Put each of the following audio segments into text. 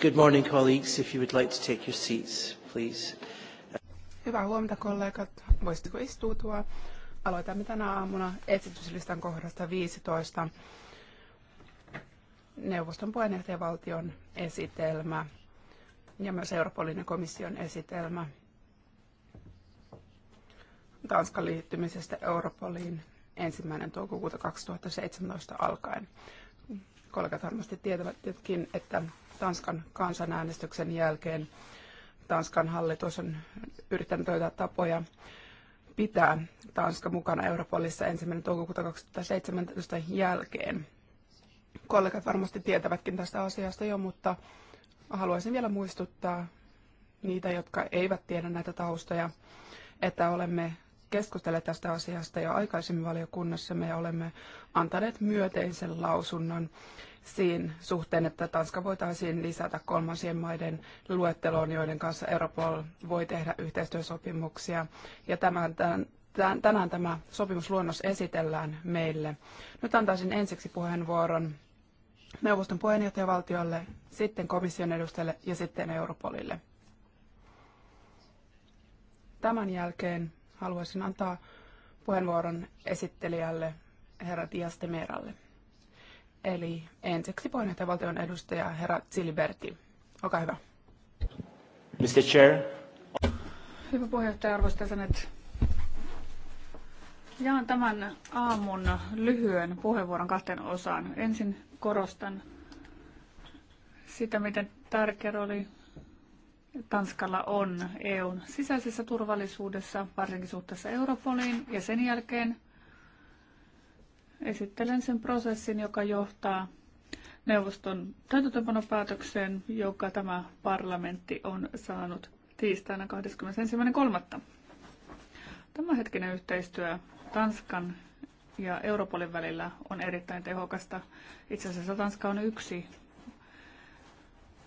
Good morning, colleagues. If you would like to take your seats, please. Hyvää huomenta, kollegat. Voisitteko istuutua? Aloitamme tänä aamuna esityslistan kohdasta 15. Neuvoston puheenjohtajavaltion esitelmä ja myös Euroopan komission esitelmä Tanskan liittymisestä Europoliin ensimmäinen toukokuuta 2017 alkaen kollegat varmasti tietävätkin, että Tanskan kansanäänestyksen jälkeen Tanskan hallitus on yrittänyt löytää tapoja pitää Tanska mukana Europolissa ensimmäinen toukokuuta 2017 jälkeen. Kollegat varmasti tietävätkin tästä asiasta jo, mutta haluaisin vielä muistuttaa niitä, jotka eivät tiedä näitä taustoja, että olemme keskustelleet tästä asiasta jo aikaisemmin valiokunnassa. Me olemme antaneet myöteisen lausunnon siinä suhteen, että Tanska voitaisiin lisätä kolmansien maiden luetteloon, joiden kanssa Europol voi tehdä yhteistyösopimuksia. Ja tämän, tämän, tänään tämä sopimusluonnos esitellään meille. Nyt antaisin ensiksi puheenvuoron neuvoston puheenjohtajavaltiolle, sitten komission edustajalle ja sitten Europolille. Tämän jälkeen haluaisin antaa puheenvuoron esittelijälle herra Dias de Meralle. Eli ensiksi valtion edustaja herra Ziliberti. Olkaa hyvä. Mr. Chair. Hyvä puheenjohtaja, että Jaan tämän aamun lyhyen puheenvuoron kahteen osaan. Ensin korostan sitä, miten tärkeä rooli Tanskalla on EUn sisäisessä turvallisuudessa, varsinkin suhteessa Europoliin, ja sen jälkeen esittelen sen prosessin, joka johtaa neuvoston täytäntöönpanopäätökseen, joka tämä parlamentti on saanut tiistaina 21.3. Tämänhetkinen yhteistyö Tanskan ja Europolin välillä on erittäin tehokasta. Itse asiassa Tanska on yksi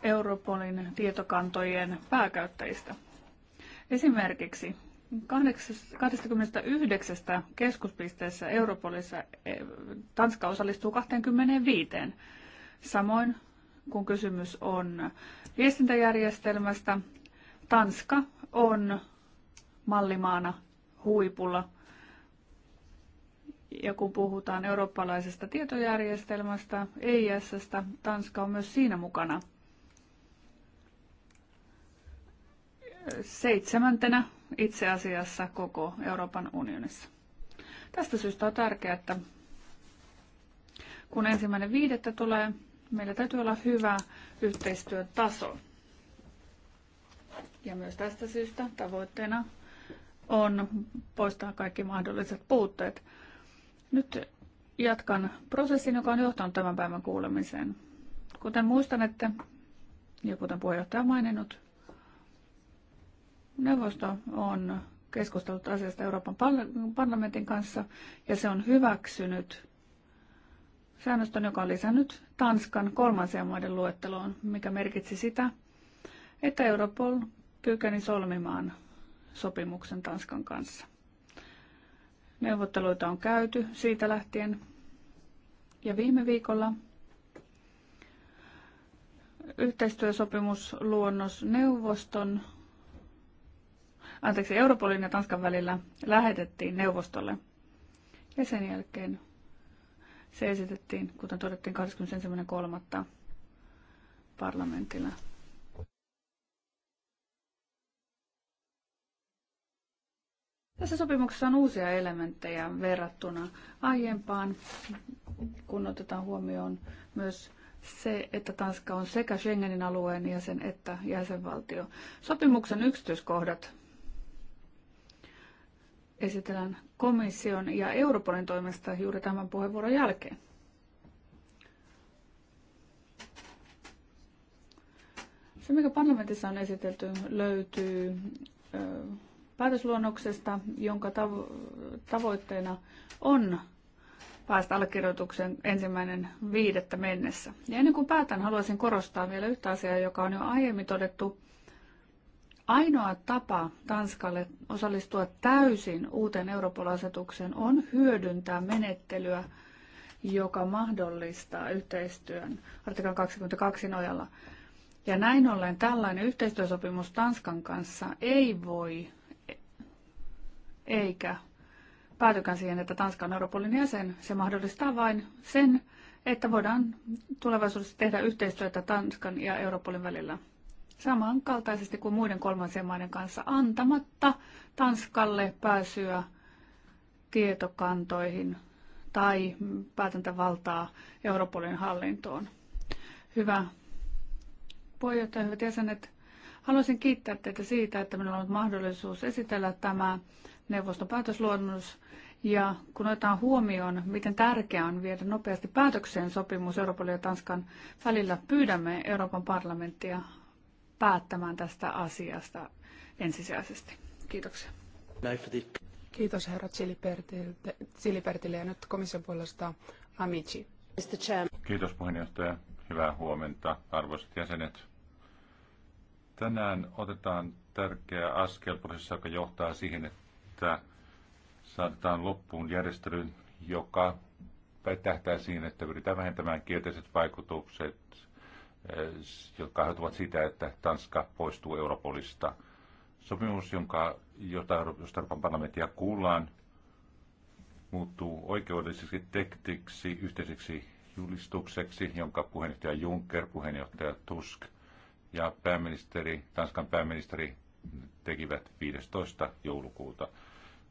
Europolin tietokantojen pääkäyttäjistä. Esimerkiksi 29 keskuspisteessä Europolissa eh, Tanska osallistuu 25. Samoin kun kysymys on viestintäjärjestelmästä, Tanska on mallimaana huipulla. Ja kun puhutaan eurooppalaisesta tietojärjestelmästä, EIS, Tanska on myös siinä mukana – seitsemäntenä itse asiassa koko Euroopan unionissa. Tästä syystä on tärkeää, että kun ensimmäinen viidettä tulee, meillä täytyy olla hyvä yhteistyön taso. Ja myös tästä syystä tavoitteena on poistaa kaikki mahdolliset puutteet. Nyt jatkan prosessin, joka on johtanut tämän päivän kuulemiseen. Kuten muistanette, ja kuten puheenjohtaja on maininnut, Neuvosto on keskustellut asiasta Euroopan parlamentin kanssa ja se on hyväksynyt säännöstön, joka on lisännyt Tanskan kolmansien maiden luetteloon, mikä merkitsi sitä, että Europol kykeni solmimaan sopimuksen Tanskan kanssa. Neuvotteluita on käyty siitä lähtien ja viime viikolla yhteistyösopimusluonnos neuvoston anteeksi, Europolin ja Tanskan välillä lähetettiin neuvostolle. Ja sen jälkeen se esitettiin, kuten todettiin, 21.3. parlamentilla. Tässä sopimuksessa on uusia elementtejä verrattuna aiempaan, kun otetaan huomioon myös se, että Tanska on sekä Schengenin alueen jäsen että jäsenvaltio. Sopimuksen yksityiskohdat esitellään komission ja Europolin toimesta juuri tämän puheenvuoron jälkeen. Se, mikä parlamentissa on esitelty, löytyy päätösluonnoksesta, jonka tavoitteena on päästä allekirjoituksen ensimmäinen viidettä mennessä. Ja ennen kuin päätän, haluaisin korostaa vielä yhtä asiaa, joka on jo aiemmin todettu, Ainoa tapa Tanskalle osallistua täysin uuteen Europol-asetukseen on hyödyntää menettelyä, joka mahdollistaa yhteistyön artiklan 22 nojalla. Ja näin ollen tällainen yhteistyösopimus Tanskan kanssa ei voi eikä päätykään siihen, että Tanska on Europolin jäsen. Se mahdollistaa vain sen, että voidaan tulevaisuudessa tehdä yhteistyötä Tanskan ja Europolin välillä samankaltaisesti kuin muiden kolmansien maiden kanssa antamatta Tanskalle pääsyä tietokantoihin tai päätäntävaltaa Europolin hallintoon. Hyvä puheenjohtaja, hyvät jäsenet. Haluaisin kiittää teitä siitä, että minulla on mahdollisuus esitellä tämä neuvoston päätösluonnos. Ja kun otetaan huomioon, miten tärkeää on viedä nopeasti päätökseen sopimus Euroopan ja Tanskan välillä, pyydämme Euroopan parlamenttia päättämään tästä asiasta ensisijaisesti. Kiitoksia. Kiitos herra Silipertille ja nyt komission puolesta Amici. Kiitos puheenjohtaja. Hyvää huomenta, arvoisat jäsenet. Tänään otetaan tärkeä askel prosessissa, joka johtaa siihen, että saadaan loppuun järjestelyn, joka tähtää siihen, että pyritään vähentämään kielteiset vaikutukset Eh, jotka aiheutuvat siitä, että Tanska poistuu Europolista. Sopimus, jonka, jota Euroopan parlamenttia kuullaan, muuttuu oikeudelliseksi tekstiksi, yhteiseksi julistukseksi, jonka puheenjohtaja Juncker, puheenjohtaja Tusk ja pääministeri, Tanskan pääministeri tekivät 15. joulukuuta.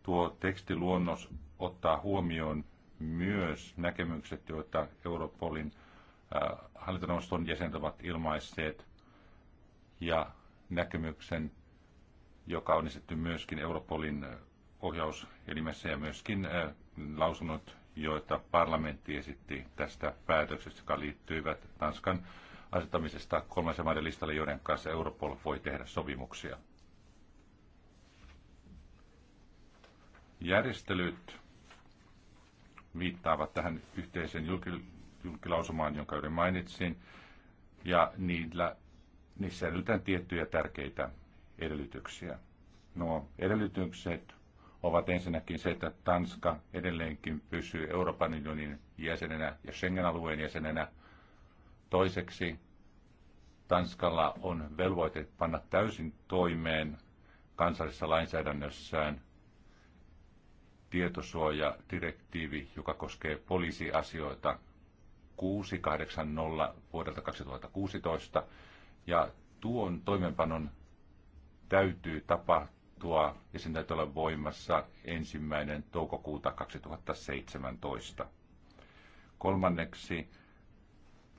Tuo tekstiluonnos ottaa huomioon myös näkemykset, joita Europolin Äh, hallintoneuvoston jäsenet ovat ilmaisseet ja näkemyksen, joka on esitetty myöskin Europolin äh, ohjauselimessä ja myöskin äh, lausunnot, joita parlamentti esitti tästä päätöksestä, joka liittyivät Tanskan asettamisesta kolmansien maiden listalle, joiden kanssa Europol voi tehdä sopimuksia. Järjestelyt viittaavat tähän yhteisen julkisen julkilausumaan, jonka yli mainitsin, ja niillä, niissä edellytetään tiettyjä tärkeitä edellytyksiä. Nuo edellytykset ovat ensinnäkin se, että Tanska edelleenkin pysyy Euroopan unionin jäsenenä ja Schengen-alueen jäsenenä. Toiseksi Tanskalla on velvoite panna täysin toimeen kansallisessa lainsäädännössään tietosuojadirektiivi, joka koskee poliisiasioita. 680 vuodelta 2016, ja tuon toimenpanon täytyy tapahtua, ja sen täytyy olla voimassa ensimmäinen toukokuuta 2017. Kolmanneksi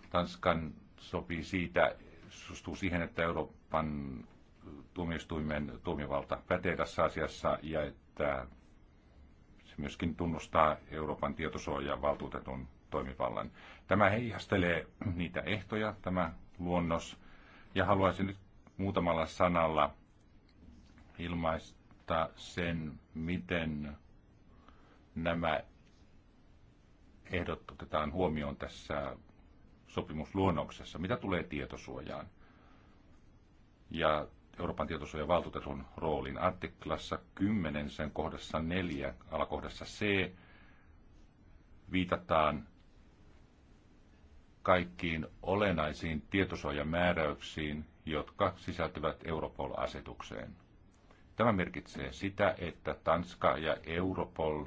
Tanskan sopii siitä, sustuu siihen, että Euroopan tuomioistuimen tuomivalta pätee tässä asiassa ja että se myöskin tunnustaa Euroopan tietosuojan valtuutetun toimivallan. Tämä heijastelee niitä ehtoja, tämä luonnos, ja haluaisin nyt muutamalla sanalla ilmaista sen, miten nämä ehdot otetaan huomioon tässä sopimusluonnoksessa, mitä tulee tietosuojaan. Ja Euroopan tietosuojavaltuutetun roolin artiklassa 10, sen kohdassa 4, alakohdassa C, viitataan kaikkiin olennaisiin tietosuojamääräyksiin, jotka sisältyvät Europol-asetukseen. Tämä merkitsee sitä, että Tanska ja Europol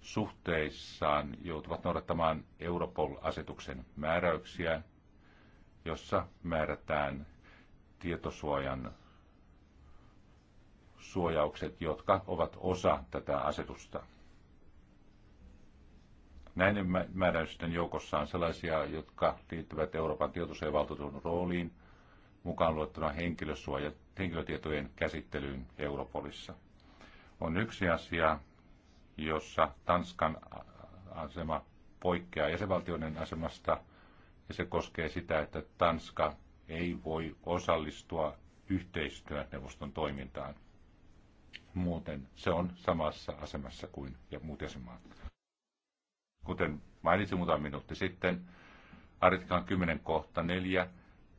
suhteissaan joutuvat noudattamaan Europol-asetuksen määräyksiä, jossa määrätään tietosuojan suojaukset, jotka ovat osa tätä asetusta. Näiden määräysten joukossa on sellaisia, jotka liittyvät Euroopan tietosuojan valtuutetun rooliin, mukaan luettuna henkilötietojen käsittelyyn Europolissa. On yksi asia, jossa Tanskan asema poikkeaa jäsenvaltioiden asemasta, ja se koskee sitä, että Tanska ei voi osallistua yhteistyöneuvoston toimintaan. Muuten se on samassa asemassa kuin ja muut jäsenmaat. Kuten mainitsin muutama minuutti sitten, artiklan 10 kohta 4,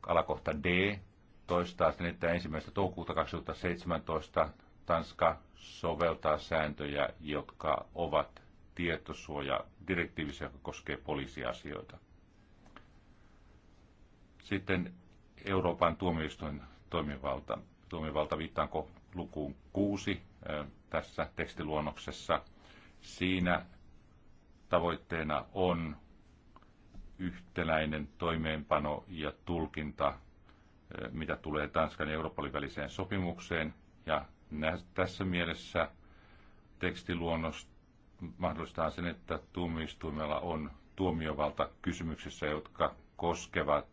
alakohta D, toistaa sen, että ensimmäistä toukokuuta 2017 Tanska soveltaa sääntöjä, jotka ovat direktiivissä joka koskee poliisiasioita. Sitten Euroopan tuomioistuin toimivalta. Toimivalta viittaanko lukuun kuusi tässä tekstiluonnoksessa. Siinä tavoitteena on yhtenäinen toimeenpano ja tulkinta, eh, mitä tulee Tanskan ja Euroopan väliseen sopimukseen. Ja tässä mielessä tekstiluonnos mahdollistaa sen, että tuomioistuimella on tuomiovalta kysymyksissä, jotka koskevat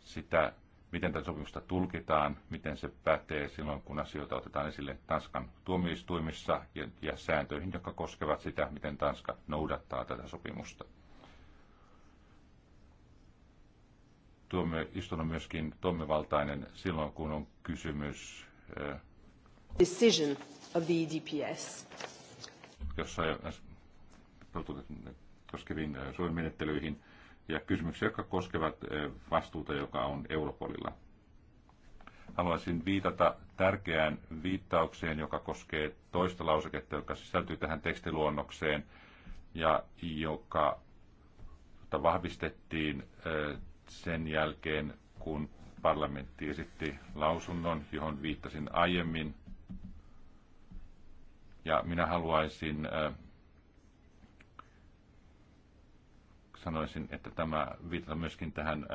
sitä, miten tätä sopimusta tulkitaan, miten se pätee silloin, kun asioita otetaan esille Tanskan tuomioistuimissa ja, ja sääntöihin, jotka koskevat sitä, miten Tanska noudattaa tätä sopimusta. Tuomioistuin on myöskin toimivaltainen silloin, kun on kysymys decision of the EDPS. Jossa koskeviin suojelumenettelyihin ja kysymyksiä, jotka koskevat vastuuta, joka on Europolilla. Haluaisin viitata tärkeään viittaukseen, joka koskee toista lauseketta, joka sisältyy tähän tekstiluonnokseen ja joka vahvistettiin sen jälkeen, kun parlamentti esitti lausunnon, johon viittasin aiemmin. Ja minä haluaisin sanoisin, että tämä viittaa myöskin tähän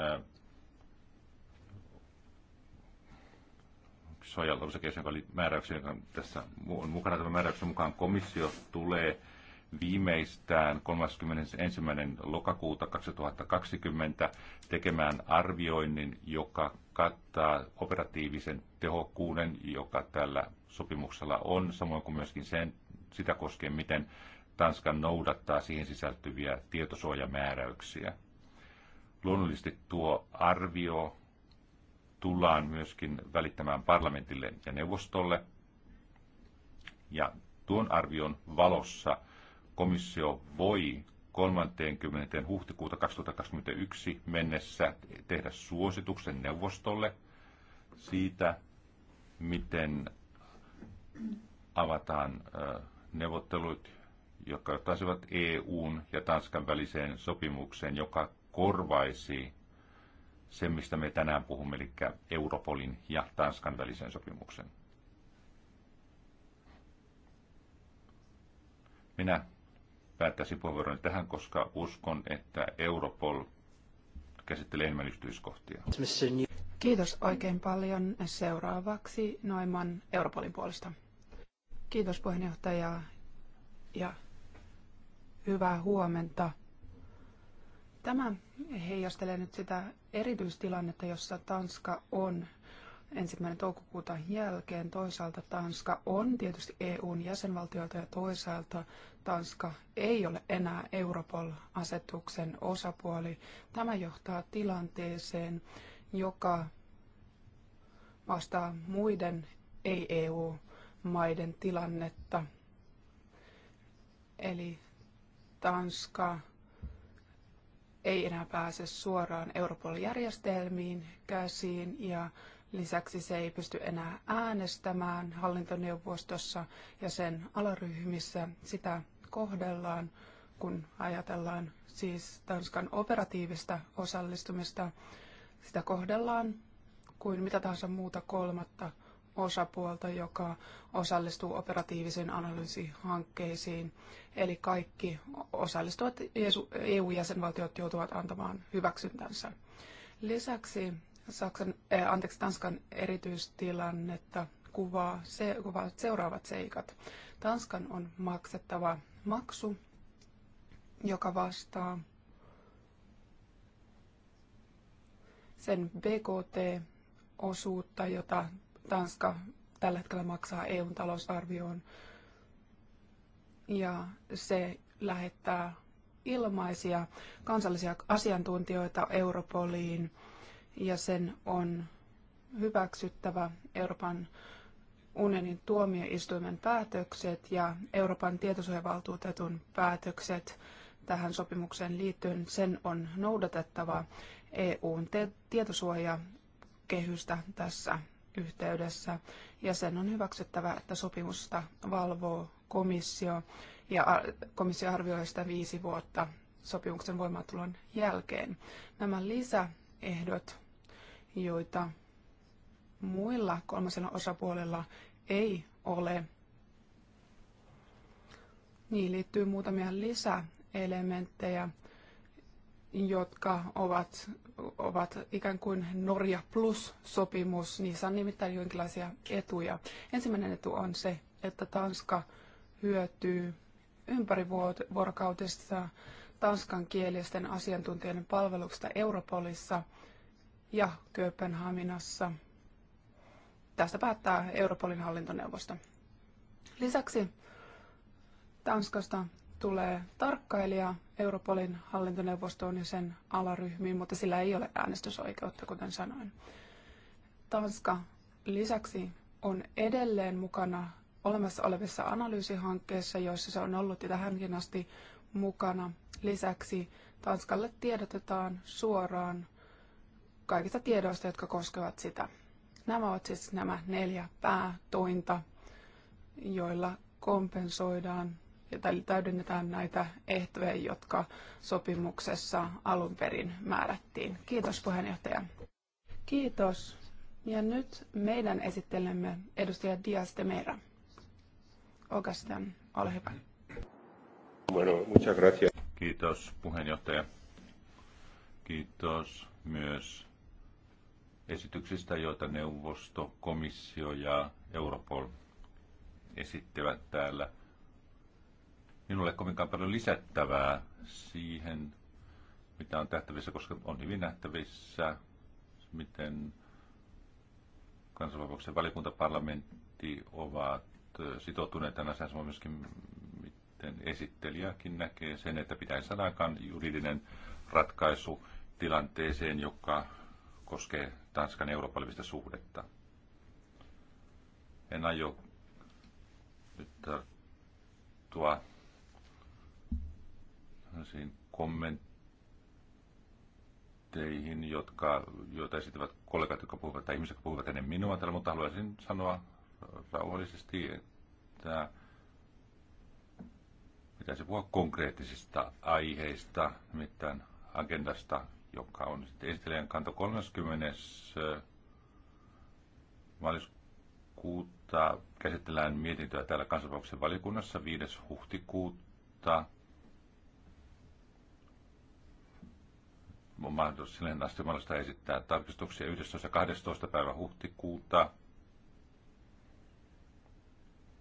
suojelausekeeseen, joka oli määräyksen, joka tässä on mukana. Tämän määräyksen mukaan komissio tulee viimeistään 31. lokakuuta 2020 tekemään arvioinnin, joka kattaa operatiivisen tehokkuuden, joka tällä sopimuksella on, samoin kuin myöskin sen, sitä koskien, miten Tanska noudattaa siihen sisältyviä tietosuojamääräyksiä. Luonnollisesti tuo arvio tullaan myöskin välittämään parlamentille ja neuvostolle. Ja tuon arvion valossa komissio voi 30. huhtikuuta 2021 mennessä tehdä suosituksen neuvostolle siitä, miten avataan neuvottelut jotka johtaisivat EUn ja Tanskan väliseen sopimukseen, joka korvaisi sen, mistä me tänään puhumme, eli Europolin ja Tanskan välisen sopimuksen. Minä päättäisin puheenvuoron tähän, koska uskon, että Europol käsittelee enemmän yksityiskohtia. Kiitos oikein paljon. Seuraavaksi Noiman Europolin puolesta. Kiitos puheenjohtaja ja hyvää huomenta. Tämä heijastelee nyt sitä erityistilannetta, jossa Tanska on ensimmäinen toukokuuta jälkeen. Toisaalta Tanska on tietysti EUn jäsenvaltioita ja toisaalta Tanska ei ole enää Europol-asetuksen osapuoli. Tämä johtaa tilanteeseen, joka vastaa muiden ei-EU-maiden tilannetta. Eli Tanska ei enää pääse suoraan Europol-järjestelmiin käsiin ja lisäksi se ei pysty enää äänestämään hallintoneuvostossa ja sen alaryhmissä. Sitä kohdellaan, kun ajatellaan siis Tanskan operatiivista osallistumista, sitä kohdellaan kuin mitä tahansa muuta kolmatta osapuolta, joka osallistuu operatiivisiin analyysihankkeisiin. Eli kaikki osallistuvat EU-jäsenvaltiot e joutuvat antamaan hyväksyntänsä. Lisäksi Saksan, äh, anteeksi, Tanskan erityistilannetta kuvaa, se, kuvaa seuraavat seikat. Tanskan on maksettava maksu, joka vastaa sen BKT-osuutta, jota Tanska tällä hetkellä maksaa EUn talousarvioon. Ja se lähettää ilmaisia kansallisia asiantuntijoita Europoliin ja sen on hyväksyttävä Euroopan unionin tuomioistuimen päätökset ja Euroopan tietosuojavaltuutetun päätökset tähän sopimukseen liittyen. Sen on noudatettava EUn tietosuojakehystä tässä yhteydessä ja sen on hyväksyttävä, että sopimusta valvoo komissio ja komissio arvioi sitä viisi vuotta sopimuksen voimaantulon jälkeen. Nämä lisäehdot, joita muilla kolmasella osapuolella ei ole, niin liittyy muutamia lisäelementtejä, jotka ovat ovat ikään kuin Norja Plus-sopimus. Niissä on nimittäin jonkinlaisia etuja. Ensimmäinen etu on se, että Tanska hyötyy ympärivuorokautisesta tanskan kielisten asiantuntijoiden palveluksesta Europolissa ja Kööpenhaminassa. Tästä päättää Europolin hallintoneuvosto. Lisäksi Tanskasta tulee tarkkailija Europolin hallintoneuvostoon ja sen alaryhmiin, mutta sillä ei ole äänestysoikeutta, kuten sanoin. Tanska lisäksi on edelleen mukana olemassa olevissa analyysihankkeissa, joissa se on ollut jo tähänkin asti mukana. Lisäksi Tanskalle tiedotetaan suoraan kaikista tiedoista, jotka koskevat sitä. Nämä ovat siis nämä neljä päätointa, joilla kompensoidaan ja täydennetään näitä ehtoja, jotka sopimuksessa alun perin määrättiin. Kiitos puheenjohtaja. Kiitos. Ja nyt meidän esittelemme edustaja Dias de Meira. Oikeastaan, ole hyvä. Bueno, muchas gracias. Kiitos puheenjohtaja. Kiitos myös esityksistä, joita neuvosto, komissio ja Europol esittävät täällä – minulle kovinkaan paljon lisättävää siihen, mitä on tähtävissä, koska on hyvin nähtävissä, miten kansanvapauksen valikuntaparlamentti ovat sitoutuneet tänä asiaan, myöskin miten esittelijäkin näkee sen, että pitäisi saada aikaan juridinen ratkaisu tilanteeseen, joka koskee Tanskan eurooppalaisista suhdetta. En aio nyt tarttua kommentteihin, jotka, joita esittävät kollegat, jotka puhuvat, tai ihmiset, jotka puhuvat ennen minua täällä, mutta haluaisin sanoa rauhallisesti, että pitäisi puhua konkreettisista aiheista, nimittäin agendasta, joka on sitten esittelijän kanto 30. Eh, maaliskuuta. Käsitellään mietintöä täällä kansanvapauksen valikunnassa 5. huhtikuuta. on mahdollisuus silleen asti mahdollista esittää tarkistuksia 11. 12. päivä huhtikuuta.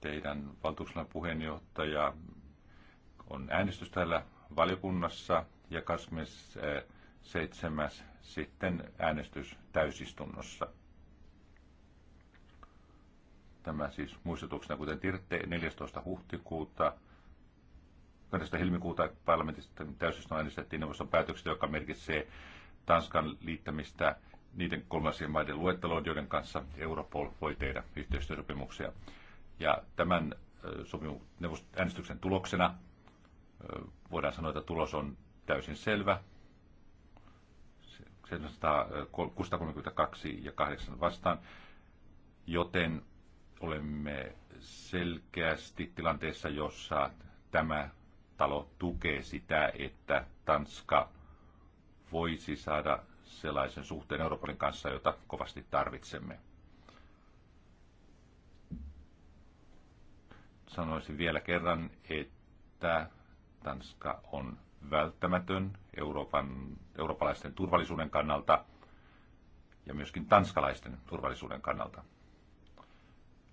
Teidän valtuuskunnan puheenjohtaja on äänestys täällä valiokunnassa ja 27. Eh, sitten äänestys täysistunnossa. Tämä siis muistutuksena, kuten tirtte 14. huhtikuuta 12. helmikuuta parlamentista täysistunnon äänestettiin neuvoston päätöksestä, joka merkitsee Tanskan liittämistä niiden kolmansien maiden luetteloon, joiden kanssa Europol voi tehdä yhteistyösopimuksia. Ja tämän sopimu- äänestyksen tuloksena voidaan sanoa, että tulos on täysin selvä. 632 ja 8 vastaan, joten olemme selkeästi tilanteessa, jossa tämä talo tukee sitä, että Tanska voisi saada sellaisen suhteen Euroopan kanssa, jota kovasti tarvitsemme. Sanoisin vielä kerran, että Tanska on välttämätön Euroopan, eurooppalaisten turvallisuuden kannalta ja myöskin tanskalaisten turvallisuuden kannalta.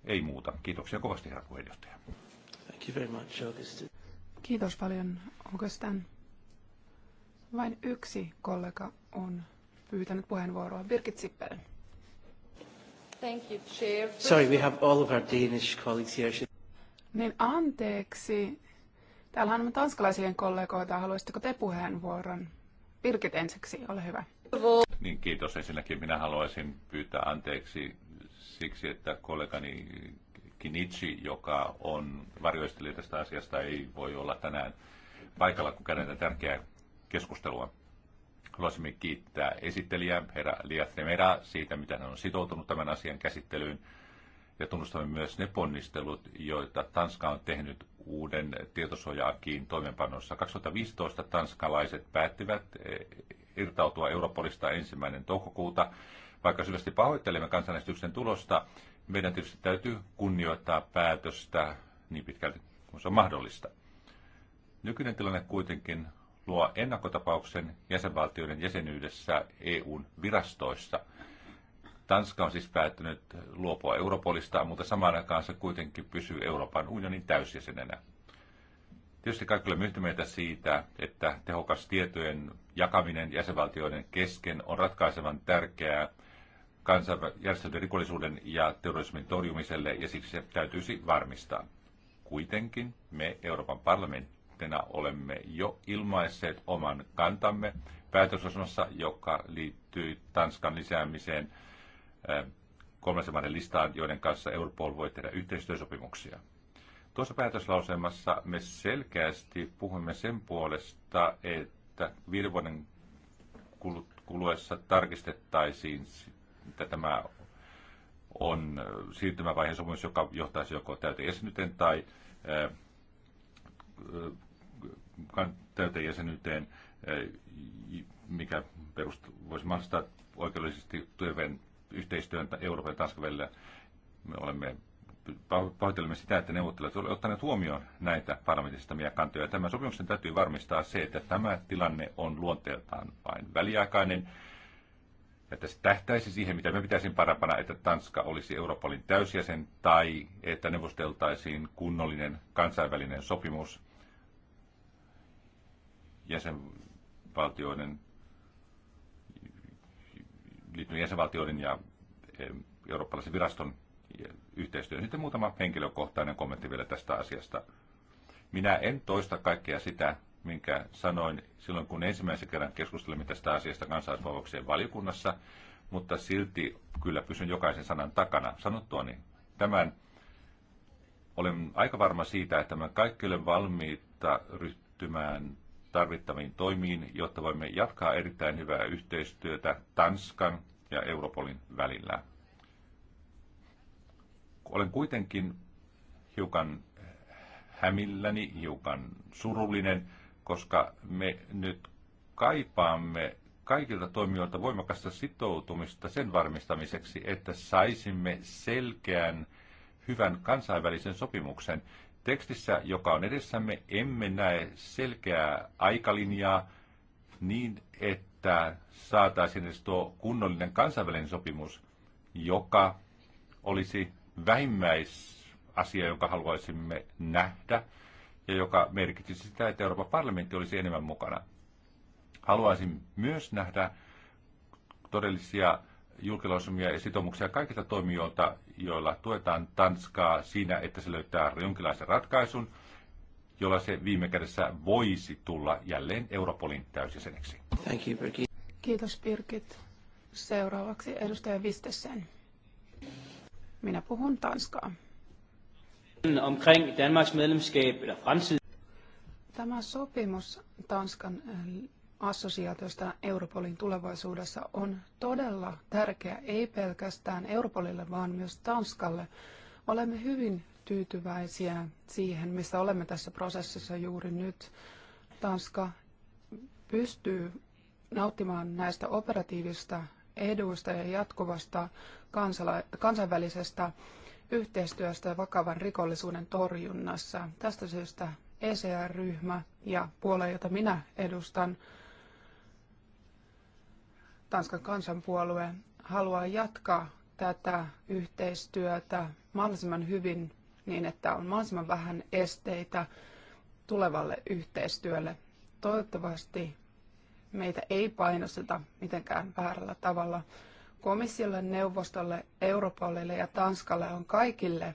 Ei muuta. Kiitoksia kovasti, herra puheenjohtaja. Thank you very much, Kiitos paljon. Oikeastaan vain yksi kollega on pyytänyt puheenvuoroa. Birgit Sippel. Thank you, Chair. Sorry, we have all of our Danish colleagues here. Niin anteeksi. Täällä on tanskalaisien kollegoita. Haluaisitteko te puheenvuoron? Birgit ensiksi, ole hyvä. Niin, kiitos. Ensinnäkin minä haluaisin pyytää anteeksi siksi, että kollegani Kinichi, joka on varjoistelija tästä asiasta, ei voi olla tänään paikalla, kun käydään tärkeää keskustelua. Haluaisimme kiittää esittelijää, herra Liathremera siitä, miten hän on sitoutunut tämän asian käsittelyyn. Ja tunnustamme myös ne ponnistelut, joita Tanska on tehnyt uuden tietosuojaakin toimeenpanossa. 2015 tanskalaiset päättivät eh, irtautua Europolista ensimmäinen toukokuuta. Vaikka syvästi pahoittelemme kansanäänestyksen tulosta, meidän tietysti täytyy kunnioittaa päätöstä niin pitkälti kuin se on mahdollista. Nykyinen tilanne kuitenkin luo ennakkotapauksen jäsenvaltioiden jäsenyydessä EUn virastoissa. Tanska on siis päättänyt luopua Europolista, mutta samaan aikaan se kuitenkin pysyy Euroopan unionin täysjäsenenä. Tietysti kaikki olemme yhtä mieltä siitä, että tehokas tietojen jakaminen jäsenvaltioiden kesken on ratkaisevan tärkeää – kansainvälisen rikollisuuden ja terrorismin torjumiselle, ja siksi se täytyisi varmistaa. Kuitenkin me Euroopan parlamenttina olemme jo ilmaisseet oman kantamme päätösosassa, joka liittyy Tanskan lisäämiseen äh, kolmansien maiden listaan, joiden kanssa Europol voi tehdä yhteistyösopimuksia. Tuossa päätöslauselmassa me selkeästi puhumme sen puolesta, että viiden vuoden kuluessa tarkistettaisiin että tämä on äh, siirtymävaiheen sopimus, joka johtaisi joko täyteen jäsenyyteen tai äh, äh, täyteen jäsenyyteen, mikä perust, voisi mahdollistaa oikeudellisesti työven yhteistyön Euroopan ja Tanskan välillä. Me olemme pahoittelemme sitä, että neuvottelijat ovat ottaneet huomioon näitä parlamentistamia kantoja. Tämän sopimuksen täytyy varmistaa se, että tämä tilanne on luonteeltaan vain väliaikainen että se tähtäisi siihen, mitä me pitäisin parempana, että Tanska olisi Europolin täysjäsen tai että neuvosteltaisiin kunnollinen kansainvälinen sopimus jäsenvaltioiden, liittyen jäsenvaltioiden ja eurooppalaisen viraston yhteistyöhön. Sitten muutama henkilökohtainen kommentti vielä tästä asiasta. Minä en toista kaikkea sitä, minkä sanoin silloin, kun ensimmäisen kerran keskustelimme tästä asiasta kansalaisvapauksien valiokunnassa, mutta silti kyllä pysyn jokaisen sanan takana sanottuani. Tämän olen aika varma siitä, että me kaikki olemme valmiita ryhtymään tarvittaviin toimiin, jotta voimme jatkaa erittäin hyvää yhteistyötä Tanskan ja Europolin välillä. Olen kuitenkin hiukan hämilläni, hiukan surullinen, koska me nyt kaipaamme kaikilta toimijoilta voimakasta sitoutumista sen varmistamiseksi, että saisimme selkeän, hyvän kansainvälisen sopimuksen. Tekstissä, joka on edessämme, emme näe selkeää aikalinjaa niin, että saataisiin edes tuo kunnollinen kansainvälinen sopimus, joka olisi vähimmäisasia, jonka haluaisimme nähdä – ja joka merkitsisi sitä, että Euroopan parlamentti olisi enemmän mukana. Haluaisin myös nähdä todellisia julkilausumia ja sitoumuksia kaikilta toimijoilta, joilla tuetaan Tanskaa siinä, että se löytää jonkinlaisen ratkaisun, jolla se viime kädessä voisi tulla jälleen Europolin täysjäseneksi. Thank you, Birgit. Kiitos Birgit. Seuraavaksi edustaja Vistessen. Minä puhun Tanskaa omkring Danmarks medlemskab eller fremtid. Tämä sopimus Tanskan eh, assosiaatiosta Europolin tulevaisuudessa on todella tärkeä, ei pelkästään Europolille, vaan myös Tanskalle. Olemme hyvin tyytyväisiä siihen, missä olemme tässä prosessissa juuri nyt. Tanska pystyy nauttimaan näistä operatiivista eduista ja jatkuvasta kansainvälisestä yhteistyöstä vakavan rikollisuuden torjunnassa. Tästä syystä ECR-ryhmä ja puolue, jota minä edustan, Tanskan kansanpuolue, haluaa jatkaa tätä yhteistyötä mahdollisimman hyvin niin, että on mahdollisimman vähän esteitä tulevalle yhteistyölle. Toivottavasti meitä ei painosteta mitenkään väärällä tavalla komissiolle, neuvostolle, Europolille ja Tanskalle on kaikille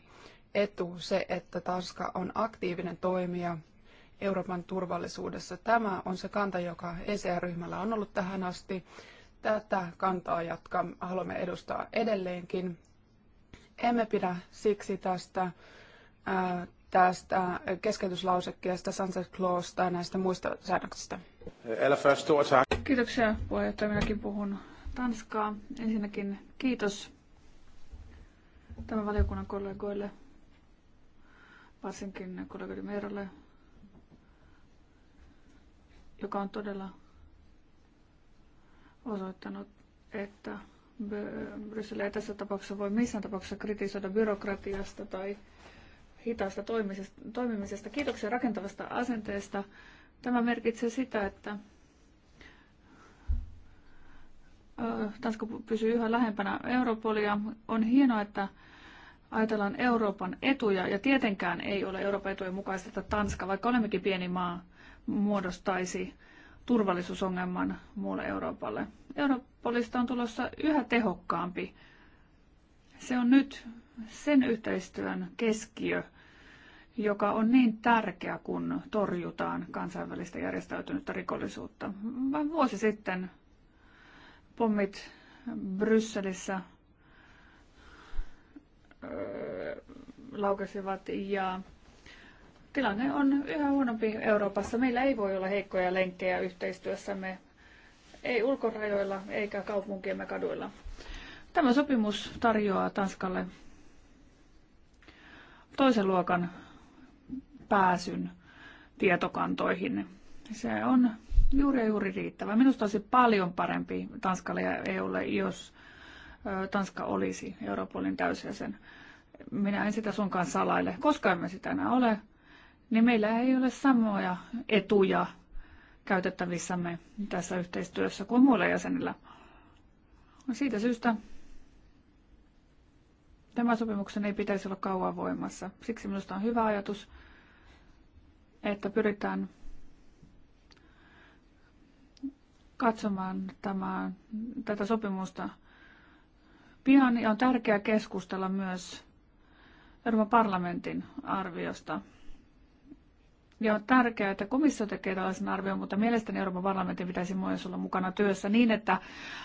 etu se, että Tanska on aktiivinen toimija Euroopan turvallisuudessa. Tämä on se kanta, joka ECR-ryhmällä on ollut tähän asti. Tätä kantaa jatkaa haluamme edustaa edelleenkin. Emme pidä siksi tästä, ää, tästä keskeytyslausekkeesta, sunset clause tai näistä muista säännöksistä. Kiitoksia puheenjohtaja. Minäkin puhun Tanskaa. Ensinnäkin kiitos tämän valiokunnan kollegoille, varsinkin kollegoille Meerolle, joka on todella osoittanut, että Bryssel ei tässä tapauksessa voi missään tapauksessa kritisoida byrokratiasta tai hitaasta toimimisesta. Kiitoksia rakentavasta asenteesta. Tämä merkitsee sitä, että Tanska pysyy yhä lähempänä Europolia. On hienoa, että ajatellaan Euroopan etuja, ja tietenkään ei ole Euroopan etujen mukaista, että Tanska, vaikka olemmekin pieni maa, muodostaisi turvallisuusongelman muulle Euroopalle. Europolista on tulossa yhä tehokkaampi. Se on nyt sen yhteistyön keskiö, joka on niin tärkeä, kun torjutaan kansainvälistä järjestäytynyttä rikollisuutta. Vain vuosi sitten pommit Brysselissä laukasivat ja tilanne on yhä huonompi Euroopassa. Meillä ei voi olla heikkoja lenkkejä yhteistyössämme, ei ulkorajoilla eikä kaupunkiemme kaduilla. Tämä sopimus tarjoaa Tanskalle toisen luokan pääsyn tietokantoihin. Se on juuri ja juuri riittävä. Minusta olisi paljon parempi Tanskalle ja EUlle, jos Tanska olisi Europolin täysjäsen. Minä en sitä sunkaan salaile, koska emme sitä enää ole, niin meillä ei ole samoja etuja käytettävissämme tässä yhteistyössä kuin muilla jäsenillä. Siitä syystä tämä sopimuksen ei pitäisi olla kauan voimassa. Siksi minusta on hyvä ajatus, että pyritään katsomaan tämä, tätä sopimusta pian ja on tärkeää keskustella myös Euroopan parlamentin arviosta. Ja on tärkeää, että komissio tekee tällaisen arvion, mutta mielestäni Euroopan parlamentin pitäisi myös olla mukana työssä niin, että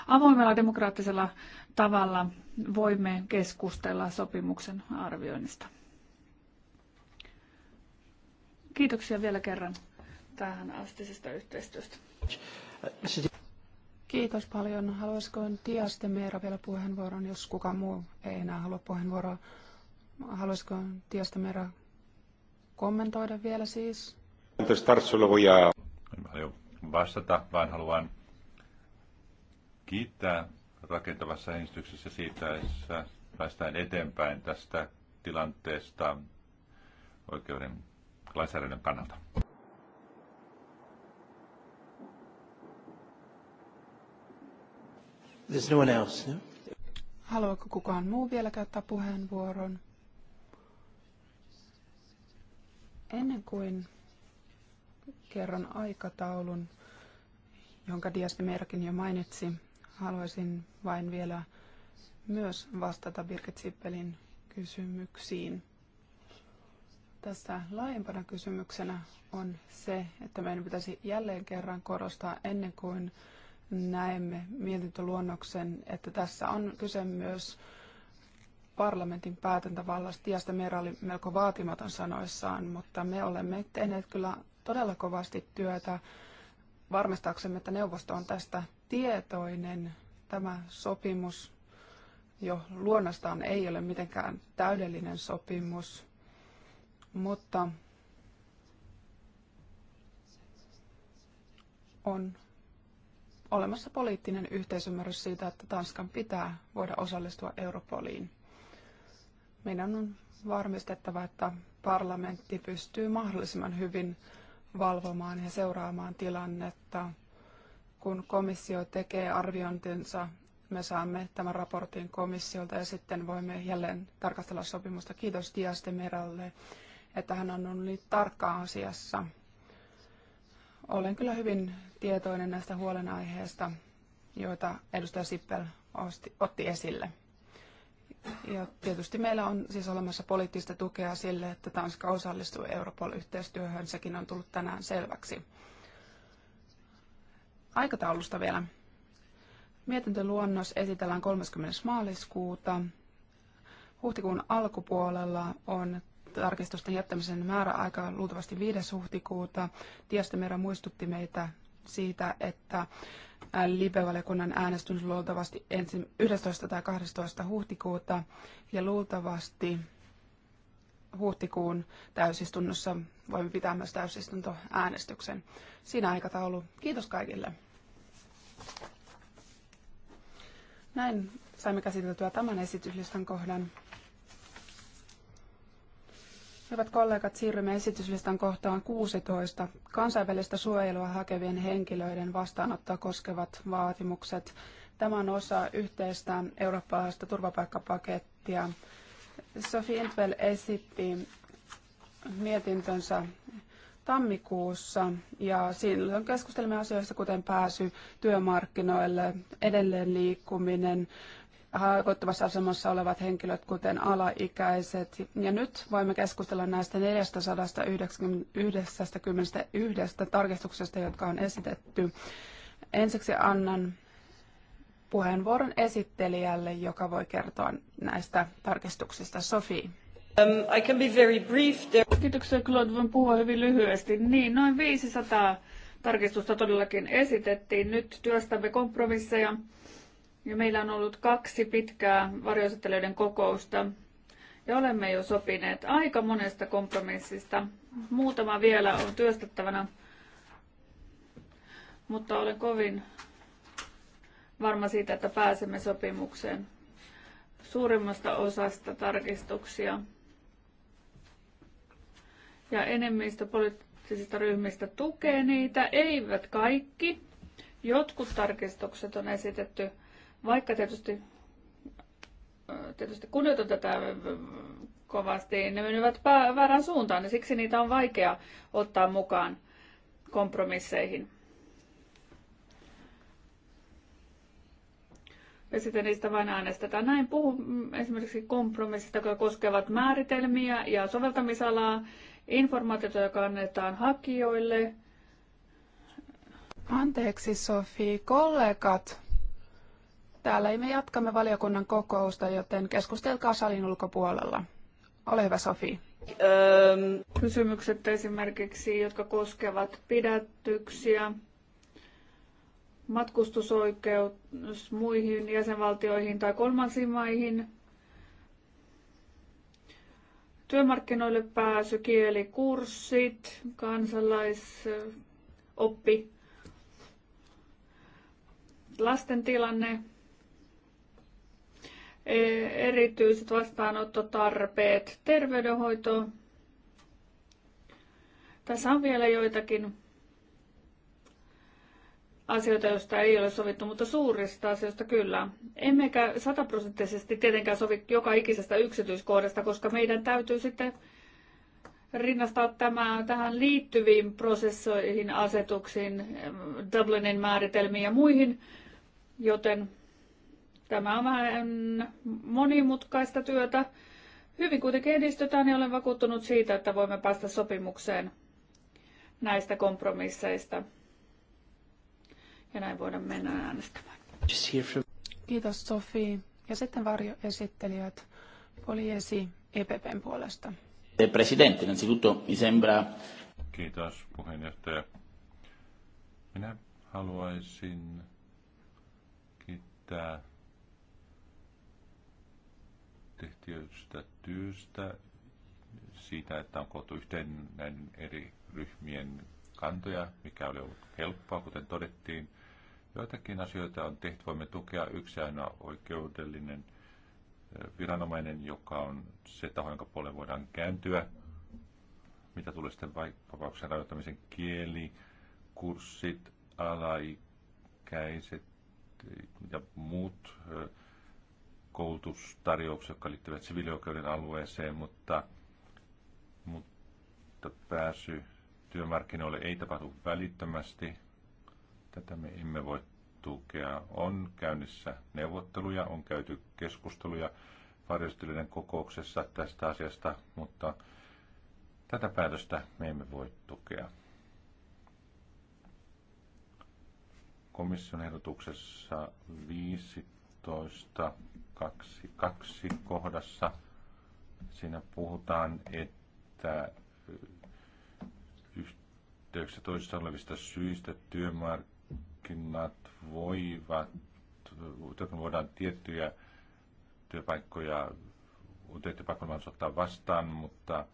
avoimella demokraattisella tavalla voimme keskustella sopimuksen arvioinnista. Kiitoksia vielä kerran tähän astisesta yhteistyöstä. Kiitos paljon. Haluaisiko Diaste Meera vielä puheenvuoron, jos kuka muu ei enää halua puheenvuoroa? Haluaisiko Diaste Meera kommentoida vielä siis? En halua vastata, vaan haluan kiittää rakentavassa ennistyksessä siitä, että päästään eteenpäin tästä tilanteesta oikeuden lainsäädännön kannalta. There's no one else, no? Haluaako kukaan muu vielä käyttää puheenvuoron? Ennen kuin kerron aikataulun, jonka diasmerkin Merkin jo mainitsi, haluaisin vain vielä myös vastata Birgit Sippelin kysymyksiin. Tässä laajempana kysymyksenä on se, että meidän pitäisi jälleen kerran korostaa ennen kuin näemme mietintöluonnoksen, että tässä on kyse myös parlamentin päätäntävallasta. Ja sitä Meera oli melko vaatimaton sanoissaan, mutta me olemme tehneet kyllä todella kovasti työtä varmistaaksemme, että neuvosto on tästä tietoinen. Tämä sopimus jo luonnostaan ei ole mitenkään täydellinen sopimus, mutta on olemassa poliittinen yhteisymmärrys siitä, että Tanskan pitää voida osallistua Europoliin. Meidän on varmistettava, että parlamentti pystyy mahdollisimman hyvin valvomaan ja seuraamaan tilannetta. Kun komissio tekee arviointinsa, me saamme tämän raportin komissiolta ja sitten voimme jälleen tarkastella sopimusta. Kiitos Dias de Meralle, että hän on ollut niin tarkka asiassa olen kyllä hyvin tietoinen näistä huolenaiheista, joita edustaja Sippel otti esille. Ja tietysti meillä on siis olemassa poliittista tukea sille, että Tanska osallistuu Europol-yhteistyöhön. Sekin on tullut tänään selväksi. Aikataulusta vielä. Mietintöluonnos esitellään 30. maaliskuuta. Huhtikuun alkupuolella on tarkistusten jättämisen määräaika luultavasti 5. huhtikuuta. Tiestömerä muistutti meitä siitä, että äh, LIBE-valiokunnan äänestys luultavasti ensin 11. tai 12. huhtikuuta ja luultavasti huhtikuun täysistunnossa voimme pitää myös täysistuntoäänestyksen. Siinä aikataulu. Kiitos kaikille. Näin saimme käsiteltyä tämän esityslistan kohdan. Hyvät kollegat, siirrymme esityslistan kohtaan 16. Kansainvälistä suojelua hakevien henkilöiden vastaanottoa koskevat vaatimukset. Tämä on osa yhteistä eurooppalaista turvapaikkapakettia. Sophie Intvell esitti mietintönsä tammikuussa ja silloin keskustelimme asioista kuten pääsy työmarkkinoille, edelleen liikkuminen, haavoittuvassa asemassa olevat henkilöt, kuten alaikäiset. Ja nyt voimme keskustella näistä 491 tarkistuksesta, jotka on esitetty. Ensiksi annan puheenvuoron esittelijälle, joka voi kertoa näistä tarkistuksista. Sofi. Um, I can be very brief. There... Kiitoksia Claude, voin puhua hyvin lyhyesti. Niin, noin 500 tarkistusta todellakin esitettiin. Nyt työstämme kompromisseja ja meillä on ollut kaksi pitkää varjoesittelijöiden kokousta. Ja olemme jo sopineet aika monesta kompromissista. Muutama vielä on työstettävänä. Mutta olen kovin varma siitä, että pääsemme sopimukseen suurimmasta osasta tarkistuksia. Ja enemmistö poliittisista ryhmistä tukee niitä, eivät kaikki. Jotkut tarkistukset on esitetty vaikka tietysti, tietysti kunnioitan tätä kovasti, ne menevät väärään suuntaan ja niin siksi niitä on vaikea ottaa mukaan kompromisseihin. ja sitten niistä vain äänestetään. Näin puhun esimerkiksi kompromissista, jotka koskevat määritelmiä ja soveltamisalaa, informaatiota, joka annetaan hakijoille. Anteeksi Sofi, kollegat täällä ja me jatkamme valiokunnan kokousta, joten keskustelkaa salin ulkopuolella. Ole hyvä, Sofi. Kysymykset esimerkiksi, jotka koskevat pidätyksiä, matkustusoikeus muihin jäsenvaltioihin tai kolmansiin maihin, työmarkkinoille pääsy, kielikurssit, kansalaisoppi, lasten tilanne, E, erityiset vastaanottotarpeet, terveydenhoito. Tässä on vielä joitakin asioita, joista ei ole sovittu, mutta suurista asioista kyllä. Emmekä sataprosenttisesti tietenkään sovi joka ikisestä yksityiskohdasta, koska meidän täytyy sitten rinnastaa tämä tähän liittyviin prosessoihin, asetuksiin, Dublinin määritelmiin ja muihin, joten Tämä on vähän monimutkaista työtä. Hyvin kuitenkin edistytään ja olen vakuuttunut siitä, että voimme päästä sopimukseen näistä kompromisseista. Ja näin voidaan mennä äänestämään. Kiitos Sofi. Ja sitten varjoesittelijät Poliesi EPPn puolesta. Eh, presidente, innanzitutto mi sembra... Kiitos puheenjohtaja. Minä haluaisin kiittää tietystä työstä, siitä, että on koottu yhteinen eri ryhmien kantoja, mikä oli ollut helppoa, kuten todettiin. Joitakin asioita on tehty, voimme tukea yksi aina oikeudellinen viranomainen, joka on se taho, jonka puoleen voidaan kääntyä. Mitä tulee sitten vapauksen rajoittamisen kieli, kurssit, alaikäiset ja muut koulutustarjouksia, jotka liittyvät siviilioikeuden alueeseen, mutta, mutta pääsy työmarkkinoille ei tapahdu välittömästi. Tätä me emme voi tukea. On käynnissä neuvotteluja, on käyty keskusteluja varjostelijoiden kokouksessa tästä asiasta, mutta tätä päätöstä me emme voi tukea. komission ehdotuksessa viisi 12, 2, 2 kohdassa. Siinä puhutaan, että yhteyksissä toisissa olevista syistä työmarkkinat voivat, voidaan tiettyjä työpaikkoja työpaikkoja ottaa vastaan, mutta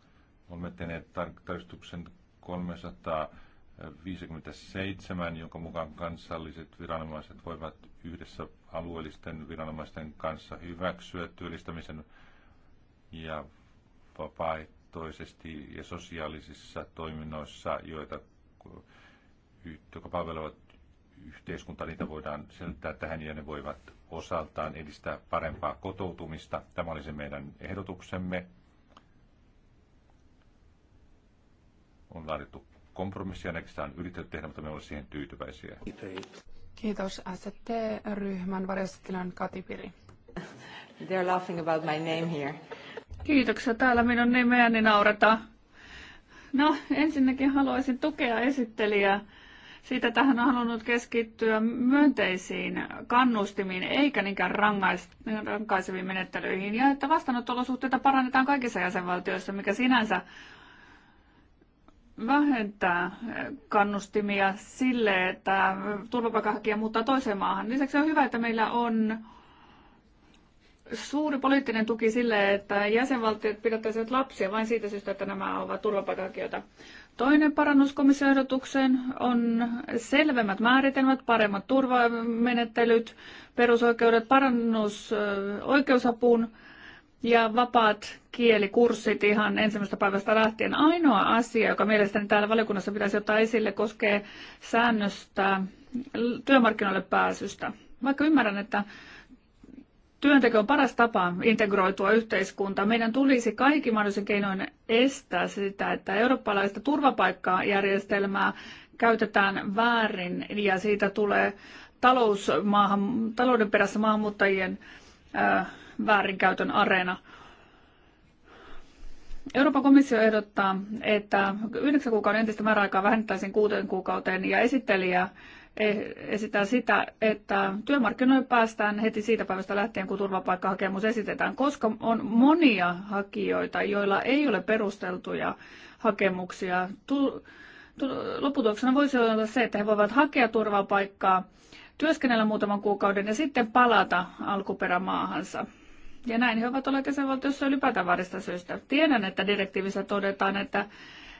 olemme tehneet tar- tarkistuksen 357, jonka mukaan kansalliset viranomaiset voivat yhdessä alueellisten viranomaisten kanssa hyväksyä työllistämisen ja vapaaehtoisesti ja sosiaalisissa toiminnoissa, joita, jotka palvelevat yhteiskuntaa, niitä voidaan selittää tähän ja ne voivat osaltaan edistää parempaa kotoutumista. Tämä oli se meidän ehdotuksemme. On laadittu kompromissia, näistä on yritetty tehdä, mutta me olemme siihen tyytyväisiä. Kiitos ST-ryhmän varjostettelijan Kati Piri. They're laughing about my name here. Kiitoksia. Täällä minun nimeäni naurataan. No, ensinnäkin haluaisin tukea esittelijää. Siitä tähän on halunnut keskittyä myönteisiin kannustimiin eikä niinkään rangais- rankaiseviin menettelyihin ja että vastaanotto-olosuhteita parannetaan kaikissa jäsenvaltioissa, mikä sinänsä vähentää kannustimia sille, että turvapaikanhakija muuttaa toiseen maahan. Lisäksi on hyvä, että meillä on suuri poliittinen tuki sille, että jäsenvaltiot pidättäisivät lapsia vain siitä syystä, että nämä ovat turvapaikanhakijoita. Toinen parannuskomissioehdotuksen on selvemmät määritelmät, paremmat turvamenettelyt, perusoikeudet, parannus oikeusapuun ja vapaat kielikurssit ihan ensimmäisestä päivästä lähtien. Ainoa asia, joka mielestäni täällä valiokunnassa pitäisi ottaa esille, koskee säännöstä työmarkkinoille pääsystä. Vaikka ymmärrän, että työnteko on paras tapa integroitua yhteiskuntaan, meidän tulisi kaikki mahdollisen keinoin estää sitä, että eurooppalaista turvapaikkajärjestelmää käytetään väärin ja siitä tulee talousmaahan, talouden perässä maahanmuuttajien äh, väärinkäytön areena. Euroopan komissio ehdottaa, että yhdeksän kuukauden entistä määräaikaa vähennettäisiin kuuteen kuukauteen ja esittelijä eh, esittää sitä, että työmarkkinoille päästään heti siitä päivästä lähtien, kun turvapaikkahakemus esitetään, koska on monia hakijoita, joilla ei ole perusteltuja hakemuksia. Lopputuloksena voisi olla se, että he voivat hakea turvapaikkaa, työskennellä muutaman kuukauden ja sitten palata alkuperämaahansa. Ja näin he ovat olleet jäsenvaltiossa ylipäätään varista syystä. Tiedän, että direktiivissä todetaan, että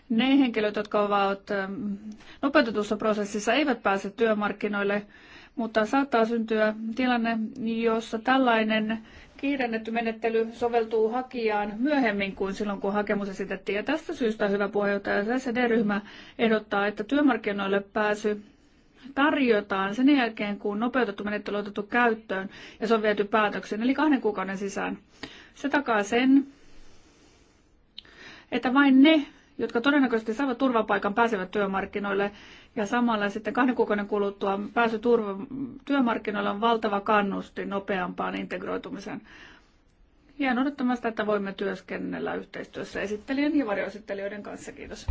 ne henkilöt, jotka ovat ähm, nopeutetussa prosessissa, eivät pääse työmarkkinoille, mutta saattaa syntyä tilanne, jossa tällainen kiirennetty menettely soveltuu hakijaan myöhemmin kuin silloin, kun hakemus esitettiin. Ja tästä syystä hyvä puheenjohtaja SED-ryhmä ehdottaa, että työmarkkinoille pääsy tarjotaan sen jälkeen, kun nopeutettu menettely on otettu käyttöön ja se on viety päätökseen, eli kahden kuukauden sisään. Se takaa sen, että vain ne, jotka todennäköisesti saavat turvapaikan, pääsevät työmarkkinoille ja samalla sitten kahden kuukauden kuluttua pääsy turva, työmarkkinoille on valtava kannusti nopeampaan integroitumiseen. Jään odottamasta, että voimme työskennellä yhteistyössä esittelijän ja varjoesittelijöiden kanssa. Kiitos.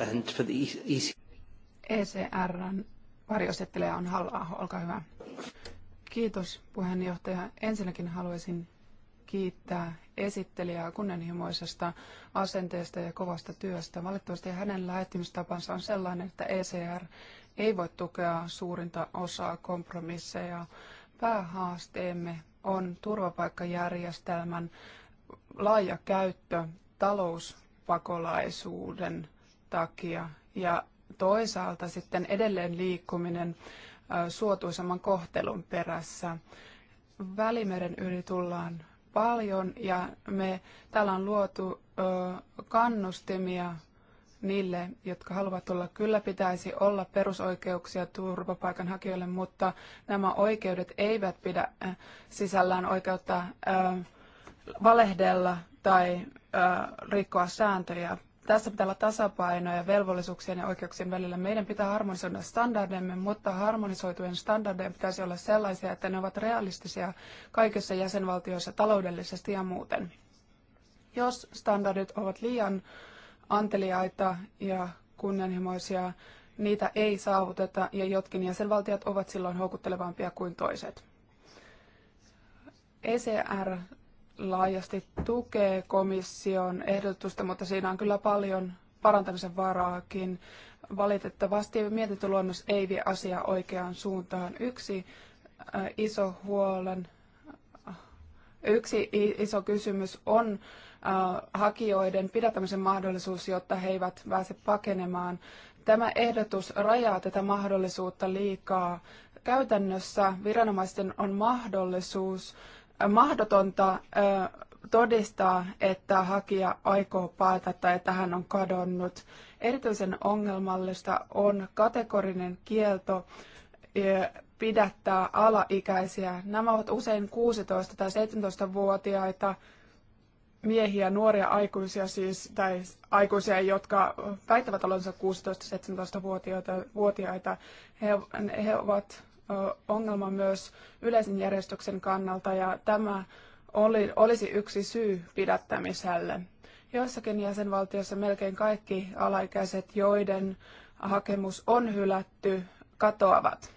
And for the easy... E- ECRn varjosettelejä on halla olkaa hyvä. Kiitos puheenjohtaja. Ensinnäkin haluaisin kiittää esittelijää kunnianhimoisesta asenteesta ja kovasta työstä. Valitettavasti hänen lähettämistapansa on sellainen, että ECR ei voi tukea suurinta osaa kompromisseja. Päähaasteemme on turvapaikkajärjestelmän laaja käyttö talouspakolaisuuden takia ja toisaalta sitten edelleen liikkuminen suotuisamman kohtelun perässä. Välimeren yli tullaan paljon ja me täällä on luotu kannustimia niille, jotka haluavat tulla. Kyllä pitäisi olla perusoikeuksia turvapaikanhakijoille, mutta nämä oikeudet eivät pidä sisällään oikeutta valehdella tai rikkoa sääntöjä tässä pitää olla tasapaino ja velvollisuuksien ja oikeuksien välillä. Meidän pitää harmonisoida standardemme, mutta harmonisoitujen standardeja pitäisi olla sellaisia, että ne ovat realistisia kaikissa jäsenvaltioissa taloudellisesti ja muuten. Jos standardit ovat liian anteliaita ja kunnianhimoisia, niitä ei saavuteta ja jotkin jäsenvaltiot ovat silloin houkuttelevampia kuin toiset. ECR laajasti tukee komission ehdotusta, mutta siinä on kyllä paljon parantamisen varaakin. Valitettavasti mietintöluonnos ei vie asiaa oikeaan suuntaan. Yksi äh, iso huolen, yksi iso kysymys on äh, hakijoiden pidätämisen mahdollisuus, jotta he eivät pääse pakenemaan. Tämä ehdotus rajaa tätä mahdollisuutta liikaa. Käytännössä viranomaisten on mahdollisuus mahdotonta todistaa, että hakija aikoo paeta tai että hän on kadonnut. Erityisen ongelmallista on kategorinen kielto pidättää alaikäisiä. Nämä ovat usein 16- tai 17-vuotiaita miehiä, nuoria aikuisia siis, tai aikuisia, jotka väittävät olonsa 16-17-vuotiaita. He, he ovat ongelma myös yleisen järjestyksen kannalta ja tämä oli, olisi yksi syy pidättämiselle. Joissakin jäsenvaltiossa melkein kaikki alaikäiset, joiden hakemus on hylätty, katoavat.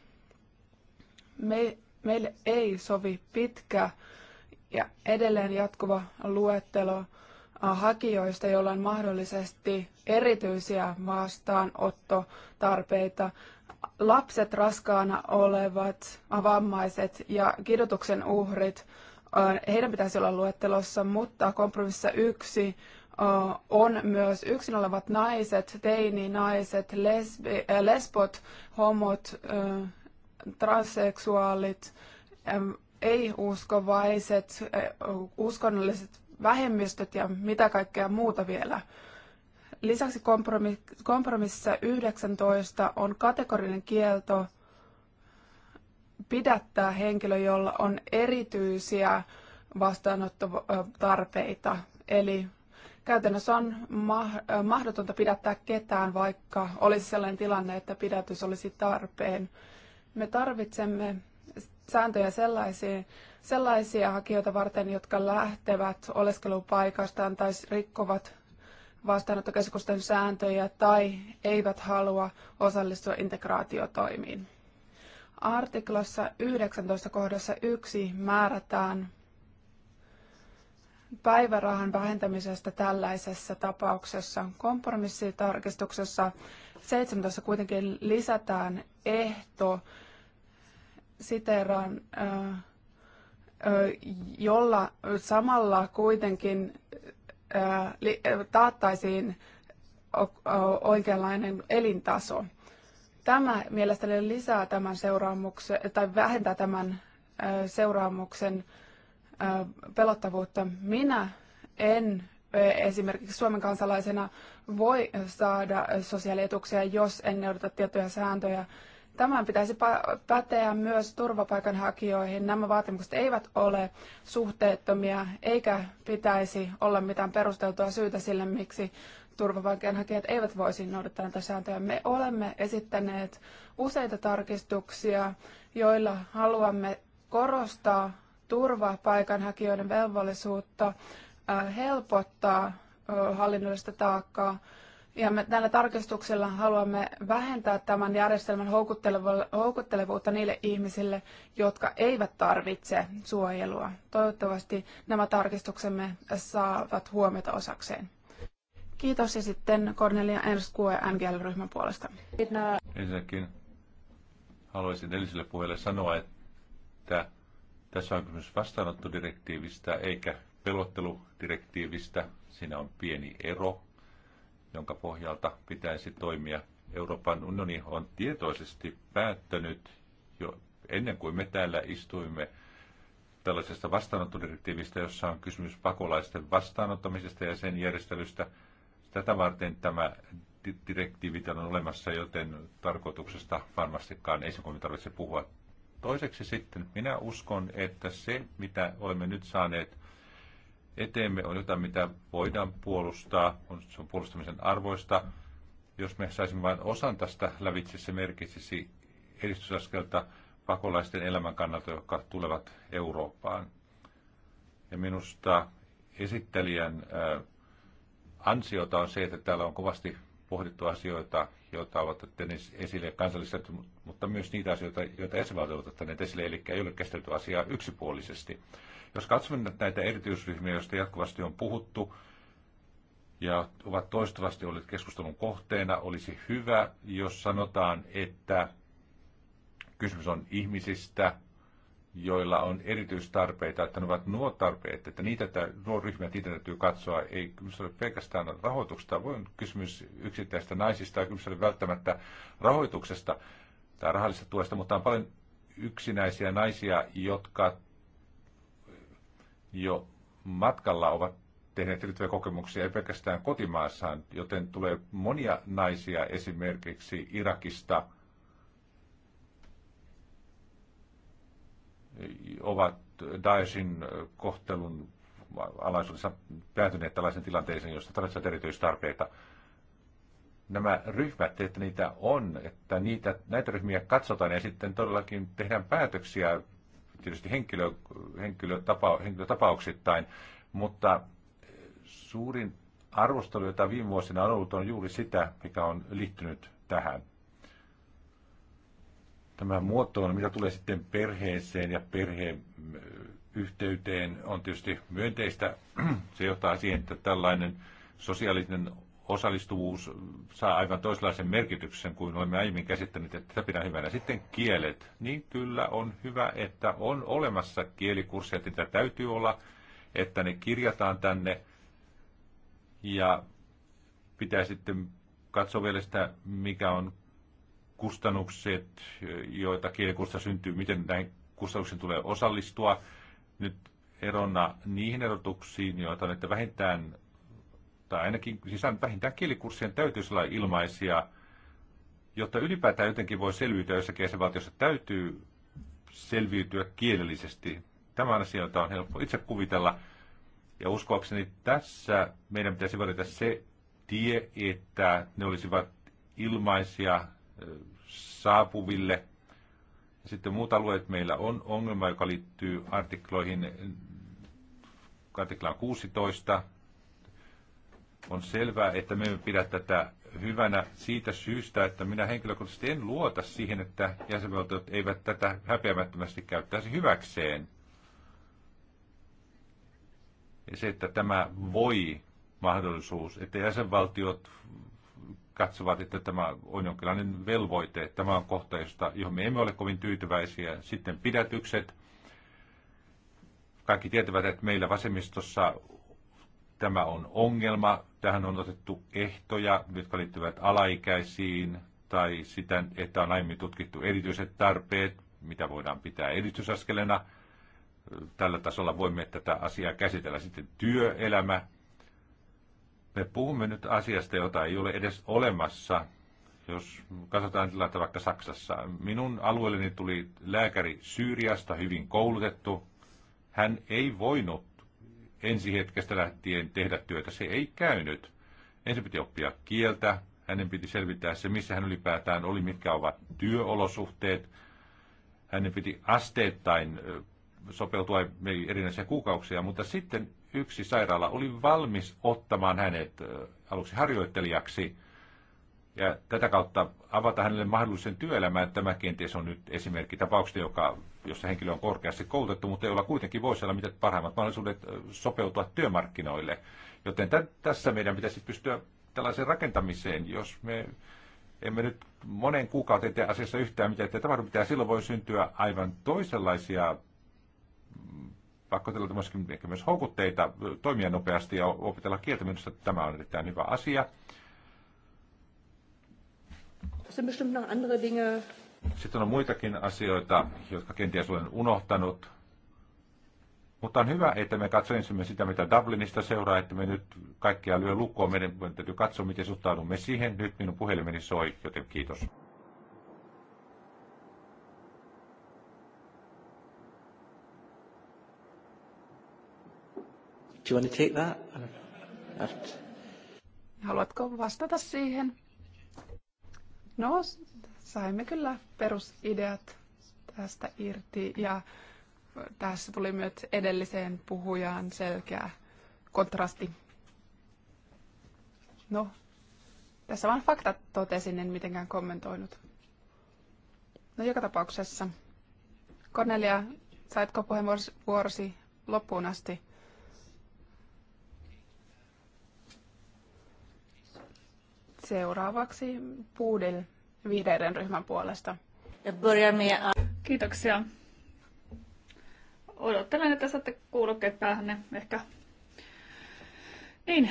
Me, meille ei sovi pitkä ja edelleen jatkuva luettelo hakijoista, joilla on mahdollisesti erityisiä vastaanottotarpeita lapset raskaana olevat, vammaiset ja kidutuksen uhrit, heidän pitäisi olla luettelossa, mutta kompromississa yksi on myös yksin olevat naiset, teini-naiset, lesbi, lesbot, homot, transseksuaalit, ei-uskovaiset, uskonnolliset vähemmistöt ja mitä kaikkea muuta vielä – Lisäksi kompromississa 19 on kategorinen kielto pidättää henkilö, jolla on erityisiä vastaanottotarpeita. Eli käytännössä on mahdotonta pidättää ketään, vaikka olisi sellainen tilanne, että pidätys olisi tarpeen. Me tarvitsemme sääntöjä sellaisiin sellaisia hakijoita varten, jotka lähtevät oleskelupaikastaan tai rikkovat vastaanottokeskusten sääntöjä tai eivät halua osallistua integraatiotoimiin. Artiklassa 19 kohdassa 1 määrätään päivärahan vähentämisestä tällaisessa tapauksessa. Kompromissitarkistuksessa 17 kuitenkin lisätään ehto, siteeraan, jolla samalla kuitenkin taattaisiin oikeanlainen elintaso. Tämä mielestäni lisää tämän seuraamuksen tai vähentää tämän seuraamuksen pelottavuutta. Minä en esimerkiksi Suomen kansalaisena voi saada sosiaalietuuksia, jos en noudata tiettyjä sääntöjä Tämän pitäisi päteä myös turvapaikanhakijoihin. Nämä vaatimukset eivät ole suhteettomia, eikä pitäisi olla mitään perusteltua syytä sille, miksi turvapaikanhakijat eivät voisi noudattaa näitä sääntöjä. Me olemme esittäneet useita tarkistuksia, joilla haluamme korostaa turvapaikanhakijoiden velvollisuutta äh, helpottaa hallinnollista taakkaa ja me tällä tarkistuksella haluamme vähentää tämän järjestelmän houkuttelevuutta niille ihmisille, jotka eivät tarvitse suojelua. Toivottavasti nämä tarkistuksemme saavat huomiota osakseen. Kiitos ja sitten Cornelia Ernst-Kue NGL-ryhmän puolesta. Ensinnäkin haluaisin edelliselle puheelle sanoa, että tässä on kysymys vastaanottodirektiivistä eikä pelotteludirektiivistä. Siinä on pieni ero jonka pohjalta pitäisi toimia. Euroopan unioni on tietoisesti päättänyt jo ennen kuin me täällä istuimme tällaisesta vastaanottodirektiivistä, jossa on kysymys pakolaisten vastaanottamisesta ja sen järjestelystä. Tätä varten tämä direktiivi on olemassa, joten tarkoituksesta varmastikaan ei se kovin tarvitse puhua. Toiseksi sitten minä uskon, että se, mitä olemme nyt saaneet eteemme on jotain, mitä voidaan puolustaa, on, se on puolustamisen arvoista. Jos me saisimme vain osan tästä lävitse, se merkitsisi edistysaskelta pakolaisten elämän kannalta, jotka tulevat Eurooppaan. Ja minusta esittelijän äh, ansiota on se, että täällä on kovasti pohdittu asioita, joita ovat ottaneet esille kansalliset, mutta myös niitä asioita, joita esivaltiot ovat ottaneet esille, eli ei ole käsitelty asiaa yksipuolisesti. Jos katsomme näitä erityisryhmiä, joista jatkuvasti on puhuttu ja ovat toistuvasti olleet keskustelun kohteena, olisi hyvä, jos sanotaan, että kysymys on ihmisistä, joilla on erityistarpeita, että ne ovat nuo tarpeet, että niitä, nuo ryhmät, niitä täytyy katsoa. Ei kysymys ole pelkästään rahoituksesta, voi kysymys yksittäistä naisista, ja kysymys ole välttämättä rahoituksesta tai rahallisesta tuesta, mutta on paljon yksinäisiä naisia, jotka jo matkalla ovat tehneet riittäviä kokemuksia ei pelkästään kotimaassaan, joten tulee monia naisia esimerkiksi Irakista ovat Daeshin kohtelun alaisuudessa päätyneet tällaisen tilanteeseen, jossa tarvitsevat erityistarpeita. Nämä ryhmät, että niitä on, että niitä, näitä ryhmiä katsotaan ja sitten todellakin tehdään päätöksiä tietysti henkilö, henkilötapa, henkilötapauksittain, mutta suurin arvostelu, jota viime vuosina on ollut, on juuri sitä, mikä on liittynyt tähän. Tämä on, mitä tulee sitten perheeseen ja perheen yhteyteen, on tietysti myönteistä. Se johtaa siihen, että tällainen sosiaalinen osallistuvuus saa aivan toislaisen merkityksen kuin olemme aiemmin käsittäneet, että sitä pidän hyvänä. Sitten kielet. Niin kyllä on hyvä, että on olemassa kielikursseja, että niitä täytyy olla, että ne kirjataan tänne ja pitää sitten katsoa vielä sitä, mikä on kustannukset, joita kielikurssista syntyy, miten näihin kustannuksiin tulee osallistua. Nyt erona niihin erotuksiin, joita on, että vähintään tai ainakin siis vähintään kielikurssien täytyisi olla ilmaisia, jotta ylipäätään jotenkin voi selviytyä jossakin jäsenvaltiossa, täytyy selviytyä kielellisesti. Tämä on asia, jota on helppo itse kuvitella. Ja uskoakseni tässä meidän pitäisi valita se tie, että ne olisivat ilmaisia saapuville. Sitten muut alueet meillä on ongelma, joka liittyy artikloihin, artiklaan 16, on selvää, että me emme pidä tätä hyvänä siitä syystä, että minä henkilökohtaisesti en luota siihen, että jäsenvaltiot eivät tätä häpeämättömästi käyttäisi hyväkseen. Ja se, että tämä voi mahdollisuus, että jäsenvaltiot katsovat, että tämä on jonkinlainen velvoite, tämä on kohta, josta, johon me emme ole kovin tyytyväisiä. Sitten pidätykset. Kaikki tietävät, että meillä vasemmistossa Tämä on ongelma. Tähän on otettu ehtoja, jotka liittyvät alaikäisiin tai sitä, että on aiemmin tutkittu erityiset tarpeet, mitä voidaan pitää edistysaskelena. Tällä tasolla voimme tätä asiaa käsitellä. Sitten työelämä. Me puhumme nyt asiasta, jota ei ole edes olemassa. Jos katsotaan tilannetta vaikka Saksassa. Minun alueelleni tuli lääkäri Syyriasta, hyvin koulutettu. Hän ei voinut ensi hetkestä lähtien tehdä työtä. Se ei käynyt. Ensin piti oppia kieltä, hänen piti selvittää se, missä hän ylipäätään oli, mitkä ovat työolosuhteet. Hänen piti asteittain sopeutua erinäisiä kuukauksia, mutta sitten yksi sairaala oli valmis ottamaan hänet aluksi harjoittelijaksi ja tätä kautta avata hänelle mahdollisen työelämään. Tämä kenties on nyt esimerkki tapauksesta, joka jossa henkilö on korkeasti koulutettu, mutta jolla kuitenkin voisi olla mitä parhaimmat mahdollisuudet sopeutua työmarkkinoille. Joten tä- tässä meidän pitäisi pystyä tällaiseen rakentamiseen, jos me emme nyt monen kuukauden tee asiassa yhtään mitään, että tapahdu pitää, silloin voi syntyä aivan toisenlaisia mm, pakkotilata myöskin ehkä myös houkutteita toimia nopeasti ja opetella kieltä. Minusta tämä on erittäin hyvä asia. Sitten on muitakin asioita, jotka kenties olen unohtanut. Mutta on hyvä, että me katsoisimme sitä, mitä Dublinista seuraa, että me nyt kaikkia lyö lukkoon. Meidän täytyy katsoa, miten suhtaudumme siihen. Nyt minun puhelimeni soi, joten kiitos. Do you want to take that? Haluatko vastata siihen? No, saimme kyllä perusideat tästä irti ja tässä tuli myös edelliseen puhujaan selkeä kontrasti. No, tässä vain faktat totesin, en mitenkään kommentoinut. No joka tapauksessa. Cornelia, saitko puheenvuorosi loppuun asti? Seuraavaksi Puudel vihreiden ryhmän puolesta. Kiitoksia. Odottelen, että saatte kuulokkeet päähänne ehkä. Niin,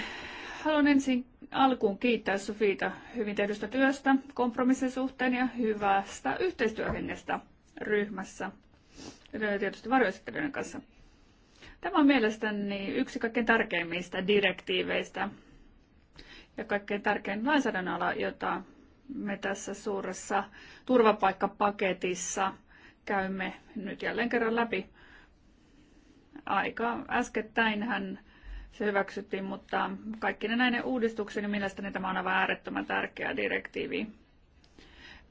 haluan ensin alkuun kiittää Sofiita hyvin tehdystä työstä, kompromissin suhteen ja hyvästä yhteistyöhengestä ryhmässä ja tietysti varjoesittelyiden kanssa. Tämä on mielestäni yksi kaikkein tärkeimmistä direktiiveistä ja kaikkein tärkein lainsäädännön ala, jota me tässä suuressa turvapaikkapaketissa käymme nyt jälleen kerran läpi. Aika äskettäinhän se hyväksyttiin, mutta kaikki ne näiden uudistuksen, niin mielestäni tämä on aivan äärettömän tärkeä direktiivi.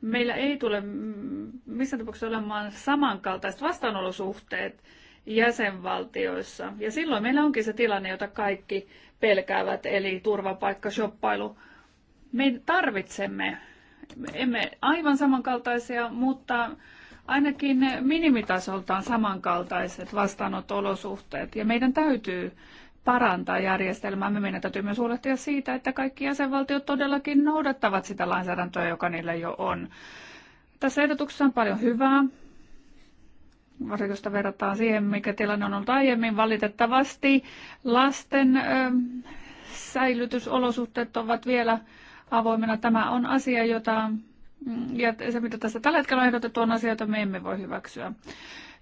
Meillä ei tule missään tapauksessa olemaan samankaltaiset vastaanolosuhteet jäsenvaltioissa. Ja silloin meillä onkin se tilanne, jota kaikki pelkäävät, eli turvapaikka, shoppailu, me tarvitsemme, emme aivan samankaltaisia, mutta ainakin minimitasoltaan samankaltaiset vastaanotto-olosuhteet. Ja meidän täytyy parantaa järjestelmää. Me meidän täytyy myös huolehtia siitä, että kaikki jäsenvaltiot todellakin noudattavat sitä lainsäädäntöä, joka niillä jo on. Tässä ehdotuksessa on paljon hyvää, varsinkin sitä verrataan siihen, mikä tilanne on ollut aiemmin. Valitettavasti lasten ö, säilytysolosuhteet ovat vielä avoimena. Tämä on asia, jota mm, ja se, mitä tässä tällä hetkellä on ehdotettu, on asia, jota me emme voi hyväksyä.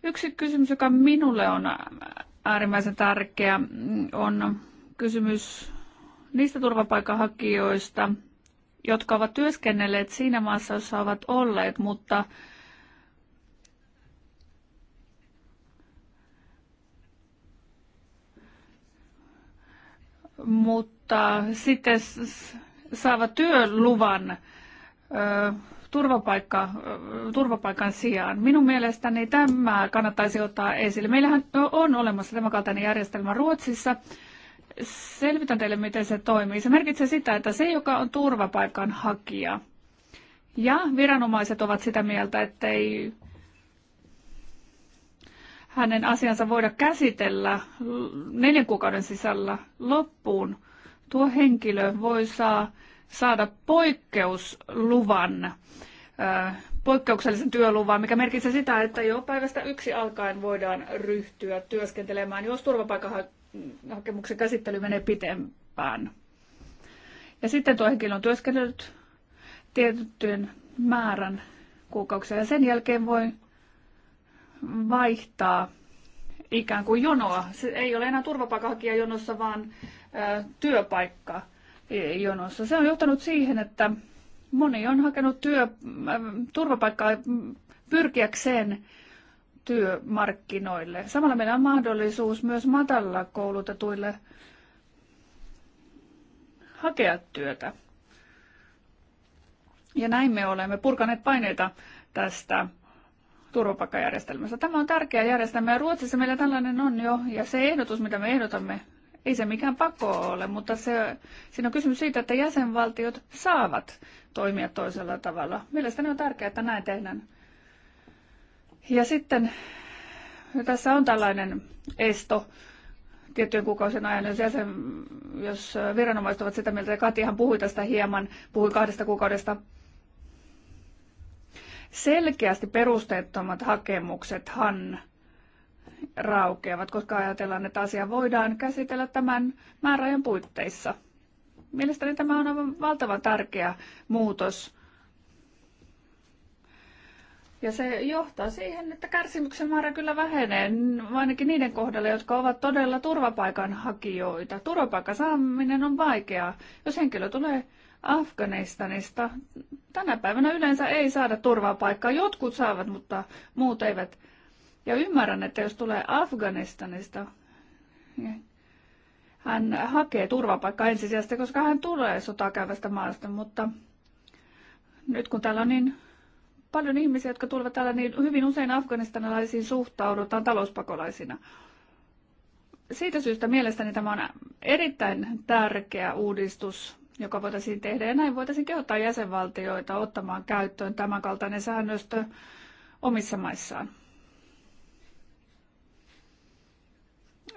Yksi kysymys, joka minulle on äärimmäisen tärkeä, mm, on kysymys niistä turvapaikanhakijoista, jotka ovat työskennelleet siinä maassa, jossa ovat olleet, mutta mutta sitten saavat työluvan turvapaikka, turvapaikan sijaan. Minun mielestäni tämä kannattaisi ottaa esille. Meillähän on olemassa tämä kaltainen järjestelmä Ruotsissa. Selvitän teille, miten se toimii. Se merkitsee sitä, että se, joka on turvapaikan hakija, ja viranomaiset ovat sitä mieltä, että ei hänen asiansa voida käsitellä neljän kuukauden sisällä loppuun – tuo henkilö voi saa, saada poikkeusluvan, poikkeuksellisen työluvan, mikä merkitsee sitä, että jo päivästä yksi alkaen voidaan ryhtyä työskentelemään, jos turvapaikkahakemuksen käsittely menee pitempään. Ja sitten tuo henkilö on työskennellyt tietyn määrän kuukauksia ja sen jälkeen voi vaihtaa ikään kuin jonoa. Se ei ole enää turvapaikanhakija jonossa, vaan työpaikka e, jonossa. Se on johtanut siihen, että moni on hakenut työ, turvapaikkaa pyrkiäkseen työmarkkinoille. Samalla meillä on mahdollisuus myös matalalla koulutetuille hakea työtä. Ja näin me olemme purkaneet paineita tästä turvapaikkajärjestelmästä. Tämä on tärkeä järjestelmä ja Ruotsissa meillä tällainen on jo ja se ehdotus, mitä me ehdotamme, ei se mikään pako ole, mutta se, siinä on kysymys siitä, että jäsenvaltiot saavat toimia toisella tavalla. Mielestäni on tärkeää, että näin tehdään. Ja sitten tässä on tällainen esto tiettyjen kuukausien ajan, jos, jäsen, jos viranomaiset ovat sitä mieltä, ja Katihan puhui tästä hieman, puhui kahdesta kuukaudesta, selkeästi perusteettomat hakemuksethan raukeavat, koska ajatellaan, että asia voidaan käsitellä tämän määräajan puitteissa. Mielestäni tämä on aivan valtavan tärkeä muutos. Ja se johtaa siihen, että kärsimyksen määrä kyllä vähenee, ainakin niiden kohdalla, jotka ovat todella turvapaikanhakijoita. Turvapaikan saaminen on vaikeaa. Jos henkilö tulee Afganistanista, tänä päivänä yleensä ei saada turvapaikkaa. Jotkut saavat, mutta muut eivät. Ja ymmärrän, että jos tulee Afganistanista, niin hän hakee turvapaikkaa ensisijaisesti, koska hän tulee sotaa käyvästä maasta, mutta nyt kun täällä on niin paljon ihmisiä, jotka tulevat täällä, niin hyvin usein afganistanilaisiin suhtaudutaan talouspakolaisina. Siitä syystä mielestäni tämä on erittäin tärkeä uudistus, joka voitaisiin tehdä, ja näin voitaisiin kehottaa jäsenvaltioita ottamaan käyttöön tämänkaltainen säännöstö omissa maissaan.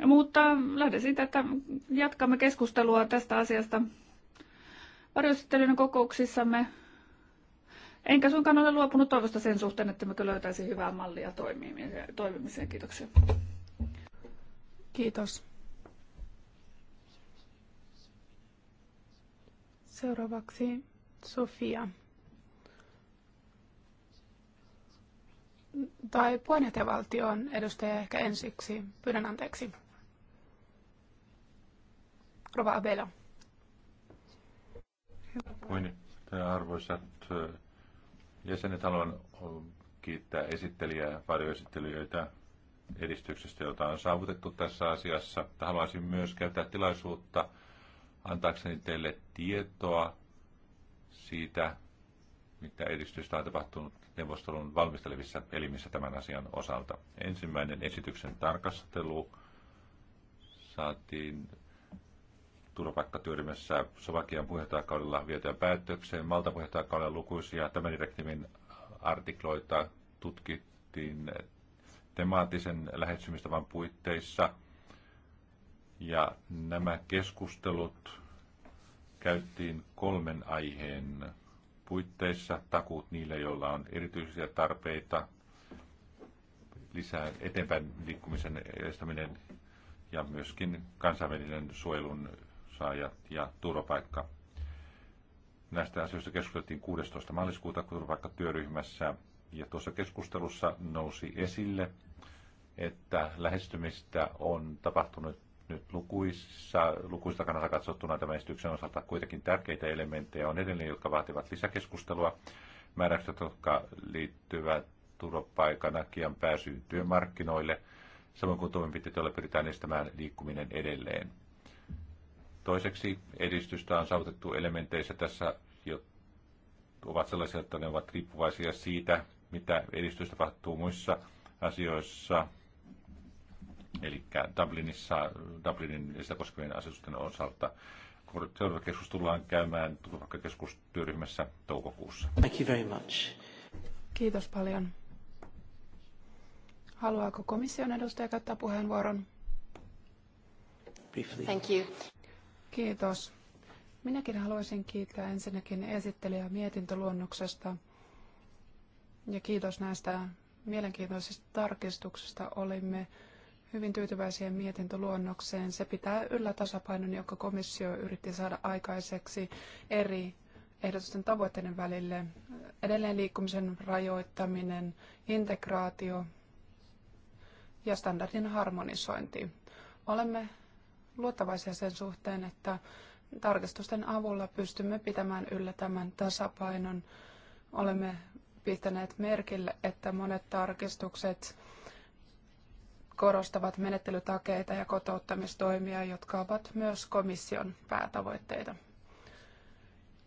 Mutta lähden siitä, että jatkamme keskustelua tästä asiasta varjosittelyn kokouksissamme. Enkä suinkaan ole luopunut toivosta sen suhteen, että me löytäisi hyvää mallia toimimiseen. Kiitoksia. Kiitos. Seuraavaksi Sofia. Tai puheenjohtajavaltion edustaja ehkä ensiksi. Pyydän anteeksi. Rova Abela. Puheenjohtaja, arvoisat eh, jäsenet, haluan kiittää esittelijää, varjoesittelijöitä edistyksestä, jota on saavutettu tässä asiassa. Haluaisin myös käyttää tilaisuutta antaakseni teille tietoa siitä, mitä edistystä on tapahtunut neuvostelun valmistelevissa elimissä tämän asian osalta. Ensimmäinen esityksen tarkastelu saatiin turvapaikkatyöryhmässä Sovakian puheenjohtajakaudella vietyä päätökseen. Malta puheenjohtajakaudella lukuisia tämän direktiivin artikloita tutkittiin temaattisen lähestymistavan puitteissa. Ja nämä keskustelut käyttiin kolmen aiheen puitteissa. Takuut niille, joilla on erityisiä tarpeita, lisää eteenpäin liikkumisen estäminen ja myöskin kansainvälinen suojelun saajat ja turvapaikka. Näistä asioista keskusteltiin 16. maaliskuuta turvapaikkatyöryhmässä ja tuossa keskustelussa nousi esille, että lähestymistä on tapahtunut nyt lukuissa, lukuista kannalta katsottuna tämän esityksen osalta kuitenkin tärkeitä elementtejä on edelleen, jotka vaativat lisäkeskustelua. Määräykset, jotka liittyvät turvapaikanakijan pääsyyn työmarkkinoille, samoin kuin toimenpiteet, joilla pyritään estämään liikkuminen edelleen. Toiseksi edistystä on saavutettu elementeissä tässä, jotka ovat sellaisia, että ne ovat riippuvaisia siitä, mitä edistystä tapahtuu muissa asioissa, eli Dublinissa, Dublinin sitä koskevien asetusten osalta. Seuraava keskus tullaan käymään turvapaikkakeskustyöryhmässä toukokuussa. Thank you very much. Kiitos paljon. Haluaako komission edustaja käyttää puheenvuoron? Briefly. Thank you. Kiitos. Minäkin haluaisin kiittää ensinnäkin esittelijää mietintöluonnoksesta ja kiitos näistä mielenkiintoisista tarkistuksista. Olimme hyvin tyytyväisiä mietintöluonnokseen. Se pitää yllä tasapainon, joka komissio yritti saada aikaiseksi eri ehdotusten tavoitteiden välille. Edelleen liikkumisen rajoittaminen, integraatio ja standardin harmonisointi. Olemme luottavaisia sen suhteen, että tarkastusten avulla pystymme pitämään yllä tämän tasapainon. Olemme pistäneet merkille, että monet tarkistukset korostavat menettelytakeita ja kotouttamistoimia, jotka ovat myös komission päätavoitteita.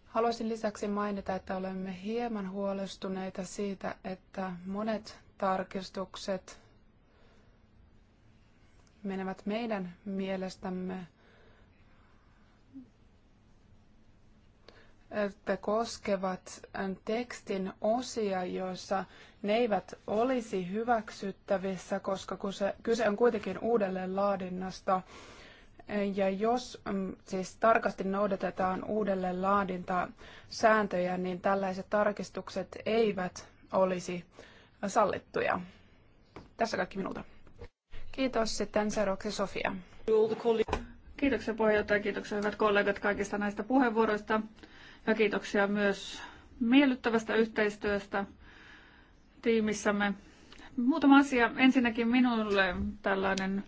Haluaisin lisäksi mainita, että olemme hieman huolestuneita siitä, että monet tarkistukset menevät meidän mielestämme että koskevat tekstin osia, joissa ne eivät olisi hyväksyttävissä, koska kyse on kuitenkin uudelleen laadinnasta. Ja jos mm, siis tarkasti noudatetaan uudelleen sääntöjä, niin tällaiset tarkistukset eivät olisi sallittuja. Tässä kaikki minulta. Kiitos. Sitten seuraavaksi Sofia. Kiitoksia puheenjohtaja, kiitoksia hyvät kollegat kaikista näistä puheenvuoroista ja kiitoksia myös miellyttävästä yhteistyöstä tiimissämme. Muutama asia. Ensinnäkin minulle tällainen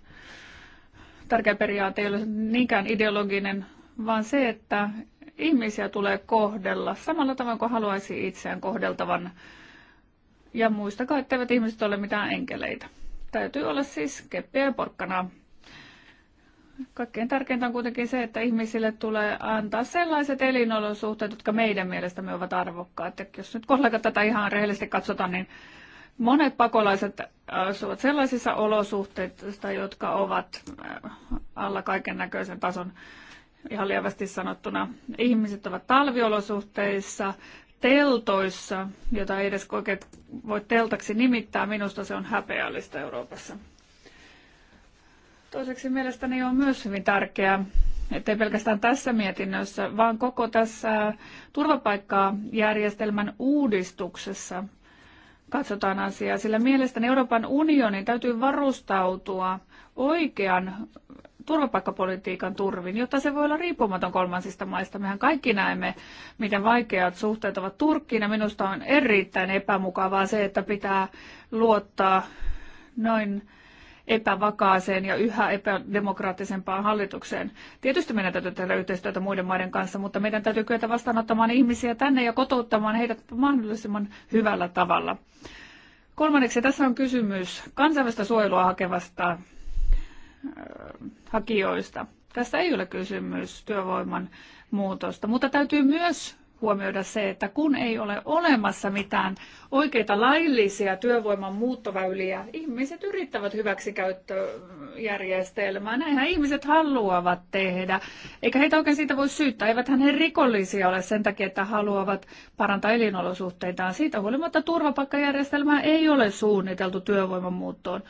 tärkeä periaate ei ole niinkään ideologinen, vaan se, että ihmisiä tulee kohdella samalla tavalla kuin haluaisi itseään kohdeltavan. Ja muistakaa, etteivät ihmiset ole mitään enkeleitä. Täytyy olla siis keppiä ja porkkana. Kaikkein tärkeintä on kuitenkin se, että ihmisille tulee antaa sellaiset elinolosuhteet, jotka meidän mielestämme ovat arvokkaat. Ja jos nyt kollegat tätä ihan rehellisesti katsotaan, niin monet pakolaiset äh, asuvat sellaisissa olosuhteissa, jotka ovat äh, alla kaiken näköisen tason ihan lievästi sanottuna. Ihmiset ovat talviolosuhteissa, teltoissa, jota ei edes oikein voi teltaksi nimittää, minusta se on häpeällistä Euroopassa. Toiseksi mielestäni on myös hyvin tärkeää, ettei pelkästään tässä mietinnössä, vaan koko tässä turvapaikkajärjestelmän uudistuksessa katsotaan asiaa, sillä mielestäni Euroopan unionin täytyy varustautua oikean turvapaikkapolitiikan turvin, jotta se voi olla riippumaton kolmansista maista. Mehän kaikki näemme, miten vaikeat suhteet ovat Turkkiin, ja minusta on erittäin epämukavaa se, että pitää luottaa noin epävakaaseen ja yhä epädemokraattisempaan hallitukseen. Tietysti meidän täytyy tehdä yhteistyötä muiden maiden kanssa, mutta meidän täytyy kyetä vastaanottamaan ihmisiä tänne ja kotouttamaan heidät mahdollisimman hyvällä tavalla. Kolmanneksi tässä on kysymys kansainvälistä suojelua hakevasta hakijoista. Tässä ei ole kysymys työvoiman muutosta, mutta täytyy myös huomioida se, että kun ei ole olemassa mitään oikeita laillisia työvoiman muuttoväyliä, ihmiset yrittävät hyväksikäyttöjärjestelmää. Näinhän ihmiset haluavat tehdä. Eikä heitä oikein siitä voi syyttää. Eiväthän he rikollisia ole sen takia, että haluavat parantaa elinolosuhteitaan. Siitä huolimatta turvapaikkajärjestelmää ei ole suunniteltu työvoiman muuttoon.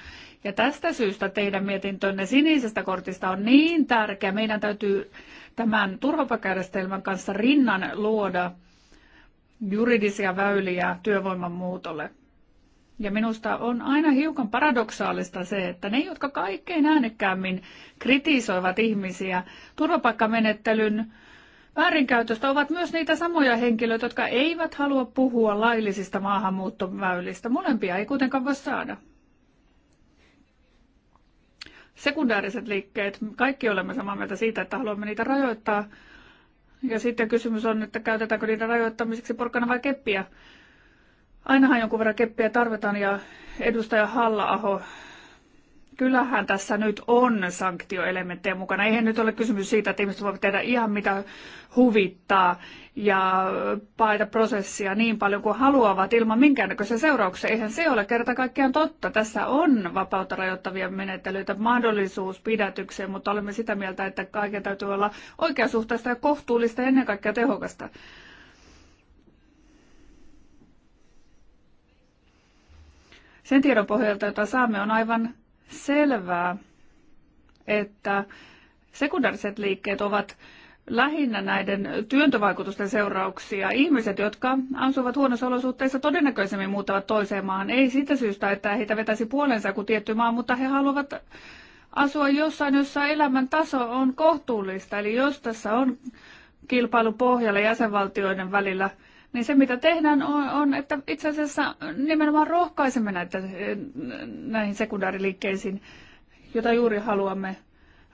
Ja tästä syystä teidän mietintönne sinisestä kortista on niin tärkeä. Meidän täytyy tämän turvapaikkajärjestelmän kanssa rinnan luoda juridisia väyliä työvoiman muutolle. Ja minusta on aina hiukan paradoksaalista se, että ne, jotka kaikkein äänekkäämmin kritisoivat ihmisiä turvapaikkamenettelyn väärinkäytöstä, ovat myös niitä samoja henkilöitä, jotka eivät halua puhua laillisista maahanmuuttoväylistä. Molempia ei kuitenkaan voi saada sekundääriset liikkeet, kaikki olemme samaa mieltä siitä, että haluamme niitä rajoittaa. Ja sitten kysymys on, että käytetäänkö niitä rajoittamiseksi porkkana vai keppiä. Ainahan jonkun verran keppiä tarvitaan ja edustaja Halla-aho kyllähän tässä nyt on sanktioelementtejä mukana. Eihän nyt ole kysymys siitä, että ihmiset voivat tehdä ihan mitä huvittaa ja paita prosessia niin paljon kuin haluavat ilman minkäännäköisiä seurauksia. Eihän se ole kerta kaikkiaan totta. Tässä on vapautta rajoittavia menettelyitä, mahdollisuus pidätykseen, mutta olemme sitä mieltä, että kaiken täytyy olla oikeasuhtaista ja kohtuullista ja ennen kaikkea tehokasta. Sen tiedon pohjalta, jota saamme, on aivan selvää, että sekundaariset liikkeet ovat lähinnä näiden työntövaikutusten seurauksia. Ihmiset, jotka asuvat huonossa olosuhteissa, todennäköisemmin muuttavat toiseen maahan. Ei sitä syystä, että heitä vetäisi puolensa kuin tietty maa, mutta he haluavat asua jossain, jossa elämän taso on kohtuullista. Eli jos tässä on kilpailu pohjalla jäsenvaltioiden välillä, niin se mitä tehdään on, on, että itse asiassa nimenomaan rohkaisemme näitä, eh, näihin sekundaariliikkeisiin, jota juuri haluamme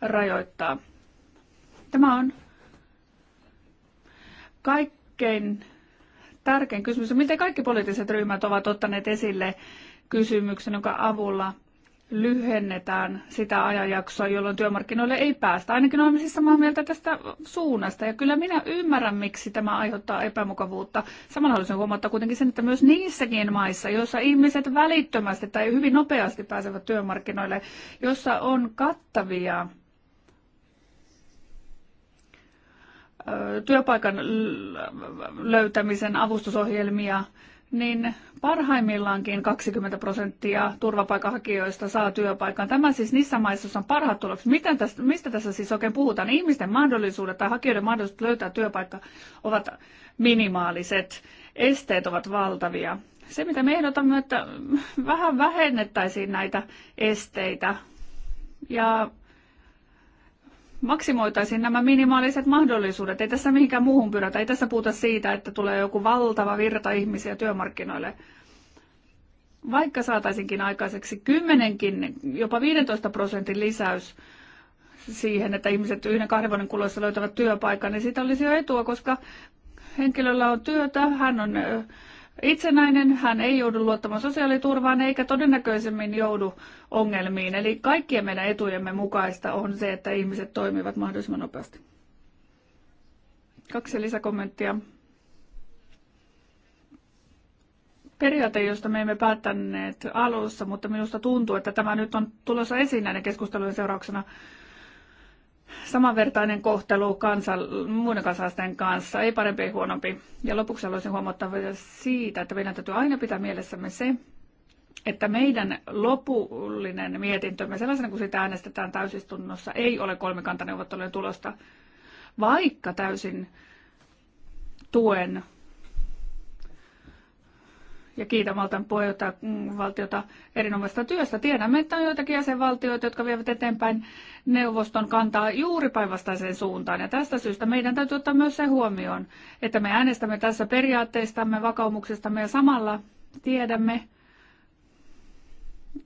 rajoittaa. Tämä on kaikkein tärkein kysymys. Miten kaikki poliittiset ryhmät ovat ottaneet esille kysymyksen, jonka avulla lyhennetään sitä ajanjaksoa, jolloin työmarkkinoille ei päästä. Ainakin olemme siis samaa mieltä tästä suunnasta. Ja kyllä minä ymmärrän, miksi tämä aiheuttaa epämukavuutta. Samalla haluaisin huomauttaa kuitenkin sen, että myös niissäkin maissa, joissa ihmiset välittömästi tai hyvin nopeasti pääsevät työmarkkinoille, jossa on kattavia työpaikan löytämisen avustusohjelmia, niin parhaimmillaankin 20 prosenttia turvapaikanhakijoista saa työpaikan. Tämä siis niissä maissa, joissa on parhaat tulokset. Miten tästä, mistä tässä siis oikein puhutaan? Ihmisten mahdollisuudet tai hakijoiden mahdollisuudet löytää työpaikka ovat minimaaliset. Esteet ovat valtavia. Se, mitä me ehdotamme, että vähän vähennettäisiin näitä esteitä ja maksimoitaisiin nämä minimaaliset mahdollisuudet. Ei tässä mihinkään muuhun pyrätä. Ei tässä puhuta siitä, että tulee joku valtava virta ihmisiä työmarkkinoille. Vaikka saataisinkin aikaiseksi kymmenenkin, jopa 15 prosentin lisäys siihen, että ihmiset yhden kahden vuoden kuluessa löytävät työpaikan, niin siitä olisi jo etua, koska henkilöllä on työtä, hän on itsenäinen, hän ei joudu luottamaan sosiaaliturvaan eikä todennäköisemmin joudu ongelmiin. Eli kaikkien meidän etujemme mukaista on se, että ihmiset toimivat mahdollisimman nopeasti. Kaksi lisäkommenttia. Periaate, josta me emme päättäneet alussa, mutta minusta tuntuu, että tämä nyt on tulossa esiin näiden keskustelujen seurauksena, samanvertainen kohtelu kansa, muiden kansalaisten kanssa, ei parempi, ei huonompi. Ja lopuksi haluaisin huomauttaa vielä siitä, että meidän täytyy aina pitää mielessämme se, että meidän lopullinen mietintömme sellaisena kuin sitä äänestetään täysistunnossa ei ole kolmikantaneuvottelujen tulosta, vaikka täysin tuen ja kiitän valtan mm, valtiota erinomaisesta työstä. Tiedämme, että on joitakin jäsenvaltioita, jotka vievät eteenpäin neuvoston kantaa juuri päinvastaiseen suuntaan. Ja tästä syystä meidän täytyy ottaa myös se huomioon, että me äänestämme tässä periaatteistamme, vakaumuksestamme ja samalla tiedämme,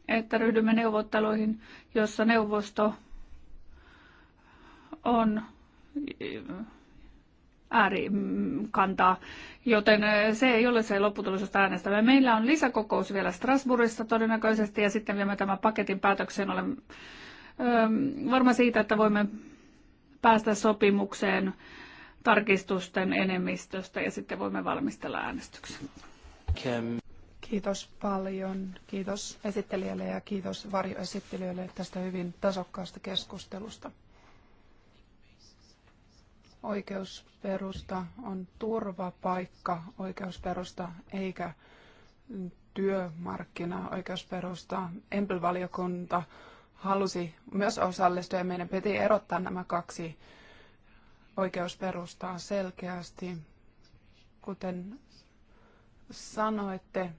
että ryhdymme neuvotteluihin, jossa neuvosto on äärikantaa, joten eh, se ei ole se lopputulos, josta äänestämme. Meillä on lisäkokous vielä Strasbourgissa todennäköisesti ja sitten viemme tämän paketin päätökseen. Olen ehm, varma siitä, että voimme päästä sopimukseen tarkistusten enemmistöstä ja sitten voimme valmistella äänestyksen. Kiitos paljon. Kiitos esittelijälle ja kiitos varjoesittelijöille tästä hyvin tasokkaasta keskustelusta oikeusperusta on turvapaikka oikeusperusta eikä työmarkkina oikeusperusta. Empel-valiokunta halusi myös osallistua ja meidän piti erottaa nämä kaksi oikeusperustaa selkeästi. Kuten sanoitte,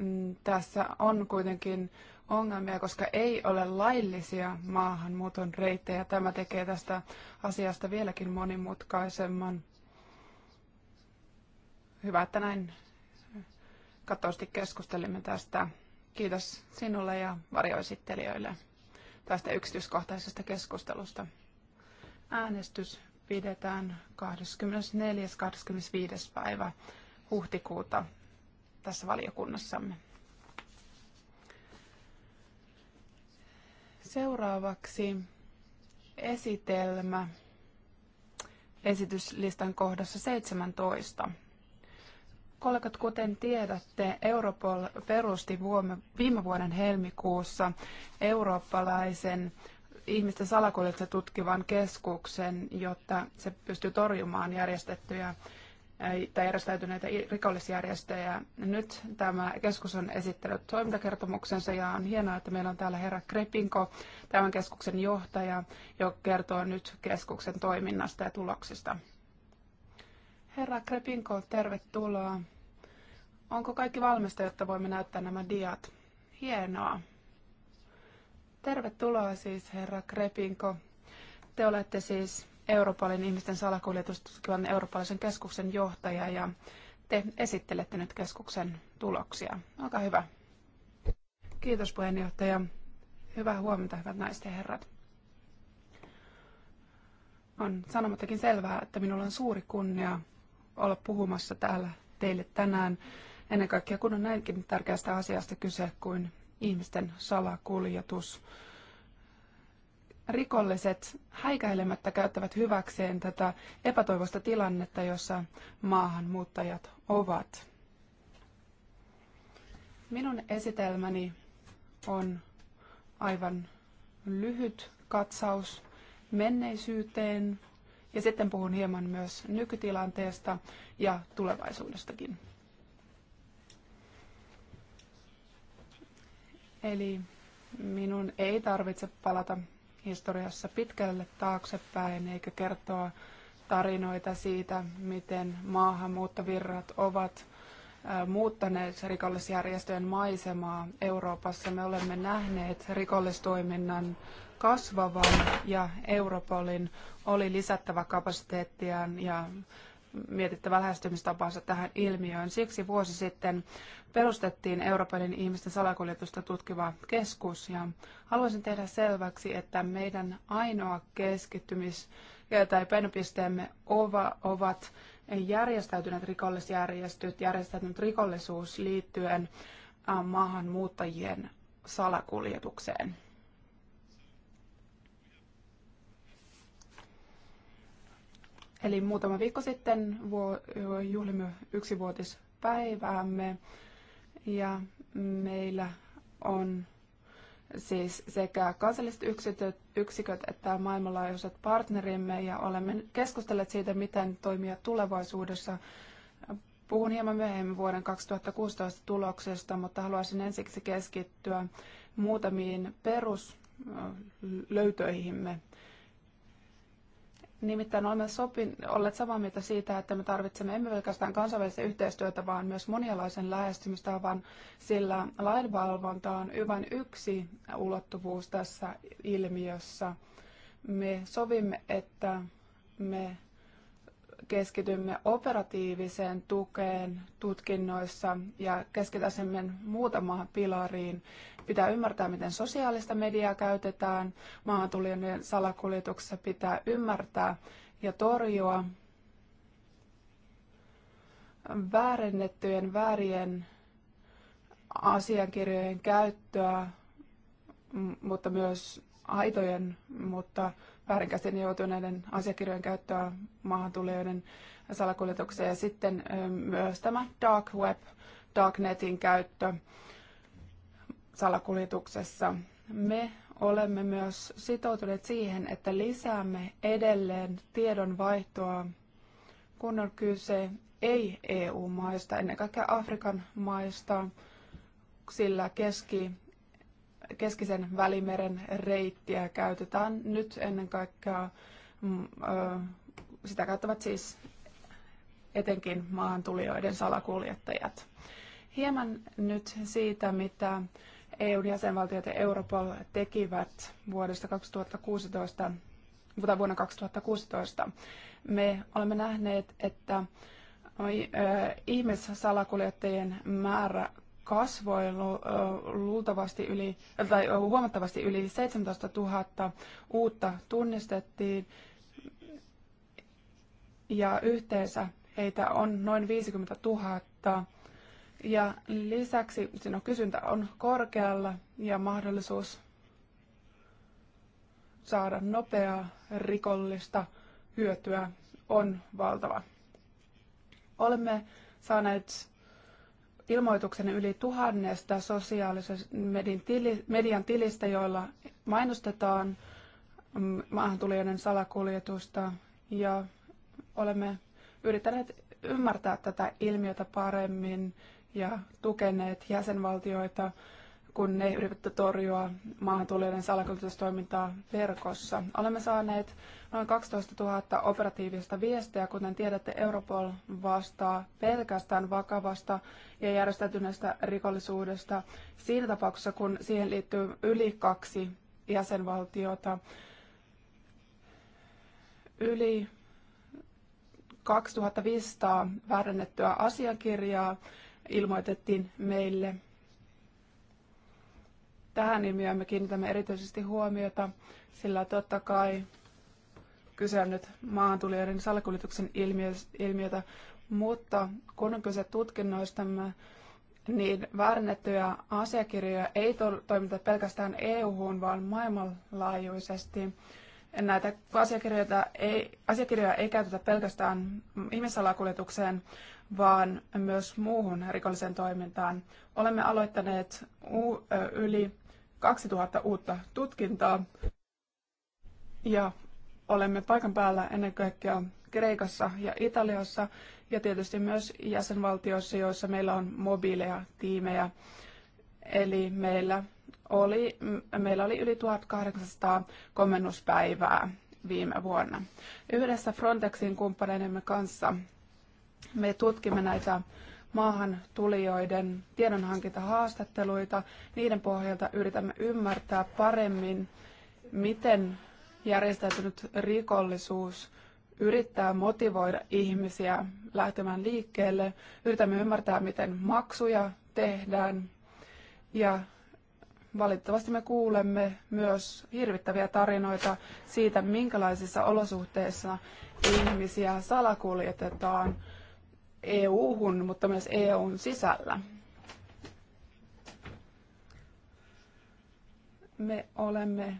mm, tässä on kuitenkin ongelmia, koska ei ole laillisia maahanmuuton reittejä. Tämä tekee tästä asiasta vieläkin monimutkaisemman. Hyvä, että näin kattavasti keskustelimme tästä. Kiitos sinulle ja varjoesittelijöille tästä yksityiskohtaisesta keskustelusta. Äänestys pidetään 24.–25. päivä huhtikuuta tässä valiokunnassamme. Seuraavaksi esitelmä esityslistan kohdassa 17. Kollegat, kuten tiedätte, Europol perusti viime vuoden helmikuussa eurooppalaisen ihmisten salakuljetta tutkivan keskuksen, jotta se pystyy torjumaan järjestettyjä tai järjestäytyneitä rikollisjärjestöjä. Nyt tämä keskus on esittänyt toimintakertomuksensa ja on hienoa, että meillä on täällä herra Krepinko, tämän keskuksen johtaja, joka kertoo nyt keskuksen toiminnasta ja tuloksista. Herra Krepinko, tervetuloa. Onko kaikki valmista, jotta voimme näyttää nämä diat? Hienoa. Tervetuloa siis, herra Krepinko. Te olette siis Europolin ihmisten salakuljetustutkivan eurooppalaisen keskuksen johtaja ja te esittelette nyt keskuksen tuloksia. Olkaa hyvä. Kiitos puheenjohtaja. Hyvää huomenta, hyvät naiset ja herrat. On sanomattakin selvää, että minulla on suuri kunnia olla puhumassa täällä teille tänään. Ennen kaikkea kun on näinkin tärkeästä asiasta kyse kuin ihmisten salakuljetus rikolliset häikäilemättä käyttävät hyväkseen tätä epätoivoista tilannetta, jossa maahanmuuttajat ovat. Minun esitelmäni on aivan lyhyt katsaus menneisyyteen ja sitten puhun hieman myös nykytilanteesta ja tulevaisuudestakin. Eli minun ei tarvitse palata historiassa pitkälle taaksepäin eikä kertoa tarinoita siitä, miten maahanmuuttovirrat ovat muuttaneet rikollisjärjestöjen maisemaa Euroopassa. Me olemme nähneet rikollistoiminnan kasvavan ja Europolin oli lisättävä kapasiteettiaan ja mietittävä lähestymistapansa tähän ilmiöön. Siksi vuosi sitten perustettiin Euroopan ihmisten salakuljetusta tutkiva keskus ja haluaisin tehdä selväksi, että meidän ainoa keskittymis- tai painopisteemme ovat järjestäytyneet rikollisjärjestöt, järjestäytynyt rikollisuus liittyen maahanmuuttajien salakuljetukseen. Eli muutama viikko sitten juhlimme yksivuotispäiväämme ja meillä on siis sekä kansalliset yksityt, yksiköt että maailmanlaajuiset partnerimme ja olemme keskustelleet siitä, miten toimia tulevaisuudessa. Puhun hieman myöhemmin vuoden 2016 tuloksesta, mutta haluaisin ensiksi keskittyä muutamiin peruslöytöihimme Nimittäin olemme sopin, olleet samaa mieltä siitä, että me tarvitsemme emme pelkästään kansainvälistä yhteistyötä, vaan myös monialaisen lähestymistavan, sillä lainvalvonta on vain yksi ulottuvuus tässä ilmiössä. Me sovimme, että me keskitymme operatiiviseen tukeen tutkinnoissa ja keskitämme muutamaan pilariin. Pitää ymmärtää, miten sosiaalista mediaa käytetään, maahantulijoiden salakuljetuksessa pitää ymmärtää ja torjua väärennettyjen väärien asiakirjojen käyttöä, mutta myös aitojen, mutta väärinkäsin joutuneiden asiakirjojen käyttöä maahantulijoiden salakuljetukseen ja sitten ähm, myös tämä dark web, darknetin käyttö salakuljetuksessa. Me olemme myös sitoutuneet siihen, että lisäämme edelleen tiedonvaihtoa, kun on kyse ei-EU-maista, ennen kaikkea Afrikan maista, sillä Keski- keskisen välimeren reittiä käytetään nyt ennen kaikkea, mm, sitä käyttävät siis etenkin maahantulijoiden salakuljettajat. Hieman nyt siitä, mitä EUn jäsenvaltiot ja Europol tekivät vuodesta 2016 vuonna 2016. Me olemme nähneet, että ihmissalakuljettajien määrä kasvoi luultavasti yli, tai huomattavasti yli 17 000 uutta tunnistettiin ja yhteensä heitä on noin 50 000. Ja lisäksi siinä kysyntä on korkealla ja mahdollisuus saada nopeaa rikollista hyötyä on valtava. Olemme saaneet ilmoituksen yli tuhannesta sosiaalisen median tilistä, joilla mainostetaan mm, maahantulijoiden salakuljetusta ja olemme yrittäneet ymmärtää tätä ilmiötä paremmin ja tukeneet jäsenvaltioita kun ne yrittävät torjua maahantulijoiden salakuljetustoimintaa verkossa. Olemme saaneet noin 12 000 operatiivista viestiä. Kuten tiedätte, Europol vastaa pelkästään vakavasta ja järjestäytyneestä rikollisuudesta siinä tapauksessa, kun siihen liittyy yli kaksi jäsenvaltiota. Yli 2500 väärennettyä asiakirjaa ilmoitettiin meille – Tähän ilmiöön me kiinnitämme erityisesti huomiota, sillä totta kai kyse on nyt maahantulijoiden salakuljetuksen ilmiötä, mutta kun on kyse tutkinnoistamme, niin väärennettyjä asiakirjoja ei to- toimita pelkästään EU-hun, vaan maailmanlaajuisesti. Näitä asiakirjoja ei, asiakirjoja ei käytetä pelkästään ihmissalakuljetukseen, vaan myös muuhun rikolliseen toimintaan. Olemme aloittaneet yli 2000 uutta tutkintaa. Ja olemme paikan päällä ennen kaikkea Kreikassa ja Italiassa ja tietysti myös jäsenvaltioissa, joissa meillä on mobiileja tiimejä. Eli meillä oli, meillä oli yli 1800 komennuspäivää viime vuonna. Yhdessä Frontexin kumppaneidemme kanssa me tutkimme näitä maahan tulijoiden tiedonhankintahaastatteluita. Niiden pohjalta yritämme ymmärtää paremmin, miten järjestäytynyt rikollisuus yrittää motivoida ihmisiä lähtemään liikkeelle. Yritämme ymmärtää, miten maksuja tehdään. Ja valitettavasti me kuulemme myös hirvittäviä tarinoita siitä, minkälaisissa olosuhteissa ihmisiä salakuljetetaan – EU-hun, mutta myös EUn sisällä. Me olemme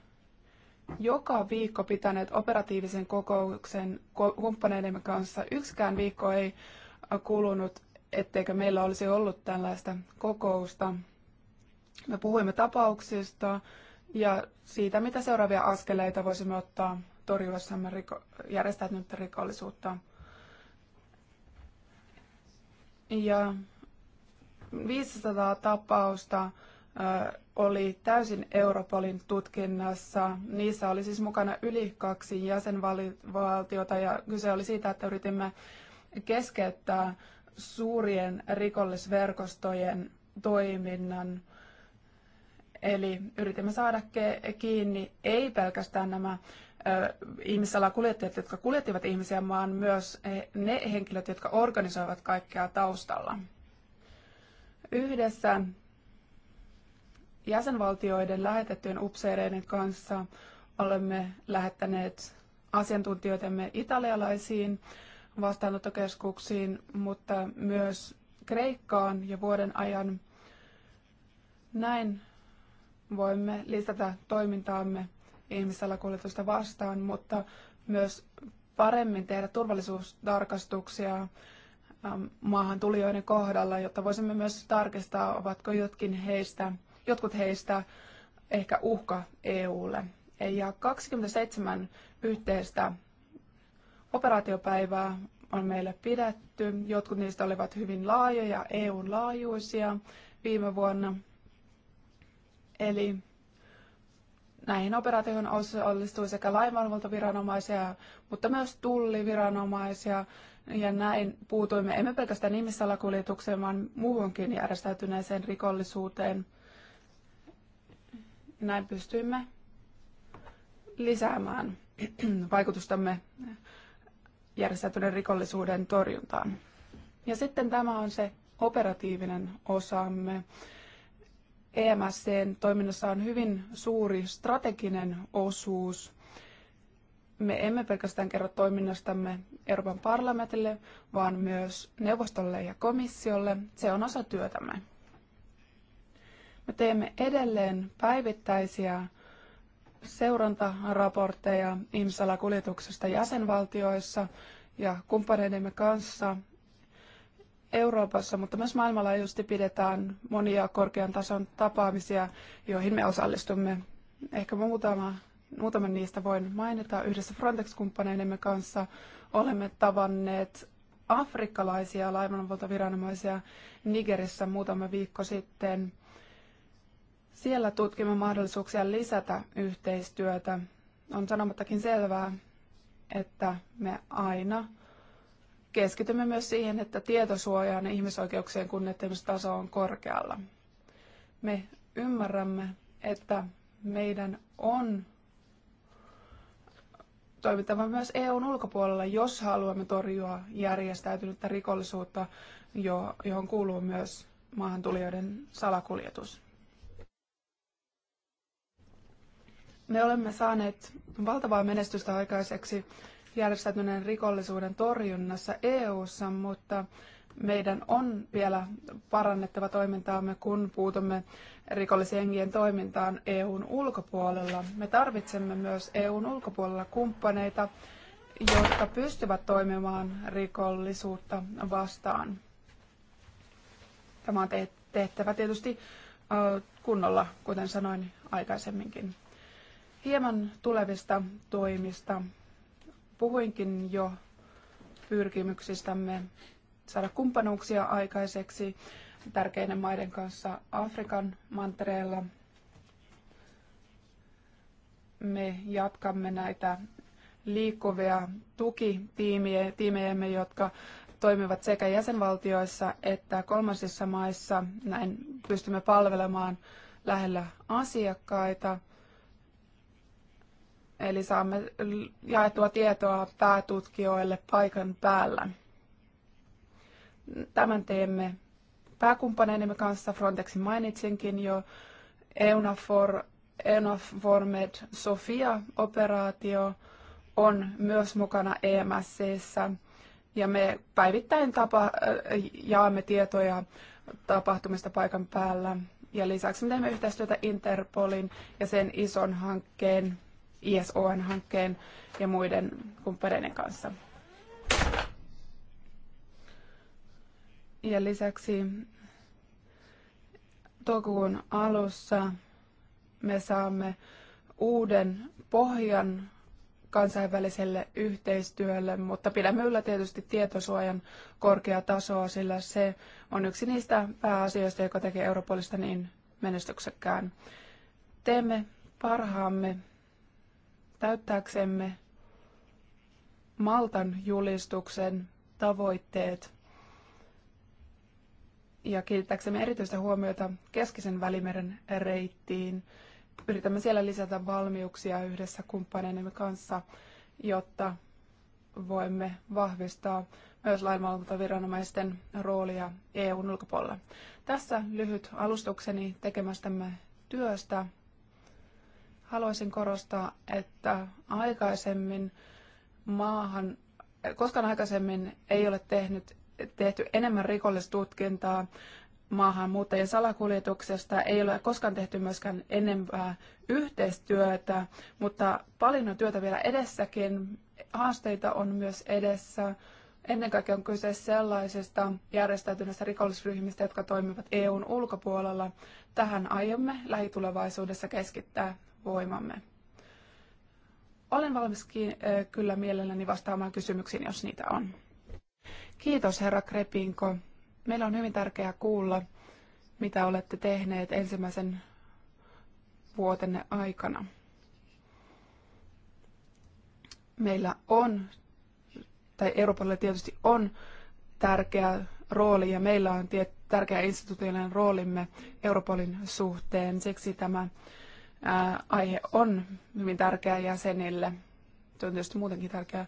joka viikko pitäneet operatiivisen kokouksen kumppaneidemme kanssa. Yksikään viikko ei kulunut, etteikö meillä olisi ollut tällaista kokousta. Me puhuimme tapauksista ja siitä, mitä seuraavia askeleita voisimme ottaa torjuessamme riko- järjestäytynyttä rikollisuutta. Ja 500 tapausta oli täysin Europolin tutkinnassa. Niissä oli siis mukana yli kaksi jäsenvaltiota ja kyse oli siitä, että yritimme keskeyttää suurien rikollisverkostojen toiminnan. Eli yritimme saada kiinni ei pelkästään nämä ihmissalakuljettajat, jotka kuljettivat ihmisiä, vaan myös ne henkilöt, jotka organisoivat kaikkea taustalla. Yhdessä jäsenvaltioiden lähetettyjen upseereiden kanssa olemme lähettäneet asiantuntijoitamme italialaisiin vastaanottokeskuksiin, mutta myös Kreikkaan ja vuoden ajan. Näin voimme lisätä toimintaamme ihmissalakuljetusta vastaan, mutta myös paremmin tehdä turvallisuustarkastuksia maahan tulijoiden kohdalla, jotta voisimme myös tarkistaa, ovatko jotkin heistä, jotkut heistä ehkä uhka EUlle. Ja 27 yhteistä operaatiopäivää on meille pidetty. Jotkut niistä olivat hyvin laajoja, EUn laajuisia viime vuonna. Eli Näihin operaatioihin osallistui sekä lainvalvontaviranomaisia, mutta myös tulliviranomaisia, ja näin puutuimme emme pelkästään ihmissalakuljetukseen, vaan muuhunkin järjestäytyneeseen rikollisuuteen. Näin pystyimme lisäämään vaikutustamme järjestäytyneen rikollisuuden torjuntaan. Ja sitten tämä on se operatiivinen osamme. EMSCn toiminnassa on hyvin suuri strateginen osuus. Me emme pelkästään kerro toiminnastamme Euroopan parlamentille, vaan myös neuvostolle ja komissiolle. Se on osa työtämme. Me teemme edelleen päivittäisiä seurantaraportteja ihmisalakuljetuksesta jäsenvaltioissa ja kumppaneidemme kanssa Euroopassa, mutta myös maailmanlaajuisesti pidetään monia korkean tason tapaamisia, joihin me osallistumme. Ehkä muutama, muutaman niistä voin mainita. Yhdessä Frontex-kumppaneidemme kanssa olemme tavanneet afrikkalaisia laivanvaltaviranomaisia Nigerissä muutama viikko sitten. Siellä tutkimme mahdollisuuksia lisätä yhteistyötä. On sanomattakin selvää, että me aina – keskitymme myös siihen, että tietosuojaan ja ihmisoikeuksien kunnioittamistaso on korkealla. Me ymmärrämme, että meidän on toimittava myös EUn ulkopuolella, jos haluamme torjua järjestäytynyttä rikollisuutta, johon kuuluu myös maahantulijoiden salakuljetus. Me olemme saaneet valtavaa menestystä aikaiseksi järjestäytyneen rikollisuuden torjunnassa EU:ssa, mutta meidän on vielä parannettava toimintaamme, kun puutumme rikollisjengien toimintaan EUn ulkopuolella. Me tarvitsemme myös EUn ulkopuolella kumppaneita, jotka pystyvät toimimaan rikollisuutta vastaan. Tämä on tehtävä tietysti kunnolla, kuten sanoin aikaisemminkin. Hieman tulevista toimista puhuinkin jo pyrkimyksistämme saada kumppanuuksia aikaiseksi tärkeiden maiden kanssa Afrikan mantereella. Me jatkamme näitä liikkuvia tukitiimejämme, jotka toimivat sekä jäsenvaltioissa että kolmansissa maissa. Näin pystymme palvelemaan lähellä asiakkaita. Eli saamme jaettua tietoa päätutkijoille paikan päällä. Tämän teemme pääkumppaneidemme kanssa. Frontexin mainitsinkin jo. EUNAFOR, EUNAFOR Med Sofia-operaatio on myös mukana EMSCssä. Ja me päivittäin tapa, jaamme tietoja tapahtumista paikan päällä. Ja lisäksi me teemme yhteistyötä Interpolin ja sen ison hankkeen ISON-hankkeen ja muiden kumppaneiden kanssa. Ja lisäksi toukokuun alussa me saamme uuden pohjan kansainväliselle yhteistyölle, mutta pidämme yllä tietysti tietosuojan korkeaa tasoa, sillä se on yksi niistä pääasioista, joka tekee Europolista niin menestyksekkään. Teemme parhaamme täyttääksemme Maltan julistuksen tavoitteet ja kiinnittääksemme erityistä huomiota keskisen välimeren reittiin. Yritämme siellä lisätä valmiuksia yhdessä kumppaneidemme kanssa, jotta voimme vahvistaa myös lainvalvontaviranomaisten roolia EUn ulkopuolella. Tässä lyhyt alustukseni tekemästämme työstä haluaisin korostaa, että aikaisemmin maahan, koskaan aikaisemmin ei ole tehnyt, tehty enemmän rikollistutkintaa maahanmuuttajien salakuljetuksesta, ei ole koskaan tehty myöskään enempää yhteistyötä, mutta paljon on työtä vielä edessäkin. Haasteita on myös edessä. Ennen kaikkea on kyse sellaisista järjestäytyneistä rikollisryhmistä, jotka toimivat EUn ulkopuolella. Tähän aiomme lähitulevaisuudessa keskittää voimamme. Olen valmis eh, kyllä mielelläni vastaamaan kysymyksiin, jos niitä on. Kiitos herra Krepinko. Meillä on hyvin tärkeää kuulla, mitä olette tehneet ensimmäisen vuotenne aikana. Meillä on, tai Euroopalle tietysti on tärkeä rooli ja meillä on tärkeä institutionaalinen roolimme Europolin suhteen. Siksi tämä ää, aihe on hyvin tärkeä jäsenille. Se on tietysti muutenkin tärkeää.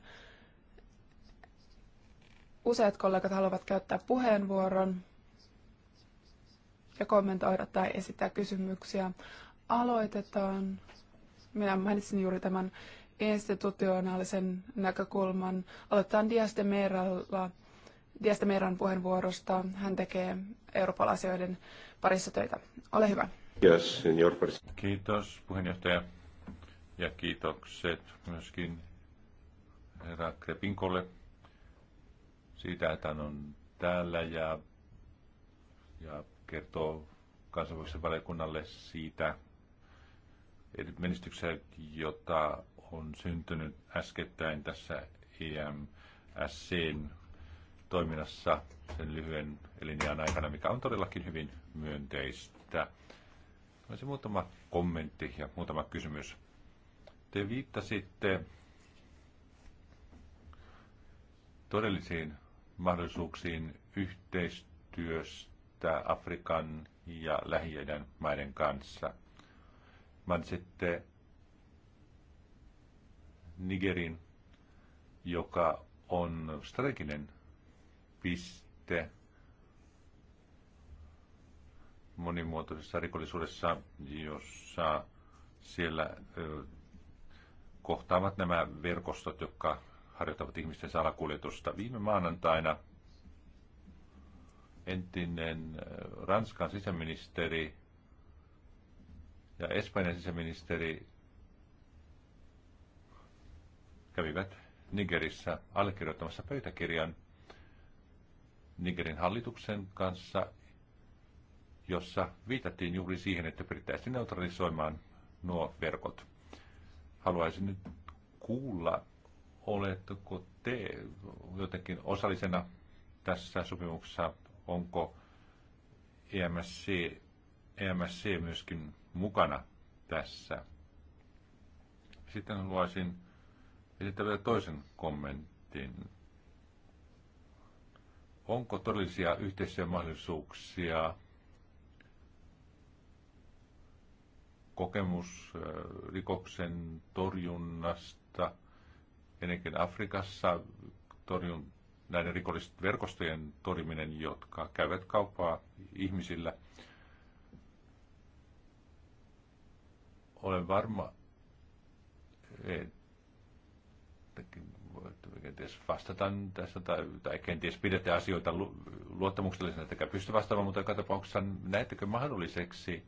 Useat kollegat haluavat käyttää puheenvuoron ja kommentoida tai esittää kysymyksiä. Aloitetaan. Minä mainitsin juuri tämän institutionaalisen näkökulman. Aloitetaan Diaste Meralla. Meran puheenvuorosta. Hän tekee Euroopan asioiden parissa töitä. Ole hyvä. Yes, senior Kiitos puheenjohtaja ja kiitokset myöskin herra Krepinkolle siitä, että hän on täällä ja, ja kertoo kansainvälisen valiokunnalle siitä menestyksestä, jota on syntynyt äskettäin tässä EMSCn toiminnassa sen lyhyen elinjään aikana, mikä on todellakin hyvin myönteistä. Olisi muutama kommentti ja muutama kysymys. Te viittasitte todellisiin mahdollisuuksiin yhteistyöstä Afrikan ja lähi maiden kanssa. Mainitsitte Nigerin, joka on strateginen piste – monimuotoisessa rikollisuudessa, jossa siellä kohtaavat nämä verkostot, jotka harjoittavat ihmisten salakuljetusta. Viime maanantaina entinen Ranskan sisäministeri ja Espanjan sisäministeri kävivät Nigerissä allekirjoittamassa pöytäkirjan Nigerin hallituksen kanssa, jossa viitattiin juuri siihen, että pyrittäisiin neutralisoimaan nuo verkot. Haluaisin nyt kuulla, oletteko te jotenkin osallisena tässä sopimuksessa, onko EMSC, EMSC myöskin mukana tässä. Sitten haluaisin esittää vielä toisen kommentin. Onko todellisia mahdollisuuksia kokemus rikoksen torjunnasta, ennenkin Afrikassa torjun, näiden verkostojen torjuminen, jotka käyvät kauppaa ihmisillä. Olen varma, että kenties vastataan tässä tai, tai kenties pidätte asioita luottamuksellisena, että pysty vastaamaan, mutta joka tapauksessa näettekö mahdolliseksi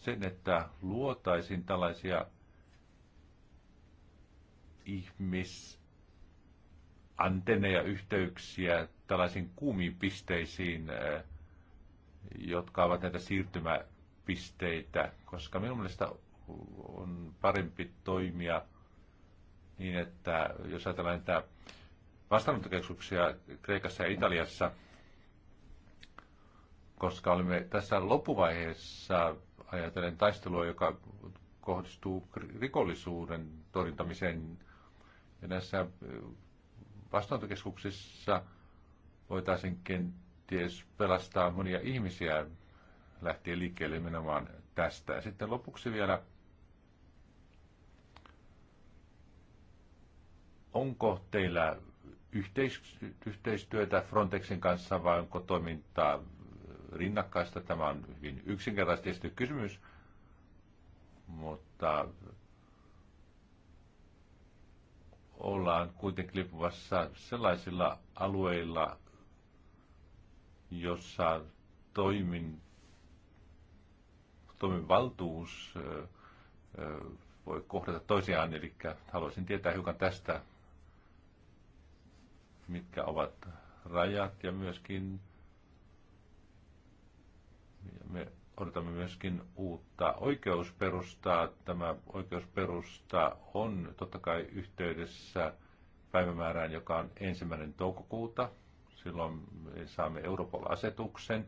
sen, että luotaisiin tällaisia ihmisantenneja, yhteyksiä tällaisiin kuumiin pisteisiin, eh, jotka ovat näitä siirtymäpisteitä, koska minun mielestä on parempi toimia niin, että jos ajatellaan näitä vastaanottokeskuksia Kreikassa ja Italiassa, koska olemme tässä loppuvaiheessa ajatellen taistelua, joka kohdistuu rikollisuuden torjuntamiseen. Ja näissä vastaanottokeskuksissa voitaisiin kenties pelastaa monia ihmisiä lähtien liikkeelle nimenomaan tästä. Ja sitten lopuksi vielä, onko teillä yhteistyötä Frontexin kanssa vai onko toimintaa rinnakkaista. Tämä on hyvin yksinkertaisesti kysymys, mutta ollaan kuitenkin lipuvassa sellaisilla alueilla, jossa toimin, toimivaltuus voi kohdata toisiaan. Eli haluaisin tietää hiukan tästä, mitkä ovat rajat ja myöskin me odotamme myöskin uutta oikeusperustaa. Tämä oikeusperusta on totta kai yhteydessä päivämäärään, joka on ensimmäinen toukokuuta. Silloin me saamme Europol-asetuksen.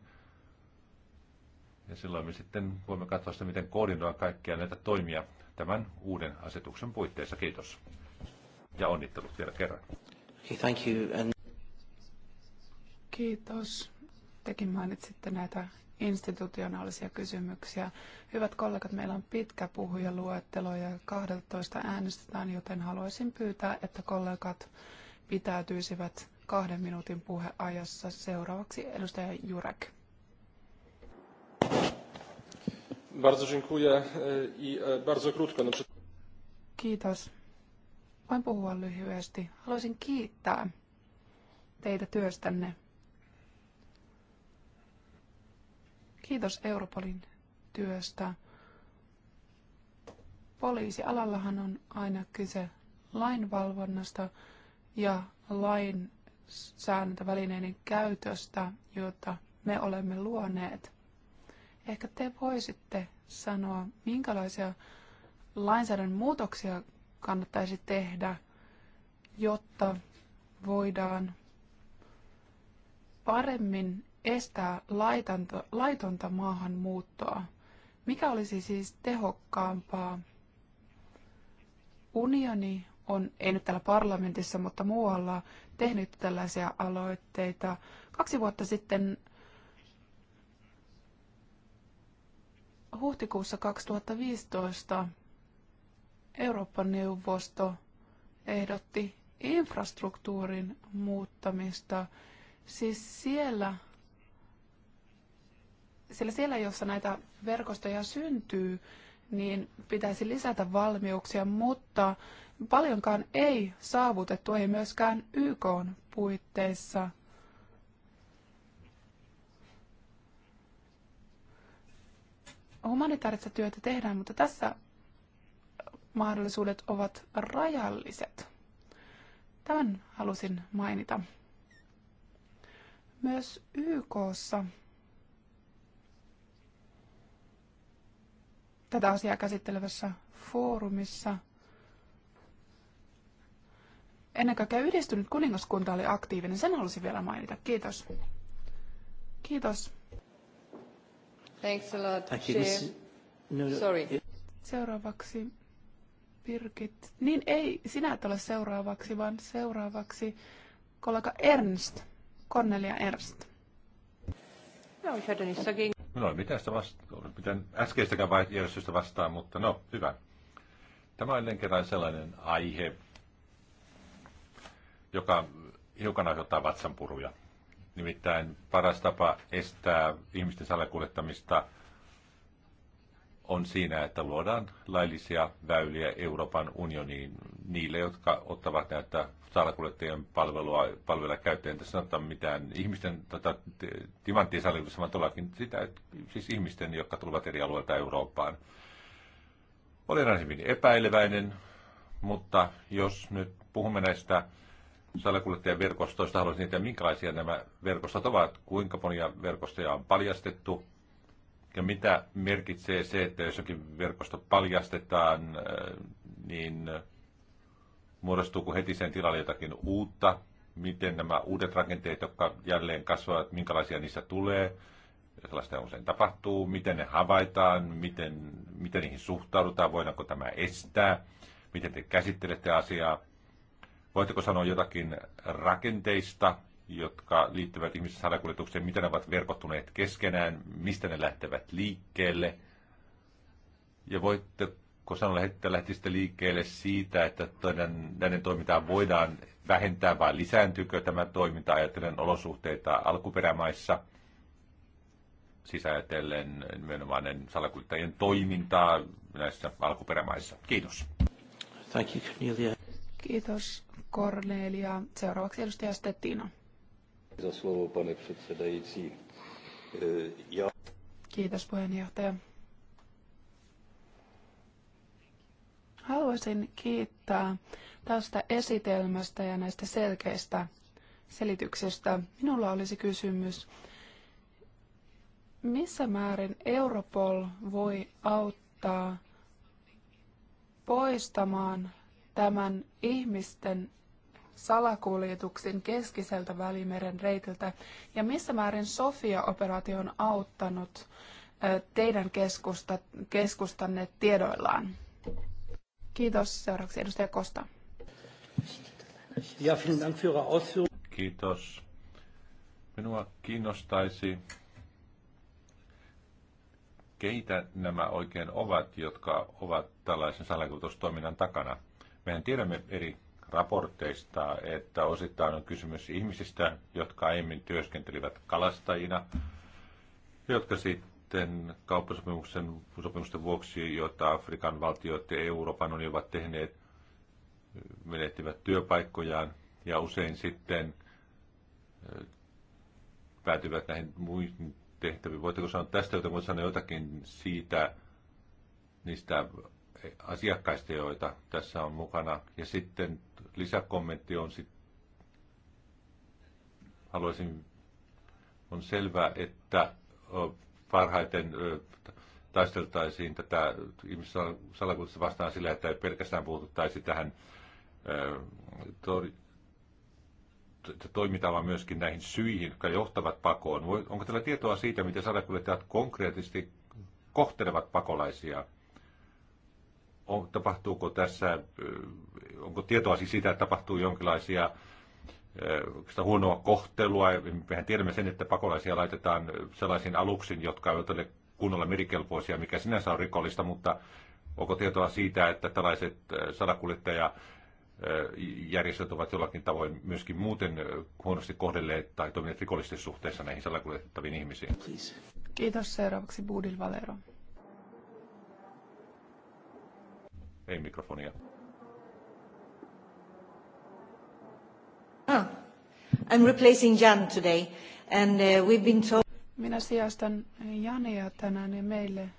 Ja silloin me sitten voimme katsoa sitä, miten koordinoida kaikkia näitä toimia tämän uuden asetuksen puitteissa. Kiitos. Ja onnittelut vielä kerran. Okay, thank you. And... Kiitos. Tekin mainitsitte näitä institutionaalisia kysymyksiä. Hyvät kollegat, meillä on pitkä puhujaluettelo ja 12 äänestetään, joten haluaisin pyytää, että kollegat pitäytyisivät kahden minuutin puheajassa. Seuraavaksi edustaja Jurek. Bardzo dziękuję i e, bardzo krótko. No, Kiitos. Voin puhua lyhyesti. Haluaisin kiittää teitä työstänne Kiitos Europolin työstä. Poliisialallahan on aina kyse lainvalvonnasta ja lain sääntövälineiden käytöstä, jota me olemme luoneet. Ehkä te voisitte sanoa, minkälaisia lainsäädännön muutoksia kannattaisi tehdä, jotta voidaan paremmin estää laitonta, laitonta maahanmuuttoa? Mikä olisi siis tehokkaampaa? Unioni on, ei nyt täällä parlamentissa, mutta muualla, tehnyt tällaisia aloitteita. Kaksi vuotta sitten huhtikuussa 2015 Euroopan neuvosto ehdotti infrastruktuurin muuttamista. Siis siellä sillä siellä, jossa näitä verkostoja syntyy, niin pitäisi lisätä valmiuksia, mutta paljonkaan ei saavutettu, ei myöskään YK puitteissa. Humanitaarista työtä tehdään, mutta tässä mahdollisuudet ovat rajalliset. Tämän halusin mainita. Myös YKssa tätä asiaa käsittelevässä foorumissa. Ennen kaikkea yhdistynyt kuningaskunta oli aktiivinen, sen halusin vielä mainita. Kiitos. Kiitos. Thanks a lot, Thank no, no. Sorry. Seuraavaksi Birgit. Niin ei sinä et ole seuraavaksi, vaan seuraavaksi kollega Ernst, Cornelia Ernst. No, Minulla ei mitään sitä vastaan, Miten äskeistäkään järjestystä vastaan, mutta no, hyvä. Tämä on jälleen kerran sellainen aihe, joka hiukan aiheuttaa vatsanpuruja. Nimittäin paras tapa estää ihmisten salakuljettamista on siinä, että luodaan laillisia väyliä Euroopan unioniin niille, jotka ottavat näitä saada palvelua, palvella käyttäjien tässä sanotaan mitään ihmisten tota, timanttien sallimista, vaan todellakin sitä, siis ihmisten, jotka tulevat eri alueilta Eurooppaan. Olen aina hyvin epäileväinen, mutta jos nyt puhumme näistä salakuljettajien verkostoista, haluaisin tietää, minkälaisia nämä verkostot ovat, kuinka monia verkostoja on paljastettu, ja mitä merkitsee se, että jos jokin verkosto paljastetaan, äh, niin Muodostuuko heti sen tilalle jotakin uutta? Miten nämä uudet rakenteet, jotka jälleen kasvavat, minkälaisia niissä tulee? Sellaista usein tapahtuu. Miten ne havaitaan? Miten, miten niihin suhtaudutaan? Voidaanko tämä estää? Miten te käsittelette asiaa? Voitteko sanoa jotakin rakenteista, jotka liittyvät salakuljetukseen, miten ne ovat verkottuneet keskenään, mistä ne lähtevät liikkeelle. Ja voitte kun sanon, että sitten liikkeelle siitä, että näiden toimintaa voidaan vähentää vai lisääntyykö tämä toiminta ajatellen olosuhteita alkuperämaissa, siis ajatellen nimenomaan salakuljettajien toimintaa näissä alkuperämaissa. Kiitos. Thank you, Cornelia. Kiitos, Cornelia. Seuraavaksi edustaja Stettina. E, Kiitos, puheenjohtaja. Haluaisin kiittää tästä esitelmästä ja näistä selkeistä selityksistä. Minulla olisi kysymys, missä määrin Europol voi auttaa poistamaan tämän ihmisten salakuljetuksen keskiseltä välimeren reitiltä ja missä määrin Sofia-operaatio on auttanut teidän keskusta, keskustanne tiedoillaan? Kiitos. Seuraavaksi edustaja Kosta. Ja, vielen Dank für Kiitos. Minua kiinnostaisi, keitä nämä oikein ovat, jotka ovat tällaisen salakuljetustoiminnan takana. Mehän tiedämme eri raporteista, että osittain on kysymys ihmisistä, jotka aiemmin työskentelivät kalastajina, jotka sitten sitten kauppasopimuksen sopimusten vuoksi, joita Afrikan valtiot ja Euroopan unioni ovat tehneet, menettivät työpaikkojaan ja usein sitten päätyvät näihin muihin tehtäviin. Voitteko sanoa tästä jotain, voit sanoa jotakin siitä, niistä asiakkaista, joita tässä on mukana. Ja sitten lisäkommentti on sitten haluaisin, on selvää, että parhaiten taisteltaisiin tätä ihmissalakuljetusta vastaan sillä, että pelkästään puututtaisi tähän to, toimintaan, vaan myöskin näihin syihin, jotka johtavat pakoon. Onko teillä tietoa siitä, miten salakuljettajat konkreettisesti kohtelevat pakolaisia? On, tapahtuuko tässä, onko tietoa siis siitä, että tapahtuu jonkinlaisia sitä huonoa kohtelua. Mehän tiedämme sen, että pakolaisia laitetaan sellaisiin aluksiin, jotka eivät ole kunnolla merikelpoisia, mikä sinänsä on rikollista, mutta onko tietoa siitä, että tällaiset salakuljettaja järjestöt ovat jollakin tavoin myöskin muuten huonosti kohdelleet tai toimineet rikollisesti suhteessa näihin salakuljettaviin ihmisiin. Kiitos. Seuraavaksi Budil Valero. Ei mikrofonia. I'm replacing Jan today, and uh, we've been told... Minä sijastan Jania tänään ja niin meille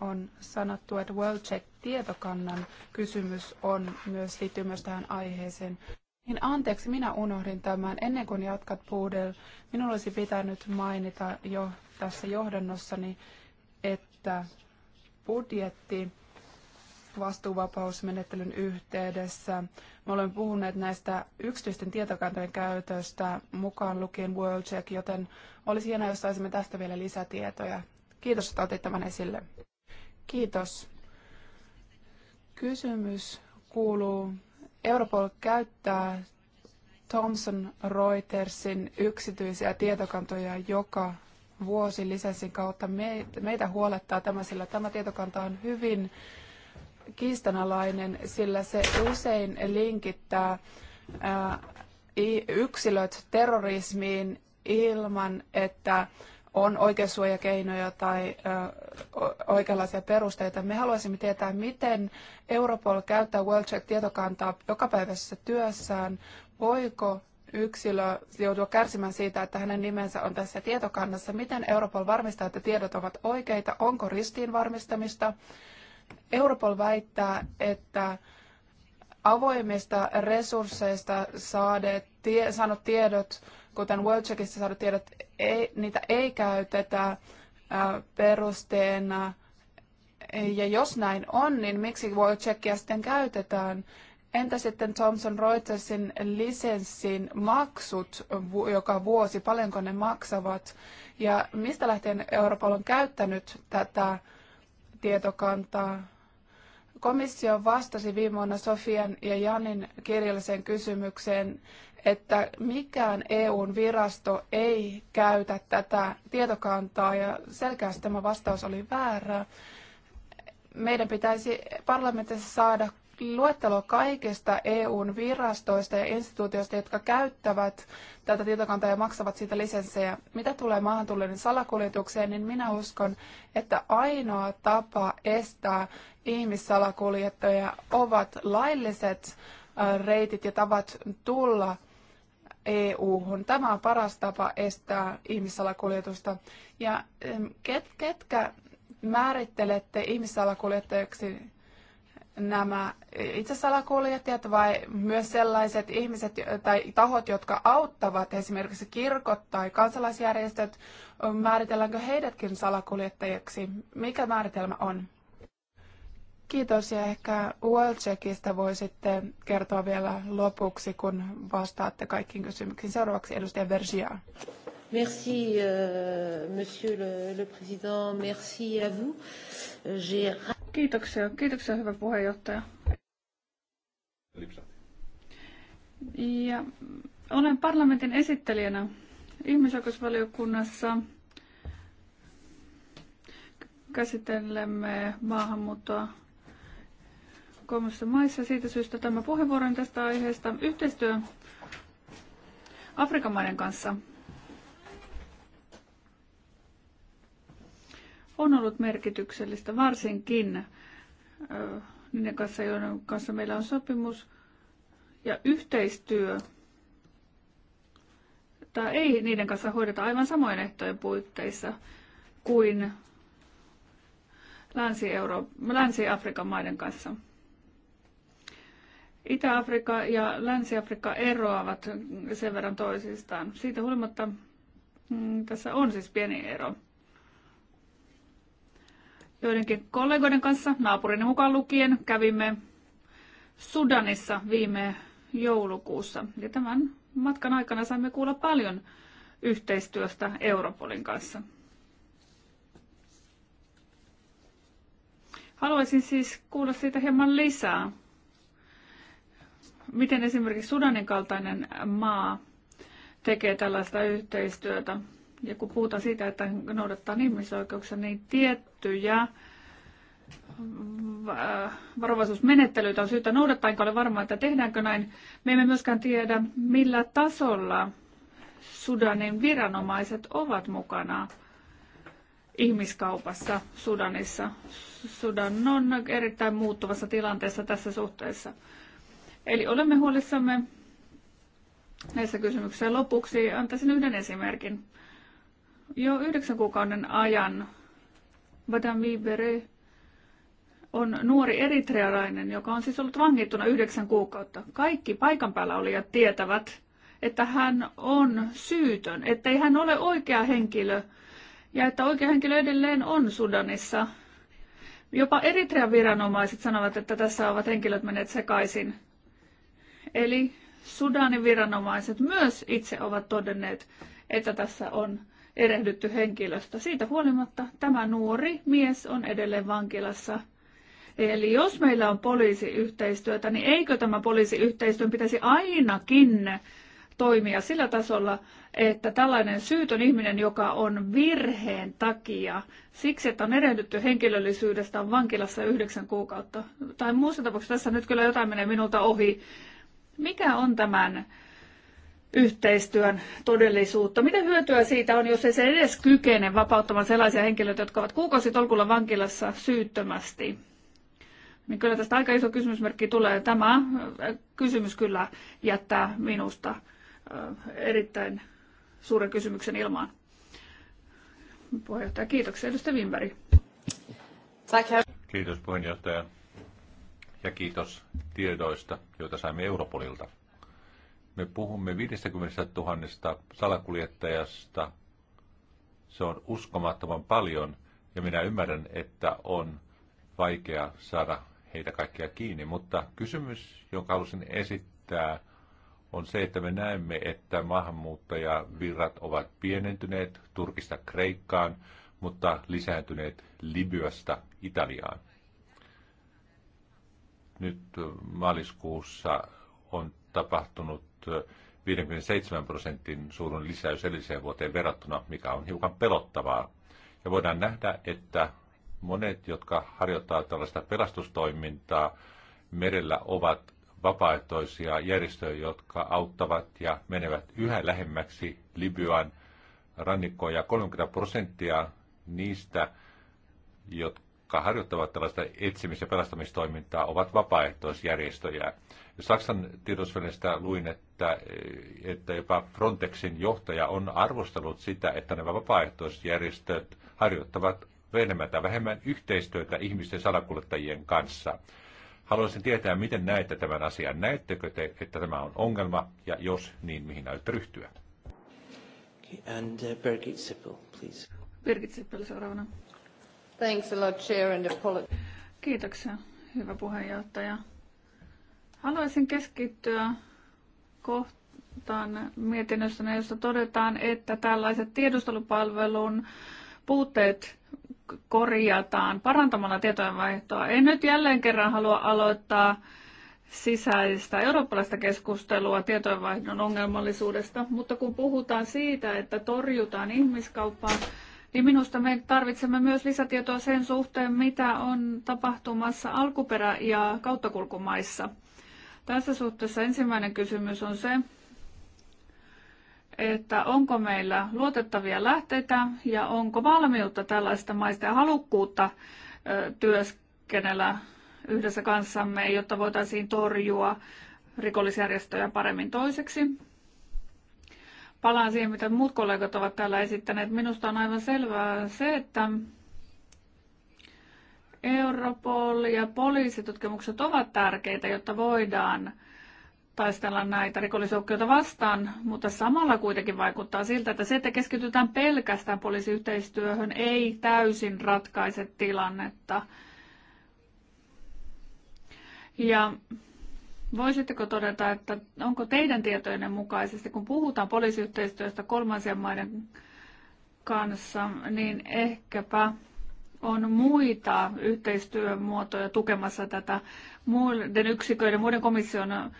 on sanottu, että WorldCheck-tietokannan kysymys on myös, liittyy myös tähän aiheeseen. Niin anteeksi, minä unohdin tämän. Ennen kuin jatkat Puudel, minulla olisi pitänyt mainita jo tässä johdannossani, että budjetti vastuuvapausmenettelyn yhteydessä. Me olemme puhuneet näistä yksityisten tietokantojen käytöstä mukaan lukien WorldCheck, joten olisi hienoa, jos saisimme tästä vielä lisätietoja. Kiitos, että otit tämän esille. Kiitos. Kysymys kuuluu, Europol käyttää Thomson Reutersin yksityisiä tietokantoja joka vuosi lisenssin kautta. Meitä huolettaa tämä, sillä tämä tietokanta on hyvin kiistanalainen, sillä se usein linkittää yksilöt terrorismiin ilman, että on oikeussuojakeinoja tai oikeanlaisia perusteita. Me haluaisimme tietää, miten Europol käyttää World Check-tietokantaa jokapäiväisessä työssään. Voiko yksilö joutua kärsimään siitä, että hänen nimensä on tässä tietokannassa? Miten Europol varmistaa, että tiedot ovat oikeita? Onko ristiin varmistamista? Europol väittää, että avoimista resursseista saadet, saanut tiedot, kuten WorldCheckista saadut tiedot, ei, niitä ei käytetä äh, perusteena. Ja jos näin on, niin miksi Checkia sitten käytetään? Entä sitten Thomson Reutersin lisenssin maksut joka vuosi, paljonko ne maksavat? Ja mistä lähtien Europol on käyttänyt tätä tietokantaa. Komissio vastasi viime vuonna Sofian ja Janin kirjalliseen kysymykseen, että mikään EUn virasto ei käytä tätä tietokantaa ja selkeästi tämä vastaus oli väärä. Meidän pitäisi parlamentissa saada luettelo kaikista EUn virastoista ja instituutioista, jotka käyttävät tätä tietokantaa ja maksavat siitä lisenssejä. Mitä tulee maahantulleiden salakuljetukseen, niin minä uskon, että ainoa tapa estää ihmissalakuljettajia ovat lailliset reitit ja tavat tulla EU-hun. Tämä on paras tapa estää ihmissalakuljetusta. Ja ket, ketkä määrittelette ihmissalakuljettajaksi nämä salakuljettajat vai myös sellaiset ihmiset tai tahot, jotka auttavat esimerkiksi kirkot tai kansalaisjärjestöt, määritelläänkö heidätkin salakuljettajiksi? Mikä määritelmä on? Kiitos ja ehkä Wallcheckista voisitte kertoa vielä lopuksi, kun vastaatte kaikkiin kysymyksiin. Seuraavaksi edustaja Vergia. Merci, euh, monsieur le, le président. Merci à vous. Euh, Kiitoksia. Kiitoksia, hyvä puheenjohtaja. Ja olen parlamentin esittelijänä ihmisoikeusvaliokunnassa. Käsittelemme maahanmuuttoa kolmessa maissa. Siitä syystä tämä puheenvuoro tästä aiheesta yhteistyö Afrikan maiden kanssa on ollut merkityksellistä, varsinkin niiden kanssa, joiden kanssa meillä on sopimus ja yhteistyö. Tai ei niiden kanssa hoideta aivan samoin ehtojen puitteissa kuin Länsi-Afrikan Länsi maiden kanssa. Itä-Afrika ja länsi afrika eroavat sen verran toisistaan. Siitä huolimatta mm, tässä on siis pieni ero joidenkin kollegoiden kanssa, naapurin mukaan lukien, kävimme Sudanissa viime joulukuussa. Ja tämän matkan aikana saimme kuulla paljon yhteistyöstä Europolin kanssa. Haluaisin siis kuulla siitä hieman lisää. Miten esimerkiksi Sudanin kaltainen maa tekee tällaista yhteistyötä? ja kun puhutaan siitä, että noudattaa ihmisoikeuksia, niin tiettyjä mm, varovaisuusmenettelyitä on syytä noudattaa, enkä ole varma, että tehdäänkö näin. Me emme myöskään tiedä, millä tasolla Sudanin viranomaiset ovat mukana ihmiskaupassa Sudanissa. Sudan on erittäin muuttuvassa tilanteessa tässä suhteessa. Eli olemme huolissamme näissä kysymyksissä. Lopuksi antaisin yhden esimerkin. Jo yhdeksän kuukauden ajan Vadan Vibere on nuori eritrealainen, joka on siis ollut vangittuna yhdeksän kuukautta. Kaikki paikan päällä olijat tietävät, että hän on syytön, että ei hän ole oikea henkilö ja että oikea henkilö edelleen on Sudanissa. Jopa Eritrean viranomaiset sanovat, että tässä ovat henkilöt menneet sekaisin. Eli Sudanin viranomaiset myös itse ovat todenneet, että tässä on erehdytty henkilöstä. Siitä huolimatta tämä nuori mies on edelleen vankilassa. Eli jos meillä on poliisiyhteistyötä, niin eikö tämä poliisiyhteistyön pitäisi ainakin toimia sillä tasolla, että tällainen syytön ihminen, joka on virheen takia, siksi että on erehdytty henkilöllisyydestä, on vankilassa yhdeksän kuukautta. Tai muussa tapauksessa tässä nyt kyllä jotain menee minulta ohi. Mikä on tämän yhteistyön todellisuutta. Mitä hyötyä siitä on, jos ei se edes kykene vapauttamaan sellaisia henkilöitä, jotka ovat kuukausitolkulla vankilassa syyttömästi? Niin kyllä tästä aika iso kysymysmerkki tulee. Tämä äh, kysymys kyllä jättää minusta äh, erittäin suuren kysymyksen ilmaan. Puheenjohtaja, kiitoksia. Edustaja Wimberg. Kiitos puheenjohtaja ja kiitos tiedoista, joita saimme Europolilta. Me puhumme 50 000 salakuljettajasta. Se on uskomattoman paljon ja minä ymmärrän, että on vaikea saada heitä kaikkia kiinni. Mutta kysymys, jonka halusin esittää, on se, että me näemme, että maahanmuuttajavirrat ovat pienentyneet Turkista Kreikkaan, mutta lisääntyneet Libyasta Italiaan. Nyt äh, maaliskuussa on tapahtunut 57 prosentin suurun lisäys edelliseen vuoteen verrattuna, mikä on hiukan pelottavaa. Ja voidaan nähdä, että monet, jotka harjoittavat tällaista pelastustoimintaa merellä, ovat vapaaehtoisia järjestöjä, jotka auttavat ja menevät yhä lähemmäksi Libyan rannikkoa. Ja 30 prosenttia niistä, jotka harjoittavat tällaista etsimis- ja pelastamistoimintaa, ovat vapaaehtoisjärjestöjä. Saksan tiedotusvälineestä luin, että, että jopa Frontexin johtaja on arvostellut sitä, että nämä vapaaehtoisjärjestöt harjoittavat enemmän tai vähemmän yhteistyötä ihmisten salakuljettajien kanssa. Haluaisin tietää, miten näette tämän asian. Näettekö te, että tämä on ongelma, ja jos, niin mihin aiotte ryhtyä? and uh, Birgit Sippel, please. Birgit Sippel seuraavana. Thanks a lot, Chair, and apologies. Kiitoksia, hyvä puheenjohtaja. Haluaisin keskittyä kohtaan mietinnössä, jossa todetaan, että tällaiset tiedustelupalvelun puutteet korjataan parantamalla tietojenvaihtoa. En nyt jälleen kerran halua aloittaa sisäistä eurooppalaista keskustelua tietojenvaihdon ongelmallisuudesta, mutta kun puhutaan siitä, että torjutaan ihmiskauppaa, niin minusta me tarvitsemme myös lisätietoa sen suhteen, mitä on tapahtumassa alkuperä- ja kauttakulkumaissa – tässä suhteessa ensimmäinen kysymys on se, että onko meillä luotettavia lähteitä ja onko valmiutta tällaista maista ja halukkuutta työskennellä yhdessä kanssamme, jotta voitaisiin torjua rikollisjärjestöjä paremmin toiseksi. Palaan siihen, mitä muut kollegat ovat täällä esittäneet. Minusta on aivan selvää se, että Europol ja poliisitutkimukset ovat tärkeitä, jotta voidaan taistella näitä rikollisjoukkoja vastaan, mutta samalla kuitenkin vaikuttaa siltä, että se, että keskitytään pelkästään poliisiyhteistyöhön, ei täysin ratkaise tilannetta. Ja voisitteko todeta, että onko teidän tietojenne mukaisesti, kun puhutaan poliisiyhteistyöstä kolmansien maiden kanssa, niin ehkäpä on muita yhteistyömuotoja tukemassa tätä muiden yksiköiden, muiden komission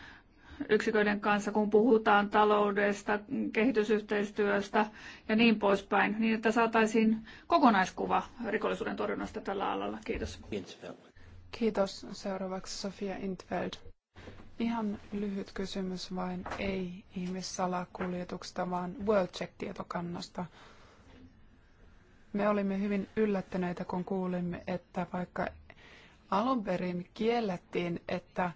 yksiköiden kanssa, kun puhutaan taloudesta, kehitysyhteistyöstä ja niin poispäin, niin että saataisiin kokonaiskuva rikollisuuden torjunnasta tällä alalla. Kiitos. Kiitos. Seuraavaksi Sofia Intveld. Ihan lyhyt kysymys vain, ei ihmissalakuljetuksesta, vaan WorldCheck-tietokannasta. Me olimme hyvin yllättyneitä, kun kuulimme, että vaikka alun perin kiellettiin, että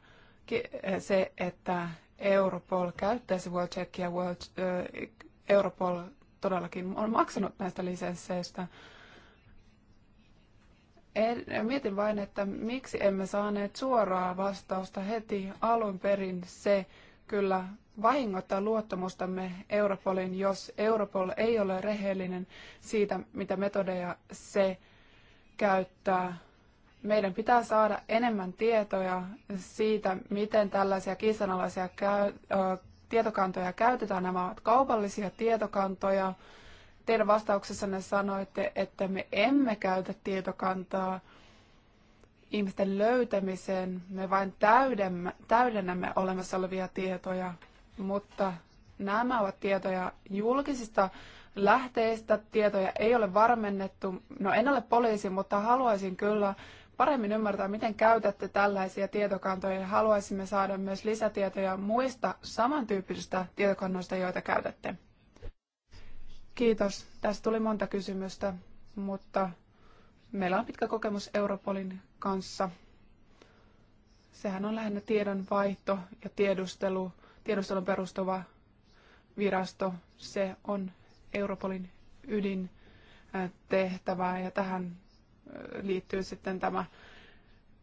se, että Europol käyttäisi Check ja World, äh, Europol todellakin on maksanut näistä lisensseistä. En, mietin vain, että miksi emme saaneet suoraa vastausta heti alun perin. Se kyllä vahingoittaa luottamustamme Europolin, jos Europol ei ole rehellinen siitä, mitä metodeja se käyttää. Meidän pitää saada enemmän tietoja siitä, miten tällaisia kiistanalaisia käy, tietokantoja käytetään. Nämä ovat kaupallisia tietokantoja. Teidän vastauksessanne sanoitte, että me emme käytä tietokantaa ihmisten löytämiseen. Me vain täydennämme olemassa olevia tietoja mutta nämä ovat tietoja julkisista lähteistä. Tietoja ei ole varmennettu. No en ole poliisi, mutta haluaisin kyllä paremmin ymmärtää, miten käytätte tällaisia tietokantoja. Haluaisimme saada myös lisätietoja muista samantyyppisistä tietokannoista, joita käytätte. Kiitos. Tässä tuli monta kysymystä, mutta meillä on pitkä kokemus Europolin kanssa. Sehän on lähinnä tiedonvaihto ja tiedustelu tiedustelun perustuva virasto, se on Europolin ydin äh, tehtävää ja tähän äh, liittyy sitten tämä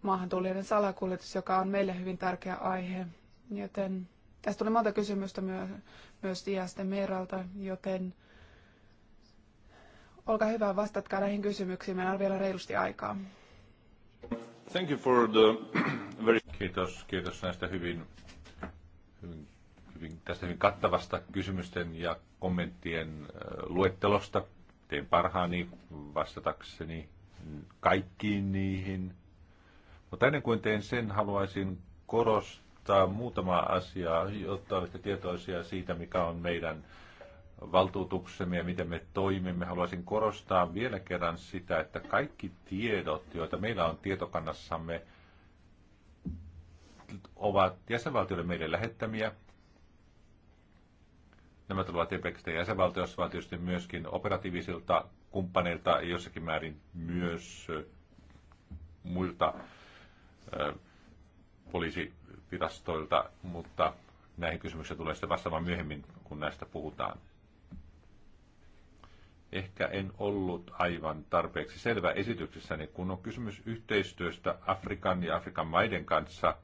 maahantulijoiden salakuljetus, joka on meille hyvin tärkeä aihe. Joten tästä tuli monta kysymystä myös, myös Diaste Meralta, joten olkaa hyvä, vastatkaa näihin kysymyksiin. Meillä on vielä reilusti aikaa. Thank you for the very... Kiitos, kiitos näistä hyvin hyvin, hyvin, tästä hyvin kattavasta kysymysten ja kommenttien luettelosta. Teen parhaani vastatakseni kaikkiin niihin. Mutta ennen kuin teen sen, haluaisin korostaa muutama asiaa, jotta olette tietoisia siitä, mikä on meidän valtuutuksemme ja miten me toimimme. Haluaisin korostaa vielä kerran sitä, että kaikki tiedot, joita meillä on tietokannassamme, ovat jäsenvaltioille meille lähettämiä. Nämä tulevat ei pelkästään jäsenvaltioissa, vaan tietysti myöskin operatiivisilta kumppaneilta ja jossakin määrin myös muilta poliisivirastoilta, mutta näihin kysymyksiin tulee sitten vastaamaan myöhemmin, kun näistä puhutaan. Ehkä en ollut aivan tarpeeksi selvä esityksessäni, kun on kysymys yhteistyöstä Afrikan ja Afrikan maiden kanssa –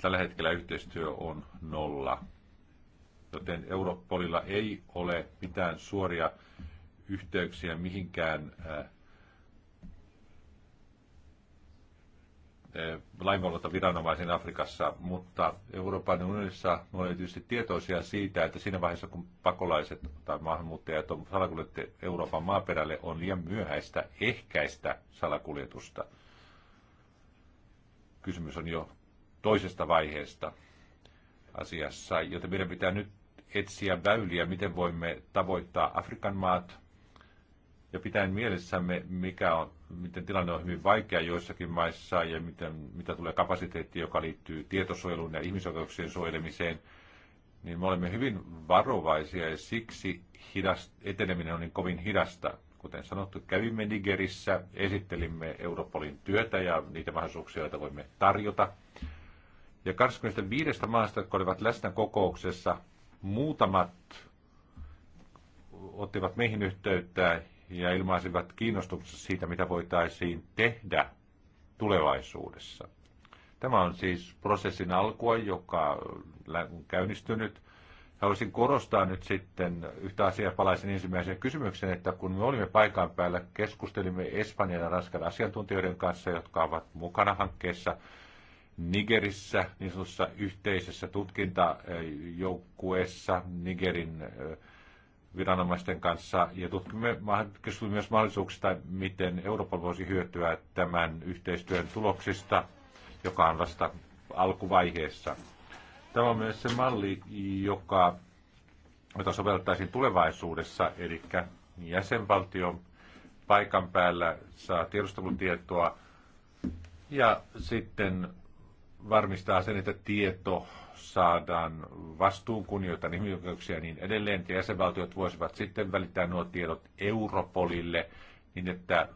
Tällä hetkellä yhteistyö on nolla, joten Europolilla ei ole mitään suoria yhteyksiä mihinkään äh, äh, lainvalvontaviranomaisen Afrikassa, mutta Euroopan unionissa me olemme tietysti tietoisia siitä, että siinä vaiheessa, kun pakolaiset tai maahanmuuttajat on salakuljettu Euroopan maaperälle, on liian myöhäistä ehkäistä salakuljetusta. Kysymys on jo toisesta vaiheesta asiassa, joten meidän pitää nyt etsiä väyliä, miten voimme tavoittaa Afrikan maat ja pitäen mielessämme, mikä on, miten tilanne on hyvin vaikea joissakin maissa ja miten, mitä tulee kapasiteetti, joka liittyy tietosuojeluun ja ihmisoikeuksien suojelemiseen, niin me olemme hyvin varovaisia ja siksi hidast, eteneminen on niin kovin hidasta. Kuten sanottu, kävimme Nigerissä, esittelimme Europolin työtä ja niitä mahdollisuuksia, joita voimme tarjota. Ja 25 maasta, jotka olivat läsnä kokouksessa, muutamat ottivat meihin yhteyttä ja ilmaisivat kiinnostuksessa siitä, mitä voitaisiin tehdä tulevaisuudessa. Tämä on siis prosessin alkua, joka on käynnistynyt. Haluaisin korostaa nyt sitten yhtä asiaa, palaisin ensimmäiseen kysymykseen, että kun me olimme paikan päällä, keskustelimme Espanjan ja Ranskan asiantuntijoiden kanssa, jotka ovat mukana hankkeessa, Nigerissä, niin sanotussa yhteisessä tutkintajoukkueessa Nigerin viranomaisten kanssa ja tutkimme keskustelimme myös mahdollisuuksista, miten Eurooppa voisi hyötyä tämän yhteistyön tuloksista, joka on vasta alkuvaiheessa. Tämä on myös se malli, joka, jota sovellettaisiin tulevaisuudessa, eli jäsenvaltion paikan päällä saa tiedustelutietoa ja sitten varmistaa sen, että tieto saadaan vastuun kunnioita nimioikeuksia niin edelleen. Ja jäsenvaltiot voisivat sitten välittää nuo tiedot Europolille niin, että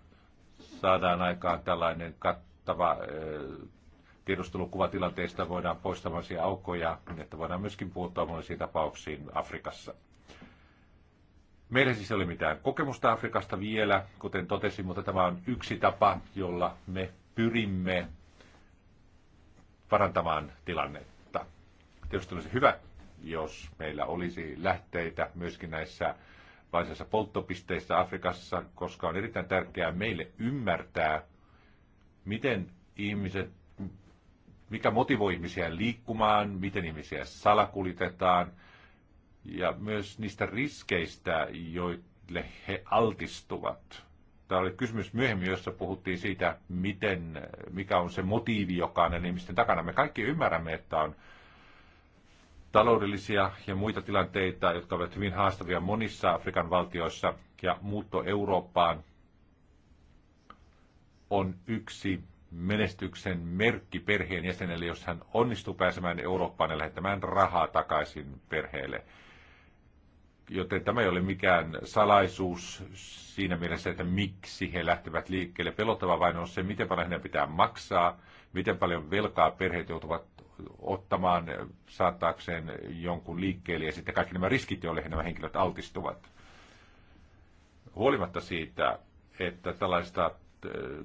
saadaan aikaan tällainen kattava tiedustelukuvatilanteista voidaan poistaa aukkoja, niin että voidaan myöskin puuttua monisiin tapauksiin Afrikassa. Meillä siis ei ole mitään kokemusta Afrikasta vielä, kuten totesin, mutta tämä on yksi tapa, jolla me pyrimme parantamaan tilannetta. Tietysti olisi hyvä, jos meillä olisi lähteitä myöskin näissä vaiheissa polttopisteissä Afrikassa, koska on erittäin tärkeää meille ymmärtää, miten ihmiset, mikä motivoi ihmisiä liikkumaan, miten ihmisiä salakulitetaan ja myös niistä riskeistä, joille he altistuvat. Tämä oli kysymys myöhemmin, jossa puhuttiin siitä, miten, mikä on se motiivi, joka on näiden ihmisten takana. Me kaikki ymmärrämme, että on taloudellisia ja muita tilanteita, jotka ovat hyvin haastavia monissa Afrikan valtioissa, ja muutto Eurooppaan on yksi menestyksen merkki perheen jäsenelle, jos hän onnistuu pääsemään Eurooppaan ja lähettämään rahaa takaisin perheelle joten tämä ei ole mikään salaisuus siinä mielessä, että miksi he lähtevät liikkeelle. Pelottava vain on se, miten paljon heidän pitää maksaa, miten paljon velkaa perheet joutuvat ottamaan eh, saattaakseen jonkun liikkeelle ja sitten kaikki nämä riskit, joille nämä henkilöt altistuvat. Huolimatta siitä, että tällaista eh,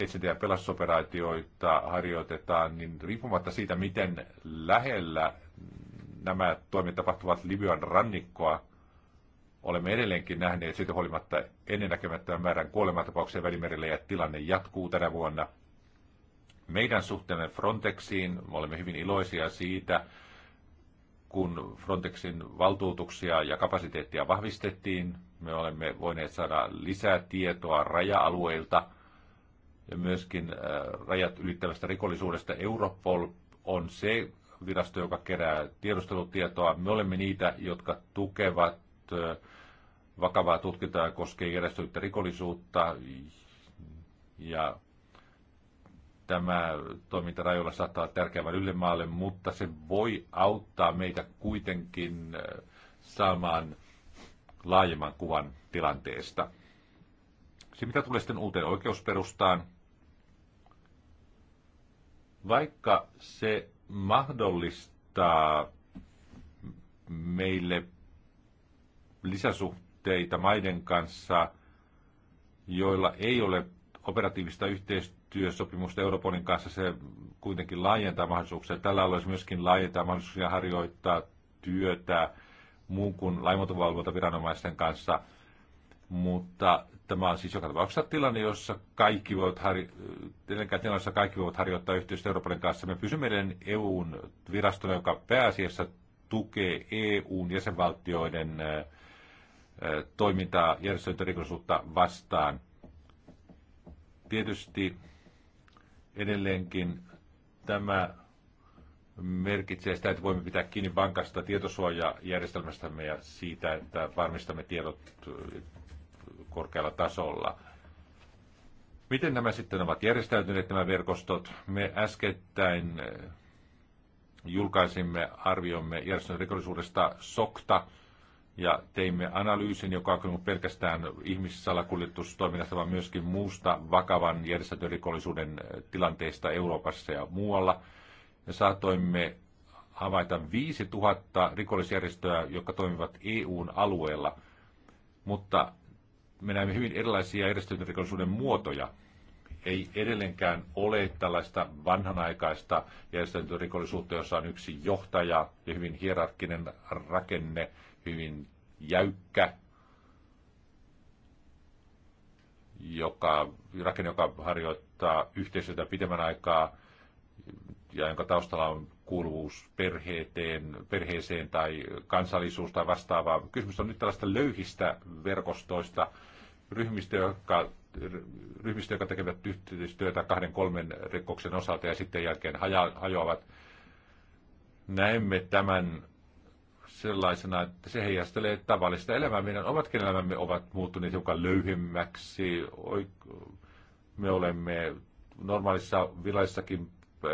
etsintä- ja pelastusoperaatioita harjoitetaan, niin riippumatta siitä, miten lähellä nämä toimet tapahtuvat Libyan rannikkoa, olemme edelleenkin nähneet siitä huolimatta ennennäkemättömän määrän kuolematapauksia välimerellä ja tilanne jatkuu tänä vuonna. Meidän suhteemme Frontexiin, me olemme hyvin iloisia siitä, kun Frontexin valtuutuksia ja kapasiteettia vahvistettiin, me olemme voineet saada lisää tietoa raja-alueilta ja myöskin äh, rajat ylittävästä rikollisuudesta. Europol on se virasto, joka kerää tiedustelutietoa. Me olemme niitä, jotka tukevat vakavaa tutkintaa koskien järjestäytynyttä rikollisuutta ja tämä toiminta rajoilla saattaa olla tärkeä ylle mutta se voi auttaa meitä kuitenkin saamaan laajemman kuvan tilanteesta. Se, mitä tulee sitten uuteen oikeusperustaan, vaikka se mahdollistaa meille lisäsuhteita maiden kanssa, joilla ei ole operatiivista yhteistyösopimusta Europolin kanssa. Se kuitenkin laajentaa mahdollisuuksia. Tällä alueella myöskin laajentaa mahdollisuuksia harjoittaa työtä muun kuin laimotuvalvontaviranomaisten kanssa, mutta Tämä on siis joka tapauksessa tilanne, jossa kaikki voivat, harjo- tilanne, jossa kaikki voivat harjoittaa yhteistyötä Euroopan kanssa. Me pysymme meidän EUn virastona, joka pääasiassa tukee EUn jäsenvaltioiden toimintaa järjestöintä vastaan. Tietysti edelleenkin tämä merkitsee sitä, että voimme pitää kiinni vankasta tietosuojajärjestelmästämme ja siitä, että varmistamme tiedot korkealla tasolla. Miten nämä sitten ovat järjestäytyneet nämä verkostot? Me äskettäin eh, julkaisimme arviomme järjestetyn rikollisuudesta SOKTA ja teimme analyysin, joka on pelkästään ihmissalakuljetustoiminnasta, vaan myöskin muusta vakavan järjestäytyneen rikollisuuden eh, tilanteesta Euroopassa ja muualla. Ja saatoimme havaita 5000 rikollisjärjestöä, jotka toimivat EUn alueella, mutta me näemme hyvin erilaisia järjestäytyneen rikollisuuden muotoja. Ei edelleenkään ole tällaista vanhanaikaista järjestäytyneen rikollisuutta, jossa on yksi johtaja ja hyvin hierarkkinen rakenne, hyvin jäykkä, joka, rakenne, joka harjoittaa yhteisötä pidemmän aikaa ja jonka taustalla on kuuluvuus perheeteen, perheeseen tai kansallisuus tai vastaavaa. Kysymys on nyt tällaista löyhistä verkostoista, ryhmistä, jotka ryhmistä, jotka tekevät yhteistyötä kahden, kolmen rikoksen osalta ja sitten jälkeen haja, hajoavat. Näemme tämän sellaisena, että se heijastelee tavallista elämää. Meidän omatkin elämämme ovat muuttuneet hiukan löyhemmäksi. Me olemme normaalissa vilaissakin äh,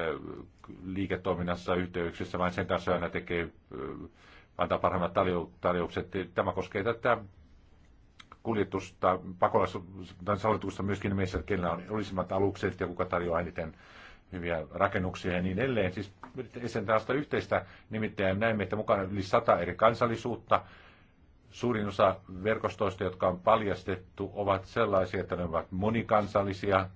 liiketoiminnassa yhteyksissä vain sen kanssa aina tekee, äh, antaa parhaimmat tarjoukset. Tämä koskee tätä kuljetusta, pakolaiskuljetusta myöskin missä, kenellä on olisimmat alukset ja kuka tarjoaa eniten hyviä rakennuksia ja niin edelleen. Siis sen tällaista yhteistä nimittäin näemme, että mukana yli sata eri kansallisuutta. Suurin osa verkostoista, jotka on paljastettu, ovat sellaisia, että ne ovat monikansallisia,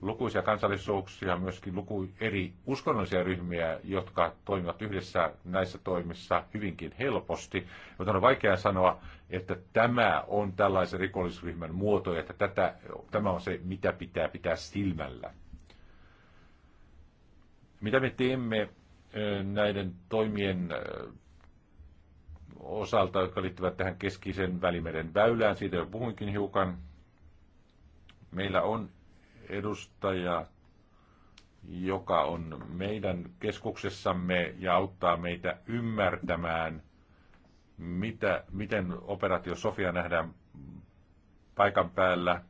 lukuisia kansallisuuksia, myöskin luku eri uskonnollisia ryhmiä, jotka toimivat yhdessä näissä toimissa hyvinkin helposti. Mutta on vaikea sanoa, että tämä on tällaisen rikollisryhmän muoto, että tätä, tämä on se, mitä pitää pitää silmällä. Mitä me teemme näiden toimien osalta, jotka liittyvät tähän keskisen välimeren väylään, siitä jo puhuinkin hiukan. Meillä on edustaja, joka on meidän keskuksessamme ja auttaa meitä ymmärtämään – mitä, miten operaatio Sofia nähdään paikan päällä.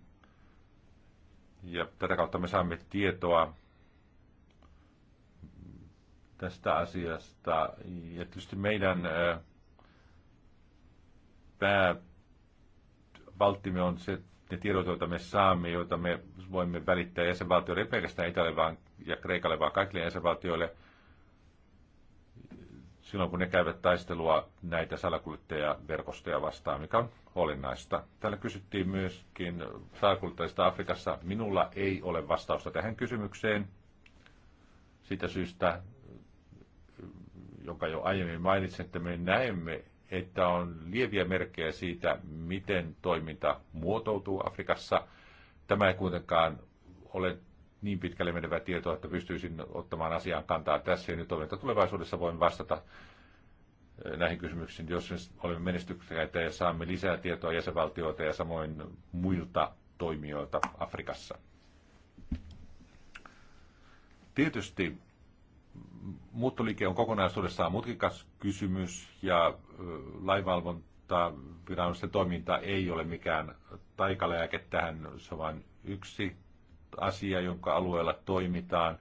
Ja tätä kautta me saamme tietoa tästä asiasta. Ja tietysti meidän päävalttimme on se, ne tiedot, joita me saamme, joita me voimme välittää jäsenvaltioille, ei pelkästään Italialle vaan, ja Kreikalle, vaan kaikille jäsenvaltioille – silloin, kun ne käyvät taistelua näitä salakuljettajaverkostoja vastaan, mikä on olennaista. Täällä kysyttiin myöskin salakuljettajista Afrikassa. Minulla ei ole vastausta tähän kysymykseen. Sitä syystä, jonka jo aiemmin mainitsin, että me näemme, että on lieviä merkkejä siitä, miten toiminta muotoutuu Afrikassa. Tämä ei kuitenkaan ole niin pitkälle menevää tietoa, että pystyisin ottamaan asiaan kantaa tässä ja nyt olen, että tulevaisuudessa voin vastata eh, näihin kysymyksiin, jos olemme menestyksekäitä ja saamme lisää tietoa jäsenvaltioita ja samoin muilta toimijoilta Afrikassa. Tietysti muuttoliike on kokonaisuudessaan mutkikas kysymys ja eh, laivalvonta viranomaisten toiminta ei ole mikään taikalääke tähän, se on vain yksi asia, jonka alueella toimitaan.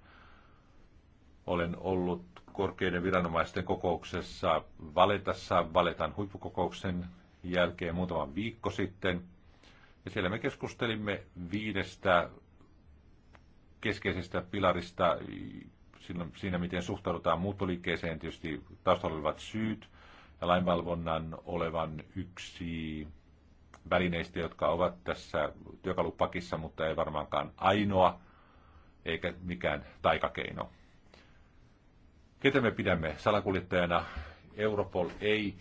Olen ollut korkeiden viranomaisten kokouksessa Valetassa, Valetan huippukokouksen jälkeen muutama viikko sitten. Ja siellä me keskustelimme viidestä keskeisestä pilarista siinä, miten suhtaudutaan muuttoliikkeeseen, tietysti taustalla olevat syyt ja lainvalvonnan olevan yksi välineistä, jotka ovat tässä työkalupakissa, mutta ei varmaankaan ainoa eikä mikään taikakeino. Ketä me pidämme salakuljettajana? Europol ei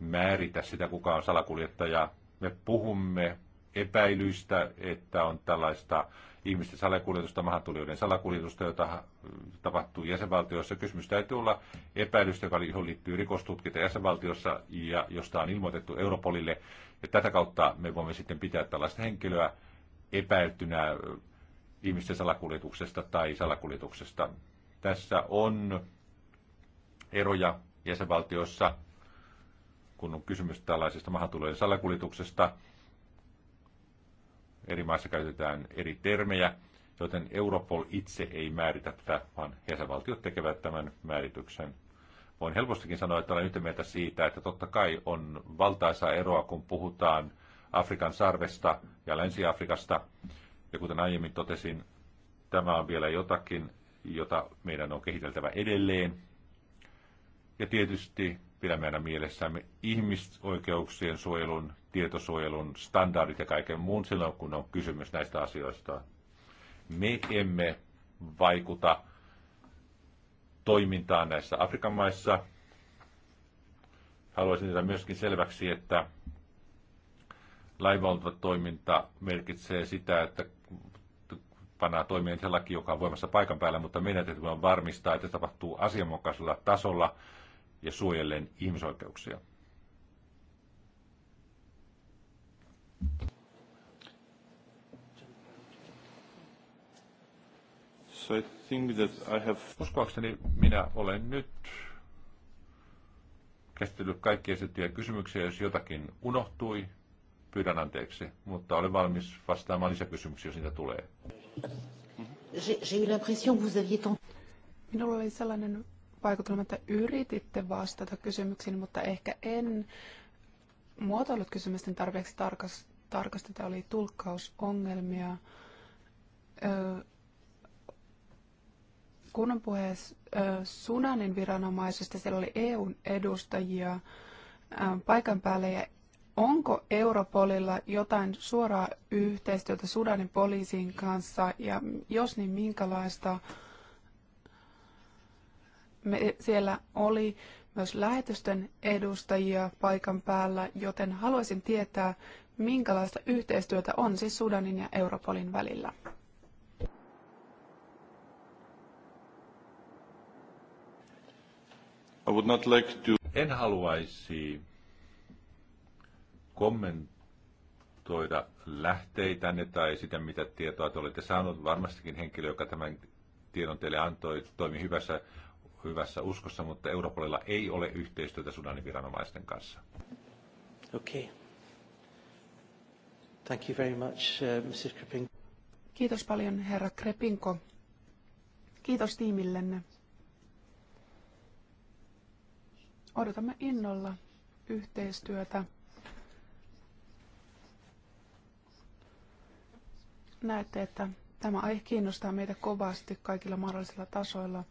määritä sitä, kuka on salakuljettaja. Me puhumme epäilyistä, että on tällaista ihmisten salakuljetusta, maahantulijoiden salakuljetusta, jota tapahtuu jäsenvaltioissa. Kysymys täytyy olla epäilystä, joka liittyy rikostutkinta jäsenvaltiossa ja josta on ilmoitettu Europolille. Ja tätä kautta me voimme sitten pitää tällaista henkilöä epäiltynä ihmisten salakuljetuksesta tai salakuljetuksesta. Tässä on eroja jäsenvaltioissa, kun on kysymys tällaisesta maahantulojen salakuljetuksesta. Eri maissa käytetään eri termejä, joten Europol itse ei määritä tätä, vaan jäsenvaltiot tekevät tämän määrityksen Voin helpostikin sanoa, että olen yhtä mieltä siitä, että totta kai on valtaisaa eroa, kun puhutaan Afrikan sarvesta ja Länsi-Afrikasta. Ja kuten aiemmin totesin, tämä on vielä jotakin, jota meidän on kehiteltävä edelleen. Ja tietysti pidämme aina mielessämme ihmisoikeuksien suojelun, tietosuojelun, standardit ja kaiken muun silloin, kun on kysymys näistä asioista. Me emme vaikuta toimintaa näissä Afrikan maissa. Haluaisin tehdä myöskin selväksi, että toiminta merkitsee sitä, että pannaan toimeen se laki, joka on voimassa paikan päällä, mutta meidän tehtävä on varmistaa, että se tapahtuu asianmukaisella tasolla ja suojellen ihmisoikeuksia. So I think that I have... Uskoakseni minä olen nyt käsitellyt kaikki esittyjä kysymyksiä. Jos jotakin unohtui, pyydän anteeksi, mutta olen valmis vastaamaan lisäkysymyksiä, jos niitä tulee. Minulla oli sellainen vaikutelma, että yrititte vastata kysymyksiin, mutta ehkä en muotoillut kysymysten tarpeeksi tarkasti. Tarkasti oli tulkkausongelmia. Öö, kunnan puhe Sudanin viranomaisista, siellä oli EUn edustajia paikan päälle ja onko Europolilla jotain suoraa yhteistyötä Sudanin poliisin kanssa ja jos niin minkälaista me, siellä oli myös lähetysten edustajia paikan päällä, joten haluaisin tietää, minkälaista yhteistyötä on siis Sudanin ja Europolin välillä. I would not like to... En haluaisi kommentoida lähteitänne tai sitä, mitä tietoa te olette saanut. Varmastikin henkilö, joka tämän tiedon teille antoi, toimi hyvässä, hyvässä uskossa, mutta Europolilla ei ole yhteistyötä Sudanin viranomaisten kanssa. Okay. Thank you very much, uh, Mrs. Kiitos paljon, herra Krepinko. Kiitos tiimillenne. Odotamme innolla yhteistyötä. Näette, että tämä aihe kiinnostaa meitä kovasti kaikilla mahdollisilla tasoilla.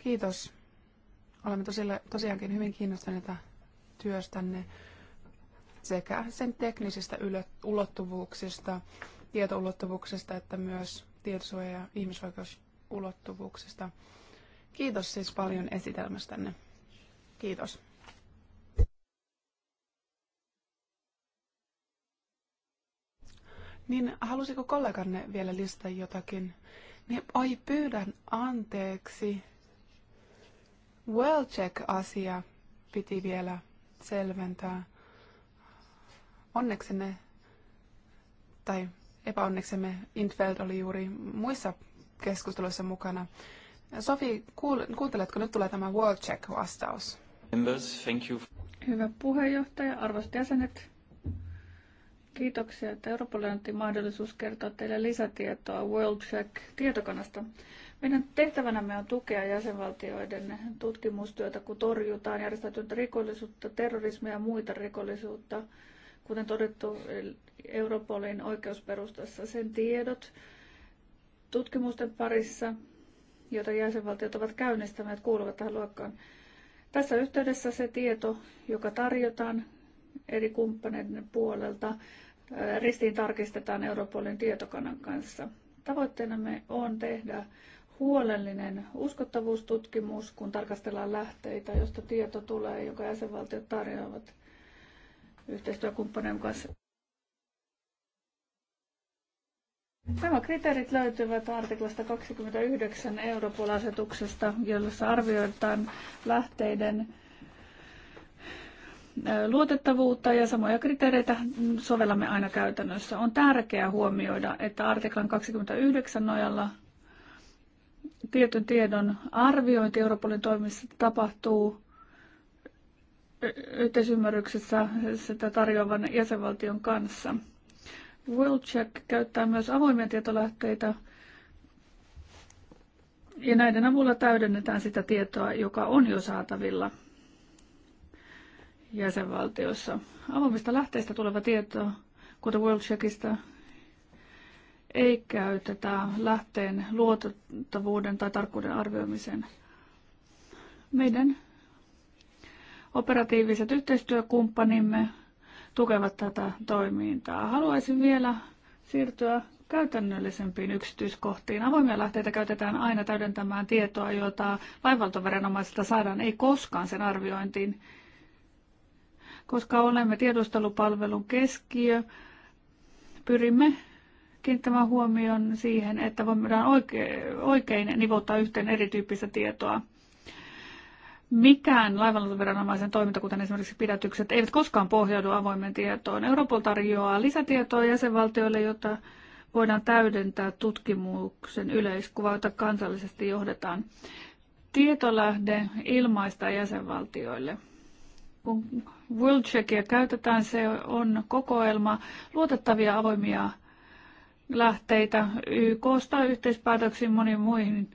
Kiitos. Olemme tosiaankin hyvin kiinnostuneita työstänne sekä sen teknisistä ulottuvuuksista, tietoulottuvuuksista että myös tietosuoja- ja ihmisoikeusulottuvuuksista. Kiitos siis paljon esitelmästänne. Kiitos. Niin halusiko kolleganne vielä listata jotakin? Niin oi pyydän anteeksi. Well check-asia piti vielä selventää. Onneksenne, tai epäonneksemme, Intfeld oli juuri muissa keskusteluissa mukana. Sofi, kuul- kuunteletko, nyt tulee tämä World Check-vastaus. Members, thank you. Hyvä puheenjohtaja, arvoisat jäsenet. Kiitoksia, että Europolille annettiin mahdollisuus kertoa teille lisätietoa WorldCheck-tietokannasta. Meidän tehtävänämme on tukea jäsenvaltioiden tutkimustyötä, kun torjutaan järjestäytynyttä rikollisuutta, terrorismia ja muita rikollisuutta. Kuten todettu Europolin oikeusperustassa sen tiedot tutkimusten parissa, joita jäsenvaltiot ovat käynnistäneet, kuuluvat tähän luokkaan. Tässä yhteydessä se tieto, joka tarjotaan eri kumppaneiden puolelta, äh, ristiin tarkistetaan Europolin tietokannan kanssa. Tavoitteenamme on tehdä huolellinen uskottavuustutkimus, kun tarkastellaan lähteitä, josta tieto tulee, joka jäsenvaltiot tarjoavat yhteistyökumppaneiden kanssa. Nämä kriteerit löytyvät artiklasta 29 Europol-asetuksesta, jossa arvioidaan lähteiden luotettavuutta ja samoja kriteereitä sovellamme aina käytännössä. On tärkeää huomioida, että artiklan 29 nojalla tietyn tiedon arviointi Europolin toimissa tapahtuu yhteisymmärryksessä sitä tarjoavan jäsenvaltion kanssa – WorldCheck käyttää myös avoimia tietolähteitä, ja näiden avulla täydennetään sitä tietoa, joka on jo saatavilla jäsenvaltiossa. Avoimista lähteistä tuleva tieto, kuten WorldCheckista, ei käytetä lähteen luotettavuuden tai tarkkuuden arvioimiseen. Meidän operatiiviset yhteistyökumppanimme tukevat tätä toimintaa. Haluaisin vielä siirtyä käytännöllisempiin yksityiskohtiin. Avoimia lähteitä käytetään aina täydentämään tietoa, jota laivaltoviranomaisilta saadaan, ei koskaan sen arviointiin. Koska olemme tiedustelupalvelun keskiö, pyrimme kiinnittämään huomion siihen, että voidaan oikein, oikein nivouttaa yhteen erityyppistä tietoa – mikään laivanluotoviranomaisen toiminta, kuten esimerkiksi pidätykset, eivät koskaan pohjaudu avoimen tietoon. Europol tarjoaa lisätietoa jäsenvaltioille, jota voidaan täydentää tutkimuksen yleiskuva, jota kansallisesti johdetaan. Tietolähde ilmaista jäsenvaltioille. Kun Wilcheckia käytetään, se on kokoelma luotettavia avoimia lähteitä YKsta yhteispäätöksiin moniin muihin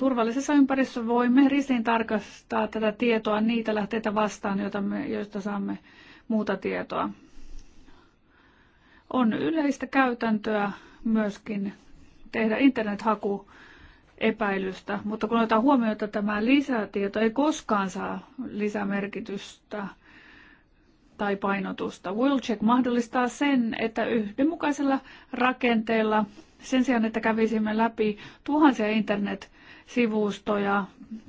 turvallisessa ympäristössä voimme ristiin tarkastaa tätä tietoa niitä lähteitä vastaan, joita me, joista saamme muuta tietoa. On yleistä käytäntöä myöskin tehdä internethaku epäilystä, mutta kun otetaan huomioon, että tämä lisätieto ei koskaan saa lisämerkitystä tai painotusta. Willcheck mahdollistaa sen, että yhdenmukaisella rakenteella sen sijaan, että kävisimme läpi tuhansia internet sivustoja.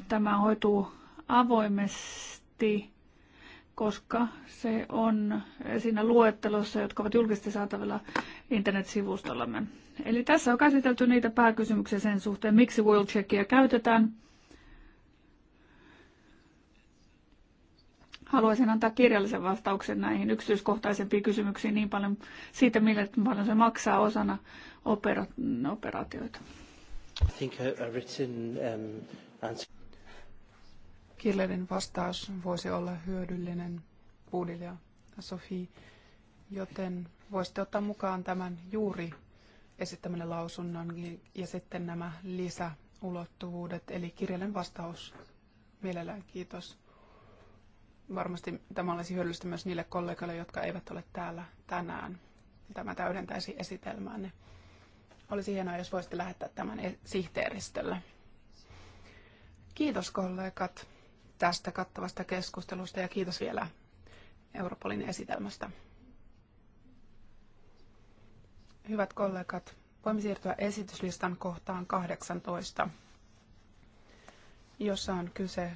Tämä hoituu avoimesti, koska se on siinä luettelossa, jotka ovat julkisesti saatavilla internetsivustollamme. Eli tässä on käsitelty niitä pääkysymyksiä sen suhteen, miksi WorldCheckia käytetään. Haluaisin antaa kirjallisen vastauksen näihin yksityiskohtaisempiin kysymyksiin niin paljon siitä, millä paljon se maksaa osana operaatioita. Um, Kirlerin vastaus voisi olla hyödyllinen Budil ja Sofi, joten voisitte ottaa mukaan tämän juuri esittämänne lausunnon ja sitten nämä lisäulottuvuudet, eli kirjallinen vastaus. Mielellään kiitos. Varmasti tämä olisi hyödyllistä myös niille kollegoille, jotka eivät ole täällä tänään. Tämä täydentäisi esitelmäänne. Olisi hienoa, jos voisitte lähettää tämän e- sihteeristölle. Kiitos kollegat tästä kattavasta keskustelusta ja kiitos vielä Europolin esitelmästä. Hyvät kollegat, voimme siirtyä esityslistan kohtaan 18, jossa on kyse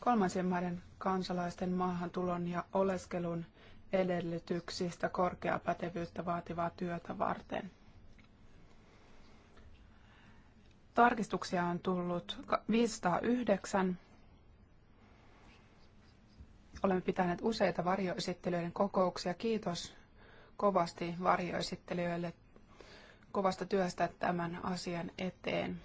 kolmansien maiden kansalaisten maahantulon ja oleskelun edellytyksistä korkeaa pätevyyttä vaativaa työtä varten. tarkistuksia on tullut 509. Olemme pitäneet useita varjoesittelijöiden kokouksia. Kiitos kovasti varjoesittelijöille kovasta työstä tämän asian eteen.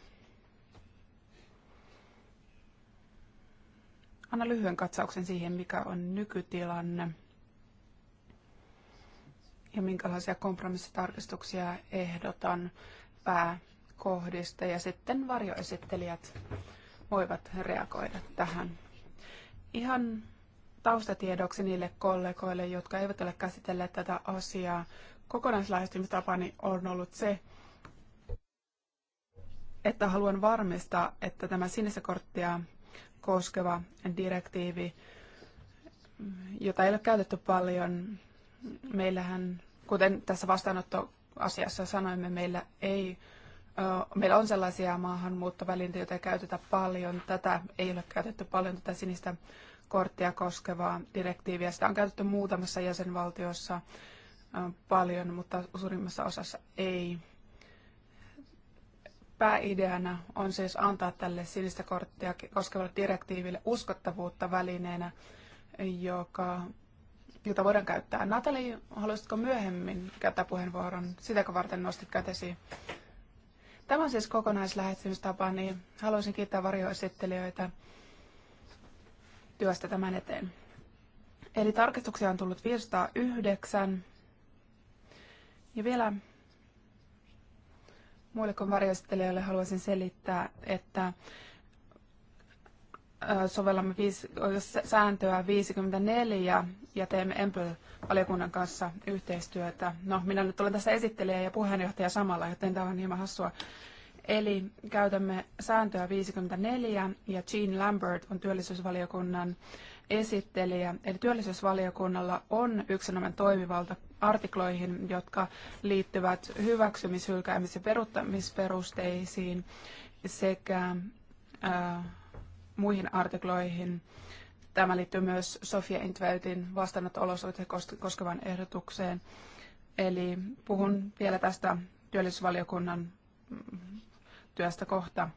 Anna lyhyen katsauksen siihen, mikä on nykytilanne ja minkälaisia kompromissitarkistuksia ehdotan pää kohdista ja sitten varjoesittelijät voivat reagoida tähän. Ihan taustatiedoksi niille kollegoille, jotka eivät ole käsitelleet tätä asiaa. Kokonaislähestymistapani on ollut se, että haluan varmistaa, että tämä sinistä korttia koskeva direktiivi, jota ei ole käytetty paljon, meillähän, kuten tässä vastaanottoasiassa sanoimme, meillä ei meillä on sellaisia maahanmuuttovälineitä, joita ei käytetä paljon. Tätä ei ole käytetty paljon, tätä sinistä korttia koskevaa direktiiviä. Sitä on käytetty muutamassa jäsenvaltiossa paljon, mutta suurimmassa osassa ei. Pääideana on siis antaa tälle sinistä korttia koskevalle direktiiville uskottavuutta välineenä, joka, jota voidaan käyttää. Natali, haluaisitko myöhemmin käyttää puheenvuoron? Sitäkö varten nostit kätesi? Tämä on siis kokonaislähestymistapa, niin haluaisin kiittää varjoesittelijöitä työstä tämän eteen. Eli tarkistuksia on tullut 509. Ja vielä muille kuin varjoesittelijöille haluaisin selittää, että sovellamme sääntöä 54 ja teemme Empel-valiokunnan kanssa yhteistyötä. No, minä nyt olen tässä esittelijä ja puheenjohtaja samalla, joten tämä on hieman hassua. Eli käytämme sääntöä 54 ja Jean Lambert on työllisyysvaliokunnan esittelijä. Eli työllisyysvaliokunnalla on yksinomainen toimivalta artikloihin, jotka liittyvät hyväksymis-, hylkäämis- ja peruuttamisperusteisiin sekä äh, muihin artikloihin. Tämä liittyy myös Sofia Intveltin vastaanotto-olosuhteita koskevaan ehdotukseen. Eli puhun vielä tästä työllisyysvaliokunnan mm, työstä kohta.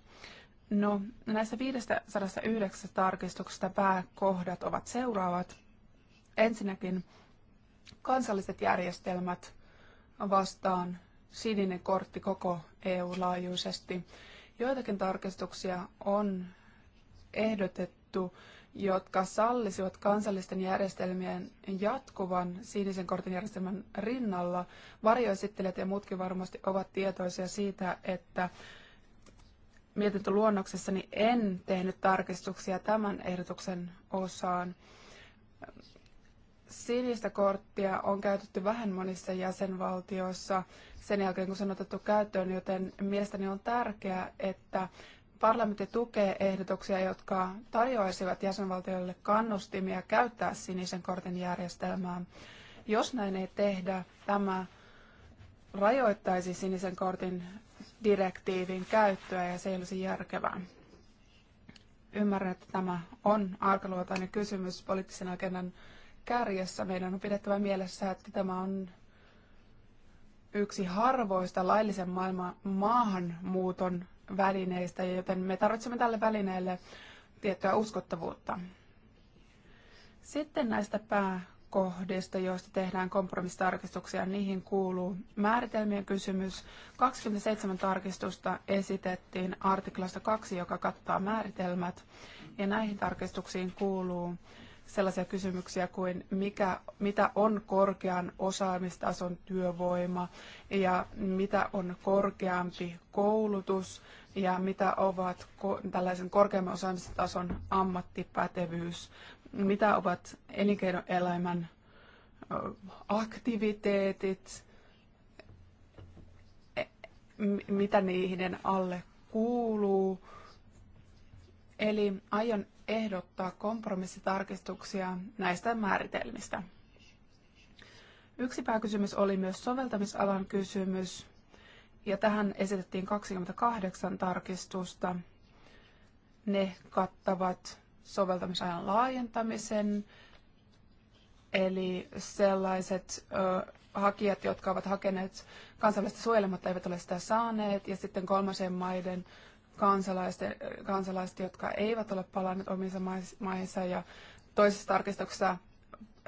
No, näistä 509 tarkistuksesta pääkohdat ovat seuraavat. Ensinnäkin kansalliset järjestelmät vastaan sininen kortti koko EU-laajuisesti. Joitakin tarkistuksia on ehdotettu, jotka sallisivat kansallisten järjestelmien jatkuvan sinisen kortin järjestelmän rinnalla. Varjoesittelijät ja muutkin varmasti ovat tietoisia siitä, että mietintöluonnoksessani en tehnyt tarkistuksia tämän ehdotuksen osaan. Sinistä korttia on käytetty vähän monissa jäsenvaltioissa sen jälkeen, kun se on otettu käyttöön, joten mielestäni on tärkeää, että Parlamentti tukee ehdotuksia, jotka tarjoaisivat jäsenvaltioille kannustimia käyttää sinisen kortin järjestelmää. Jos näin ei tehdä, tämä rajoittaisi sinisen kortin direktiivin käyttöä ja se ei olisi järkevää. Ymmärrän, että tämä on arkaluotainen kysymys poliittisen agendan kärjessä. Meidän on pidettävä mielessä, että tämä on yksi harvoista laillisen maailman maahanmuuton välineistä, joten me tarvitsemme tälle välineelle tiettyä uskottavuutta. Sitten näistä pääkohdista, joista tehdään kompromissitarkistuksia, niihin kuuluu määritelmien kysymys. 27 tarkistusta esitettiin artiklasta 2, joka kattaa määritelmät, ja näihin tarkistuksiin kuuluu sellaisia kysymyksiä kuin mikä, mitä on korkean osaamistason työvoima ja mitä on korkeampi koulutus ja mitä ovat tällaisen korkeamman osaamistason ammattipätevyys, mitä ovat elinkeinoelämän aktiviteetit, e, mitä niiden alle kuuluu. Eli aion ehdottaa kompromissitarkistuksia näistä määritelmistä. Yksi pääkysymys oli myös soveltamisalan kysymys ja tähän esitettiin 28 tarkistusta. Ne kattavat soveltamisajan laajentamisen, eli sellaiset ö, hakijat, jotka ovat hakeneet kansainvälistä suojelua, mutta eivät ole sitä saaneet, ja sitten kolmansien maiden kansalaiset, jotka eivät ole palanneet omissa maissa, ja toisessa tarkistuksessa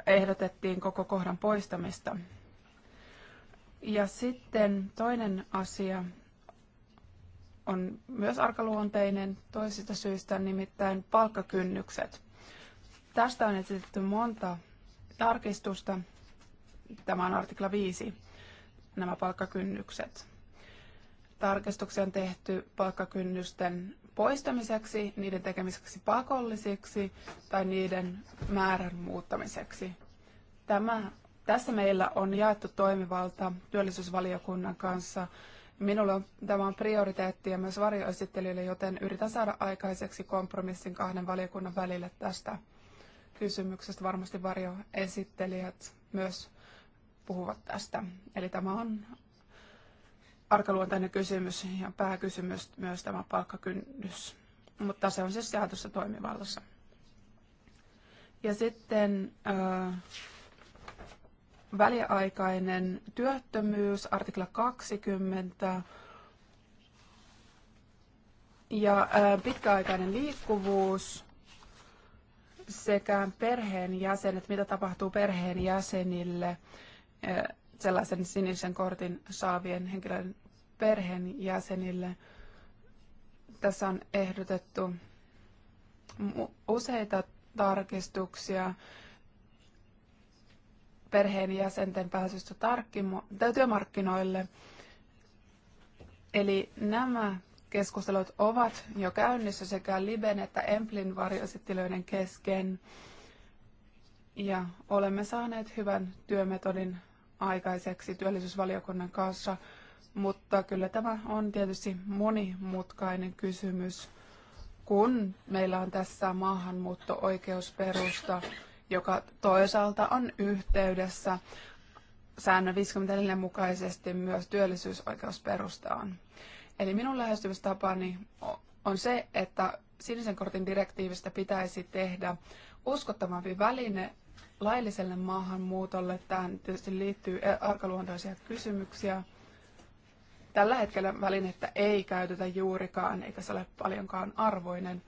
ehdotettiin koko kohdan poistamista. Ja sitten toinen asia on myös arkaluonteinen toisista syistä, nimittäin palkkakynnykset. Tästä on esitetty monta tarkistusta. Tämä on artikla 5, nämä palkkakynnykset. Tarkistuksia on tehty palkkakynnysten poistamiseksi, niiden tekemiseksi pakollisiksi tai niiden määrän muuttamiseksi. Tämä tässä meillä on jaettu toimivalta työllisyysvaliokunnan kanssa. Minulla on, tämä on prioriteetti ja myös varjoesittelijöille, joten yritän saada aikaiseksi kompromissin kahden valiokunnan välille tästä kysymyksestä. Varmasti varjoesittelijät myös puhuvat tästä. Eli tämä on arkaluontainen kysymys ja pääkysymys myös tämä palkkakynnys. Mutta se on siis jaetussa toimivallassa. Ja sitten äh, väliaikainen työttömyys, artikla 20, ja pitkäaikainen liikkuvuus sekä perheenjäsenet, mitä tapahtuu perheenjäsenille, sellaisen sinisen kortin saavien henkilöiden perheenjäsenille. Tässä on ehdotettu useita tarkistuksia perheenjäsenten pääsystä tarkkimo- työmarkkinoille. Eli nämä keskustelut ovat jo käynnissä sekä Liben että Emplin varjoesittelyiden kesken. Ja olemme saaneet hyvän työmetodin aikaiseksi työllisyysvaliokunnan kanssa, mutta kyllä tämä on tietysti monimutkainen kysymys, kun meillä on tässä maahanmuutto-oikeusperusta joka toisaalta on yhteydessä säännön 54 mukaisesti myös työllisyysoikeusperustaan. Eli minun lähestymistapani on se, että sinisen kortin direktiivistä pitäisi tehdä uskottavampi väline lailliselle maahanmuutolle. Tähän tietysti liittyy e- arkaluontoisia kysymyksiä. Tällä hetkellä välinettä ei käytetä juurikaan, eikä se ole paljonkaan arvoinen,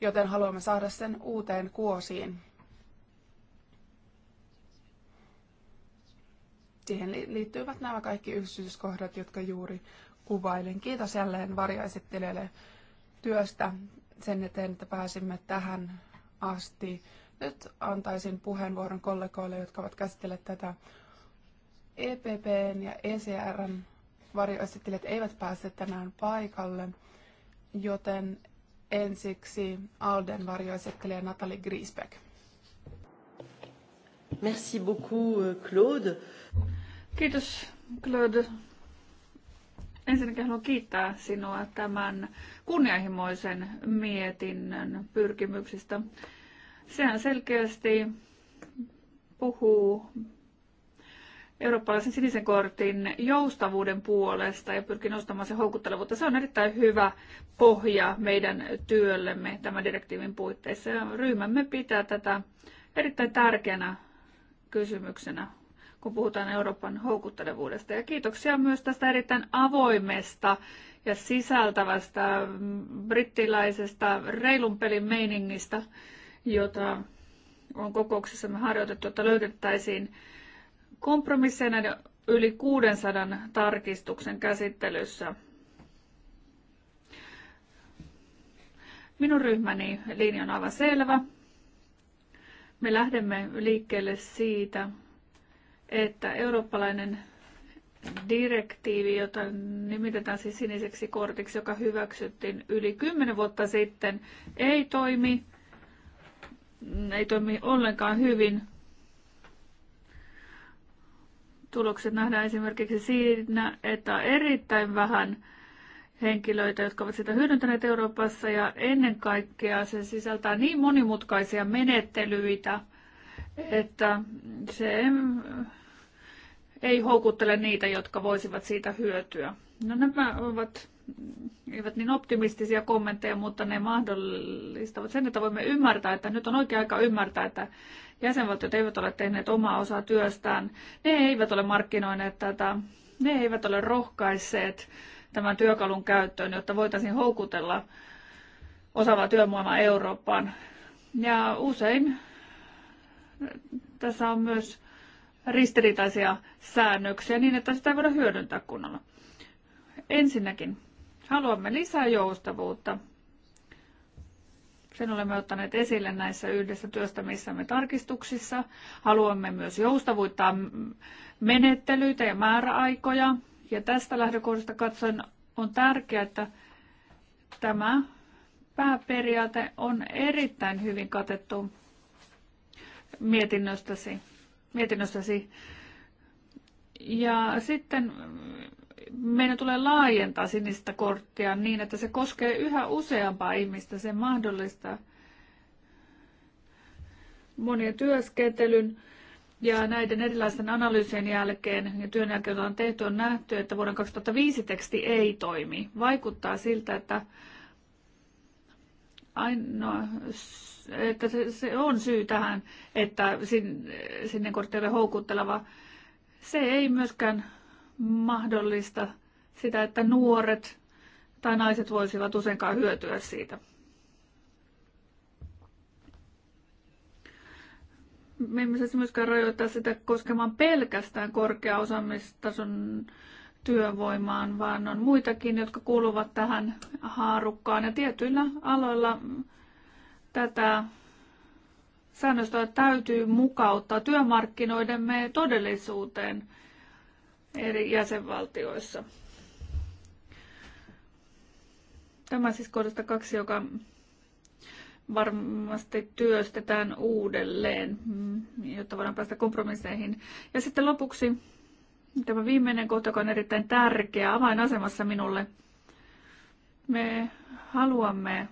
joten haluamme saada sen uuteen kuosiin. Siihen liittyvät nämä kaikki yksityiskohdat, jotka juuri kuvailin. Kiitos jälleen varjaisittelijalle työstä sen eteen, että pääsimme tähän asti. Nyt antaisin puheenvuoron kollegoille, jotka ovat käsitelleet tätä EPPn ja ECRn varjoesittelijät eivät pääse tänään paikalle, joten ensiksi Alden varjoesittelijä Natalie Griesbeck. Merci beaucoup Claude. Kiitos, Claude. Ensinnäkin haluan kiittää sinua tämän kunnianhimoisen mietinnön pyrkimyksistä. Sehän selkeästi puhuu eurooppalaisen sinisen kortin joustavuuden puolesta ja pyrkii nostamaan sen houkuttelevuutta. Se on erittäin hyvä pohja meidän työllemme tämän direktiivin puitteissa. ryhmämme pitää tätä erittäin tärkeänä kysymyksenä kun puhutaan Euroopan houkuttelevuudesta. Ja kiitoksia myös tästä erittäin avoimesta ja sisältävästä mm, brittiläisestä reilun pelin meiningistä, jota on kokouksessamme harjoitettu, että löydettäisiin kompromisseja näiden yli 600 tarkistuksen käsittelyssä. Minun ryhmäni linja on aivan selvä. Me lähdemme liikkeelle siitä, että eurooppalainen direktiivi, jota nimitetään siis siniseksi kortiksi, joka hyväksyttiin yli kymmenen vuotta sitten, ei toimi, ei toimi ollenkaan hyvin. Tulokset nähdään esimerkiksi siinä, että on erittäin vähän henkilöitä, jotka ovat sitä hyödyntäneet Euroopassa ja ennen kaikkea se sisältää niin monimutkaisia menettelyitä, että se ei houkuttele niitä, jotka voisivat siitä hyötyä. No nämä ovat, eivät niin optimistisia kommentteja, mutta ne mahdollistavat sen, että voimme ymmärtää, että nyt on oikea aika ymmärtää, että jäsenvaltiot eivät ole tehneet omaa osaa työstään. Ne eivät ole markkinoineet tätä, ne eivät ole rohkaisseet tämän työkalun käyttöön, jotta voitaisiin houkutella osaavaa työvoimaa Eurooppaan. Ja usein tässä on myös ristiriitaisia säännöksiä niin, että sitä ei voida hyödyntää kunnolla. Ensinnäkin haluamme lisää joustavuutta. Sen olemme ottaneet esille näissä yhdessä työstämissämme tarkistuksissa. Haluamme myös joustavuutta menettelyitä ja määräaikoja. Ja tästä lähtökohdasta katsoen on tärkeää, että tämä pääperiaate on erittäin hyvin katettu mietinnöstäsi mietinnössäsi. Ja sitten meidän tulee laajentaa sinistä korttia niin, että se koskee yhä useampaa ihmistä. Se mahdollista monien työskentelyn ja näiden erilaisten analyysien jälkeen ja työn jälkeen, jota on tehty, on nähty, että vuoden 2005 teksti ei toimi. Vaikuttaa siltä, että ainoa, että se, se on syy tähän, että sin, sinne kortti ole houkutteleva. Se ei myöskään mahdollista sitä, että nuoret tai naiset voisivat useinkaan hyötyä siitä. Me emme saisi myöskään rajoittaa sitä koskemaan pelkästään korkea osaamistason työvoimaan, vaan on muitakin, jotka kuuluvat tähän haarukkaan. Ja tietyillä aloilla tätä säännöstöä täytyy mukauttaa työmarkkinoidemme todellisuuteen eri jäsenvaltioissa. Tämä siis kohdasta kaksi, joka varmasti työstetään uudelleen, jotta voidaan päästä kompromisseihin. Ja sitten lopuksi Tämä viimeinen kohta, on erittäin tärkeä avainasemassa minulle. Me haluamme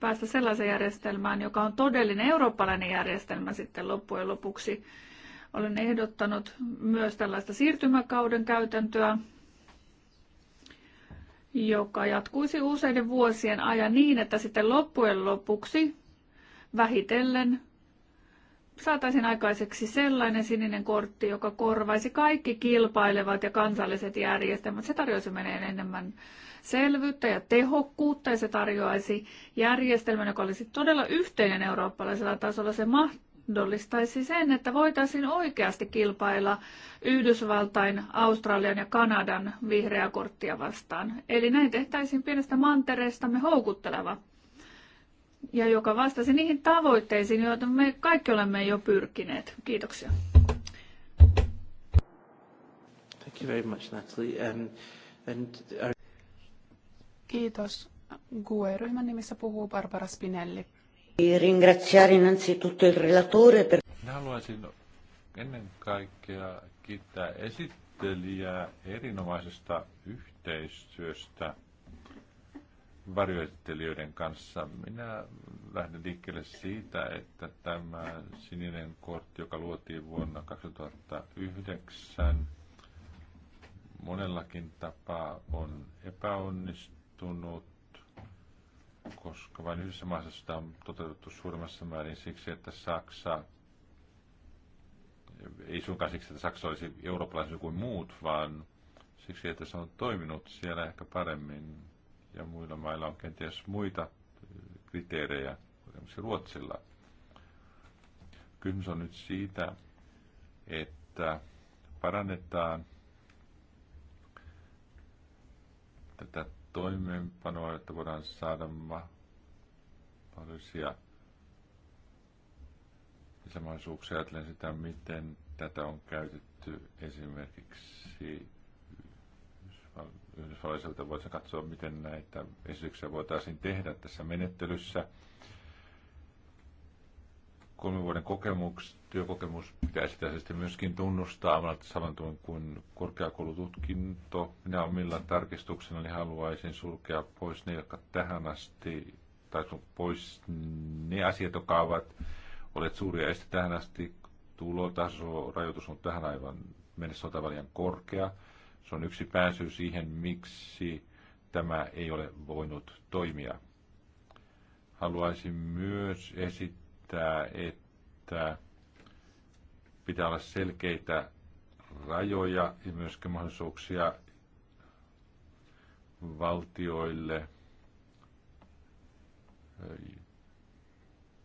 päästä sellaiseen järjestelmään, joka on todellinen eurooppalainen järjestelmä sitten loppujen lopuksi. Olen ehdottanut myös tällaista siirtymäkauden käytäntöä, joka jatkuisi useiden vuosien ajan niin, että sitten loppujen lopuksi vähitellen saataisiin aikaiseksi sellainen sininen kortti, joka korvaisi kaikki kilpailevat ja kansalliset järjestelmät. Se tarjoaisi meneen enemmän selvyyttä ja tehokkuutta ja se tarjoaisi järjestelmän, joka olisi todella yhteinen eurooppalaisella tasolla. Se mahdollistaisi sen, että voitaisiin oikeasti kilpailla Yhdysvaltain, Australian ja Kanadan vihreää korttia vastaan. Eli näin tehtäisiin pienestä mantereestamme houkutteleva ja joka vastasi niihin tavoitteisiin, joita me kaikki olemme jo pyrkineet. Kiitoksia. Thank you very much, Natalie. Um, and our... Uh, Kiitos. GUE-ryhmän nimissä puhuu Barbara Spinelli. Ringraziare innanzitutto il relatore per... Minä haluaisin ennen kaikkea kiittää esittelijää erinomaisesta yhteistyöstä varjoittelijoiden kanssa. Minä lähden liikkeelle siitä, että tämä sininen kortti, joka luotiin vuonna 2009, monellakin tapaa on epäonnistunut, koska vain yhdessä maassa sitä on toteutettu suuremmassa määrin siksi, että Saksa ei suinkaan siksi, että Saksa olisi eurooppalaisen kuin muut, vaan siksi, että se on toiminut siellä ehkä paremmin ja muilla mailla on kenties muita äh, kriteerejä, esimerkiksi Ruotsilla. Kysymys on nyt siitä, että parannetaan tätä toimeenpanoa, että voidaan saada mahdollisia lisämahdollisuuksia Ajattelen sitä, miten tätä on käytetty esimerkiksi yhdysvalliselta voisi katsoa, miten näitä esityksiä voitaisiin tehdä tässä menettelyssä. Kolmen vuoden kokemus, työkokemus pitäisi tietysti myöskin tunnustaa mutta saman kuin korkeakoulututkinto. Minä omilla tarkistuksena niin haluaisin sulkea pois ne, jotka tähän asti, tai pois ne asiat, jotka ovat olleet suuria este tähän asti. Tulotaso, rajoitus on tähän aivan mennessä on korkea. Se on yksi pääsy siihen, miksi tämä ei ole voinut toimia. Haluaisin myös esittää, että pitää olla selkeitä rajoja ja myöskin mahdollisuuksia valtioille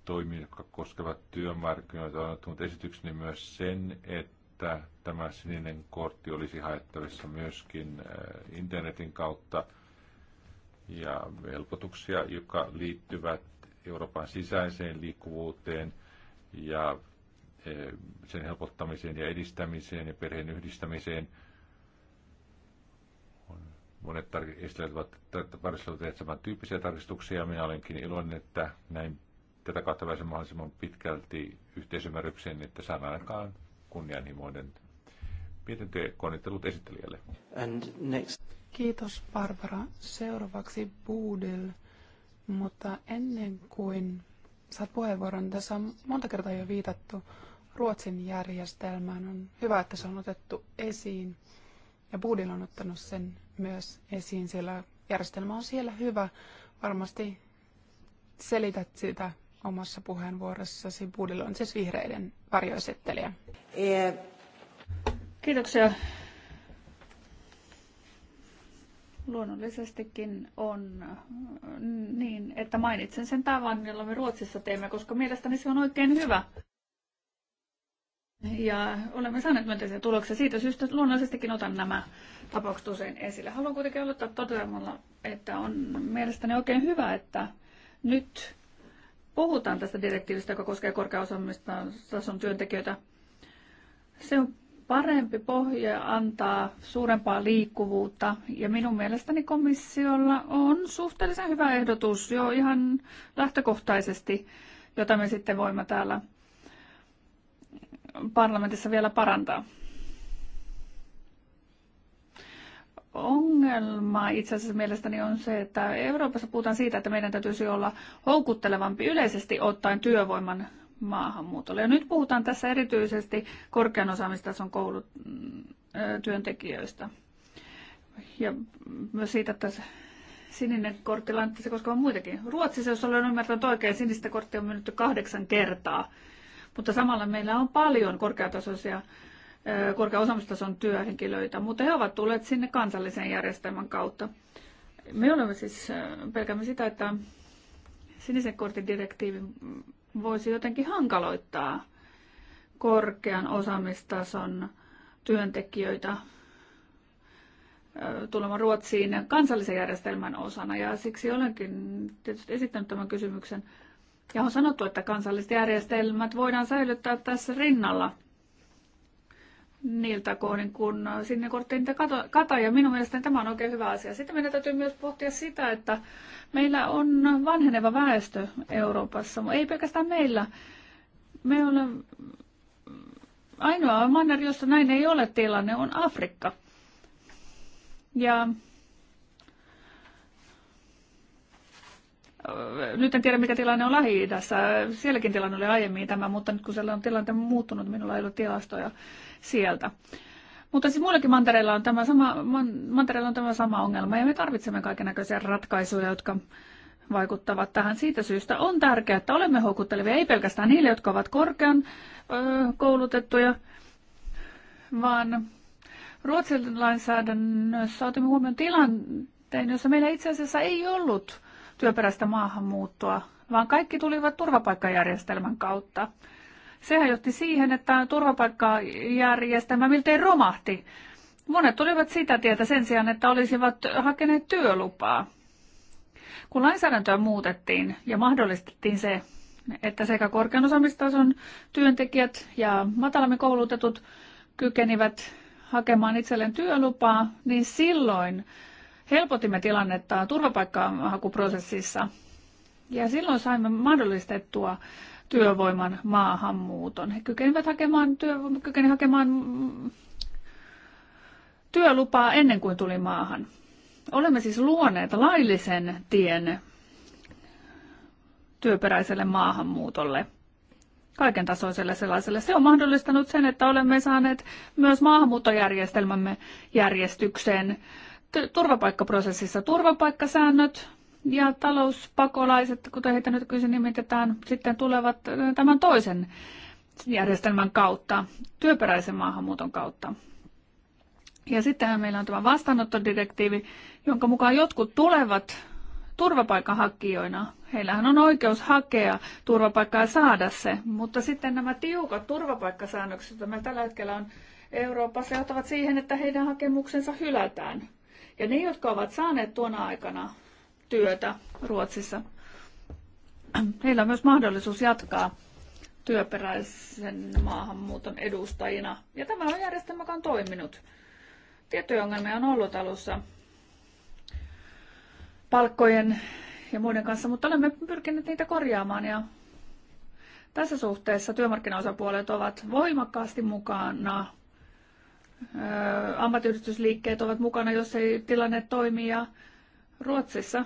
toimia, jotka koskevat työmarkkinoita. Olen ottanut esitykseni myös sen, että että tämä sininen kortti olisi haettavissa myöskin äh, internetin kautta ja helpotuksia, jotka liittyvät Euroopan sisäiseen liikkuvuuteen ja äh, sen helpottamiseen ja edistämiseen ja perheen yhdistämiseen. Monet esittelevät ovat varsinkin saman tyyppisiä tarkistuksia. Minä olenkin iloinen, että näin tätä kautta mahdollisimman pitkälti yhteisymmärrykseen, että saadaan aikaan kunnianhimoinen te konnittelut esittelijälle. And next. Kiitos Barbara. Seuraavaksi Budel. Mutta ennen kuin saat puheenvuoron, tässä on monta kertaa jo viitattu Ruotsin järjestelmään. On hyvä, että se on otettu esiin ja Budil on ottanut sen myös esiin, sillä järjestelmä on siellä hyvä. Varmasti selität sitä omassa puheenvuorossasi. Budil on siis vihreiden varjoesittelijä. Kiitoksia. Luonnollisestikin on mm, niin, että mainitsen sen tavan, jolla me Ruotsissa teemme, koska mielestäni se on oikein hyvä. Ja olemme saaneet myönteisiä tuloksia. Siitä syystä luonnollisestikin otan nämä tapaukset usein esille. Haluan kuitenkin aloittaa toteamalla, että on mielestäni oikein hyvä, että nyt puhutaan tästä direktiivistä, joka koskee korkeaosaamistason työntekijöitä, se on parempi pohja antaa suurempaa liikkuvuutta. Ja minun mielestäni komissiolla on suhteellisen hyvä ehdotus jo ihan lähtökohtaisesti, jota me sitten voimme täällä parlamentissa vielä parantaa. ongelma itse asiassa mielestäni on se, että Euroopassa puhutaan siitä, että meidän täytyisi olla houkuttelevampi yleisesti ottaen työvoiman maahanmuutolle. Ja nyt puhutaan tässä erityisesti korkean osaamistason mm, työntekijöistä. Ja myös siitä, että sininen kortti lanttisi koskevan muitakin. Ruotsissa, jos olen ymmärtänyt oikein, sinistä korttia on myönnetty kahdeksan kertaa. Mutta samalla meillä on paljon korkeatasoisia korkean osaamistason työhenkilöitä, mutta he ovat tulleet sinne kansallisen järjestelmän kautta. Me olemme siis pelkäämme sitä, että sinisen kortin direktiivi voisi jotenkin hankaloittaa korkean osaamistason työntekijöitä tulemaan Ruotsiin kansallisen järjestelmän osana. Ja siksi olenkin tietysti esittänyt tämän kysymyksen. Ja on sanottu, että kansalliset järjestelmät voidaan säilyttää tässä rinnalla – niiltä kohdin, kun sinne korttiin niitä kata, ja minun mielestäni tämä on oikein hyvä asia. Sitten meidän täytyy myös pohtia sitä, että meillä on vanheneva väestö Euroopassa, mutta ei pelkästään meillä. Me olemme ainoa manner, jossa näin ei ole tilanne, on Afrikka. Ja nyt en tiedä mikä tilanne on Lähi-idässä. Sielläkin tilanne oli aiemmin tämä, mutta nyt kun siellä on tilanne muuttunut, minulla ei ollut tilastoja sieltä. Mutta siis muillakin mantereilla on tämä sama, man, mantereilla on tämä sama ongelma ja me tarvitsemme kaikenlaisia ratkaisuja, jotka vaikuttavat tähän. Siitä syystä on tärkeää, että olemme houkuttelevia, ei pelkästään niille, jotka ovat korkean ö, koulutettuja, vaan Ruotsin lainsäädännössä otimme huomioon tilanteen, jossa meillä itse asiassa ei ollut työperäistä maahanmuuttoa, vaan kaikki tulivat turvapaikkajärjestelmän kautta. Sehän johti siihen, että turvapaikkajärjestelmä miltei romahti. Monet tulivat sitä tietä sen sijaan, että olisivat hakeneet työlupaa. Kun lainsäädäntöä muutettiin ja mahdollistettiin se, että sekä korkean osaamistason työntekijät ja matalammin koulutetut kykenivät hakemaan itselleen työlupaa, niin silloin helpotimme tilannetta turvapaikkahakuprosessissa. Ja silloin saimme mahdollistettua työvoiman maahanmuuton. He kykenivät hakemaan, työ, kykenivät hakemaan työlupaa ennen kuin tuli maahan. Olemme siis luoneet laillisen tien työperäiselle maahanmuutolle, kaiken tasoiselle sellaiselle. Se on mahdollistanut sen, että olemme saaneet myös maahanmuuttojärjestelmämme järjestykseen turvapaikkaprosessissa turvapaikkasäännöt, ja talouspakolaiset, kuten heitä nyt kyse nimitetään, sitten tulevat tämän toisen järjestelmän kautta, työperäisen maahanmuuton kautta. Ja sittenhän meillä on tämä vastaanottodirektiivi, jonka mukaan jotkut tulevat turvapaikanhakijoina. Heillähän on oikeus hakea turvapaikkaa ja saada se, mutta sitten nämä tiukat turvapaikkasäännökset, joita meillä tällä hetkellä on Euroopassa, johtavat siihen, että heidän hakemuksensa hylätään. Ja ne, jotka ovat saaneet tuona aikana työtä Ruotsissa. Heillä on myös mahdollisuus jatkaa työperäisen maahanmuuton edustajina. Ja tämä on järjestelmä, joka on toiminut. Tiettyjä ongelmia on ollut alussa palkkojen ja muiden kanssa, mutta olemme pyrkineet niitä korjaamaan ja tässä suhteessa työmarkkinaosapuolet ovat voimakkaasti mukana. Ammattiyhdistysliikkeet ovat mukana, jos ei tilanne toimi ja Ruotsissa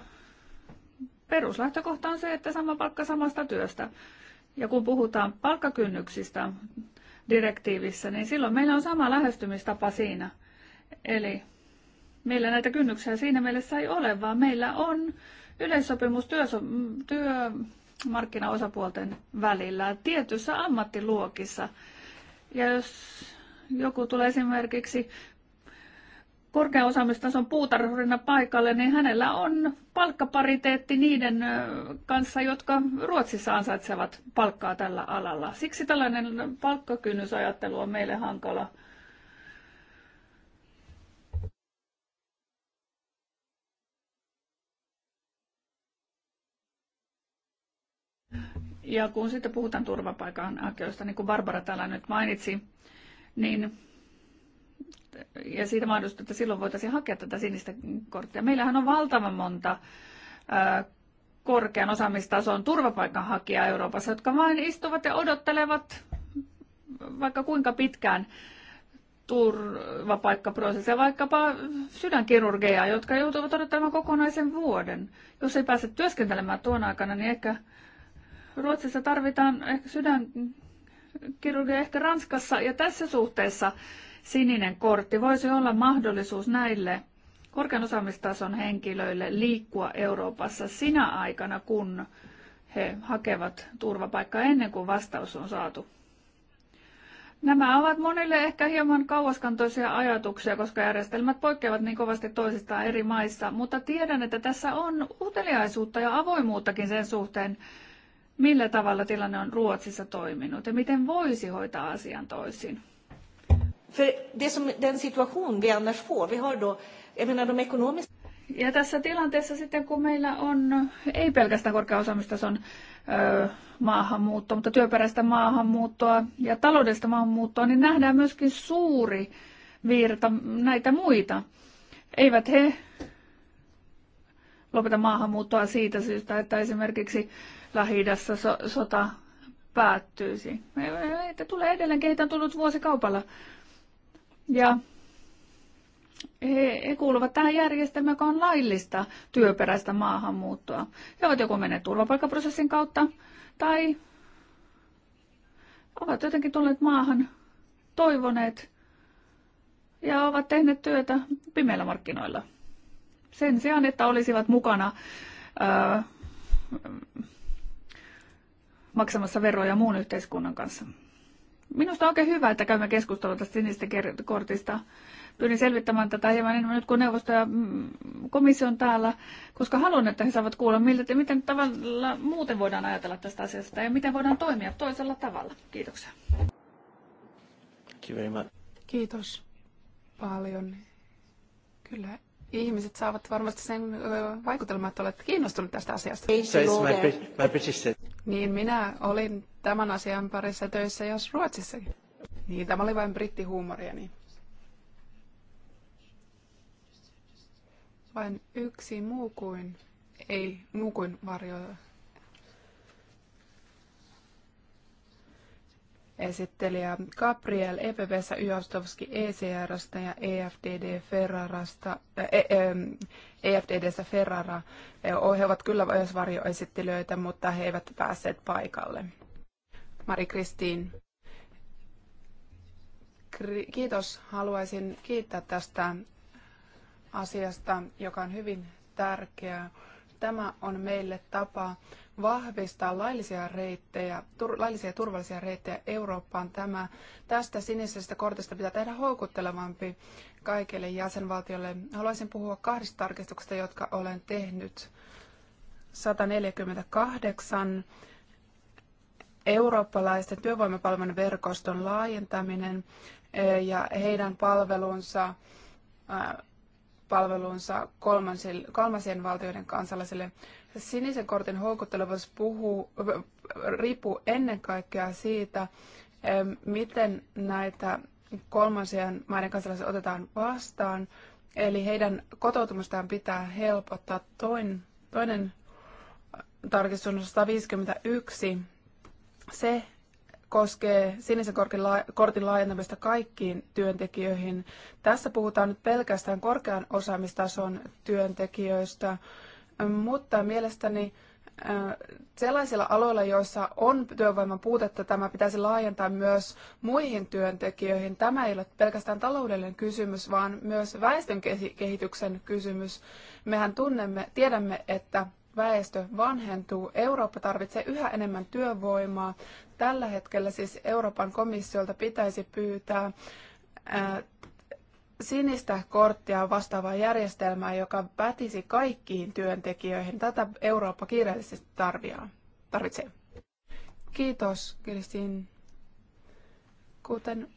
peruslähtökohta on se, että sama palkka samasta työstä. Ja kun puhutaan palkkakynnyksistä direktiivissä, niin silloin meillä on sama lähestymistapa siinä. Eli meillä näitä kynnyksiä siinä mielessä ei ole, vaan meillä on yleissopimus työso- työmarkkinaosapuolten välillä tietyssä ammattiluokissa. Ja jos joku tulee esimerkiksi korkean osaamistason puutarhurina paikalle, niin hänellä on palkkapariteetti niiden kanssa, jotka Ruotsissa ansaitsevat palkkaa tällä alalla. Siksi tällainen palkkakynnysajattelu on meille hankala. Ja kun sitten puhutaan turvapaikanhakijoista, niin kuin Barbara täällä nyt mainitsi, niin ja siitä mahdollisuutta, että silloin voitaisiin hakea tätä sinistä korttia. Meillähän on valtavan monta korkean osaamistason turvapaikanhakijaa Euroopassa, jotka vain istuvat ja odottelevat vaikka kuinka pitkään turvapaikkaprosessia, vaikkapa sydänkirurgeja, jotka joutuvat odottamaan kokonaisen vuoden. Jos ei pääse työskentelemään tuon aikana, niin ehkä Ruotsissa tarvitaan ehkä sydänkirurgia ehkä Ranskassa. Ja tässä suhteessa sininen kortti voisi olla mahdollisuus näille korkean osaamistason henkilöille liikkua Euroopassa sinä aikana, kun he hakevat turvapaikkaa ennen kuin vastaus on saatu. Nämä ovat monille ehkä hieman kauaskantoisia ajatuksia, koska järjestelmät poikkeavat niin kovasti toisistaan eri maissa, mutta tiedän, että tässä on uteliaisuutta ja avoimuuttakin sen suhteen, millä tavalla tilanne on Ruotsissa toiminut ja miten voisi hoitaa asian toisin. För det som, den situation vi annars får, vi har då, jag menar de ekonomiska... Ja tässä tilanteessa sitten, kun meillä on ei pelkästään korkeaosaamistason öö, maahanmuuttoa, mutta työperäistä maahanmuuttoa ja taloudellista maahanmuuttoa, niin nähdään myöskin suuri virta näitä muita. Eivät he lopeta maahanmuuttoa siitä syystä, että esimerkiksi lähi so- sota päättyisi. Meitä tulee edelleen, keitä on tullut vuosikaupalla. Ja he, he kuuluvat tähän järjestelmään, joka on laillista työperäistä maahanmuuttoa. He ovat joko menneet turvapaikkaprosessin kautta tai ovat jotenkin tulleet maahan, toivoneet ja ovat tehneet työtä pimeillä markkinoilla. Sen sijaan, että olisivat mukana öö, maksamassa veroja muun yhteiskunnan kanssa. Minusta on oikein hyvä, että käymme keskustelua tästä sinistä kortista. Pyrin selvittämään tätä hieman enemmän nyt, kun neuvosto ja mm, komissio on täällä, koska haluan, että he saavat kuulla, miltä, miten tavalla muuten voidaan ajatella tästä asiasta ja miten voidaan toimia toisella tavalla. Kiitoksia. Kiitos paljon. Kyllä ihmiset saavat varmasti sen vaikutelman, että olette kiinnostuneet tästä asiasta. Niin, minä olin tämän asian parissa töissä jos Ruotsissakin. Niin, tämä oli vain brittihuumoria, niin. Vain yksi muu kuin, ei, muu kuin varjo esittelijä Gabriel EPVssä Yostovski ECRstä ja EFDD Ferrarasta, ä, ä, EFDDssä Ferrara. He ovat kyllä myös varjoesittelijöitä, mutta he eivät päässeet paikalle. Mari-Kristiin. Kiitos. Haluaisin kiittää tästä asiasta, joka on hyvin tärkeää. Tämä on meille tapa vahvistaa laillisia reittejä, tur, laillisia ja turvallisia reittejä Eurooppaan. Tämä, tästä sinisestä kortista pitää tehdä houkuttelevampi kaikille jäsenvaltioille. Haluaisin puhua kahdesta tarkistuksesta, jotka olen tehnyt. 148 eurooppalaisten työvoimapalvelun verkoston laajentaminen eh, ja heidän palvelunsa, palvelunsa kolmansien valtioiden kansalaisille. Sinisen kortin houkuttelevuus puhuu, riippuu ennen kaikkea siitä, eh, miten näitä kolmansien maiden kansalaisia otetaan vastaan, eli heidän kotoutumistaan pitää helpottaa. Toin, toinen tarkistus 151 se koskee sinisen kortin laajentamista kaikkiin työntekijöihin. Tässä puhutaan nyt pelkästään korkean osaamistason työntekijöistä, mutta mielestäni sellaisilla aloilla, joissa on työvoiman puutetta, tämä pitäisi laajentaa myös muihin työntekijöihin. Tämä ei ole pelkästään taloudellinen kysymys, vaan myös väestön kehityksen kysymys. Mehän tunnemme, tiedämme, että väestö vanhentuu. Eurooppa tarvitsee yhä enemmän työvoimaa. Tällä hetkellä siis Euroopan komissiolta pitäisi pyytää sinistä korttia vastaavaa järjestelmää, joka pätisi kaikkiin työntekijöihin. Tätä Eurooppa kiireellisesti tarvitsee. Kiitos, Kristin. Kuten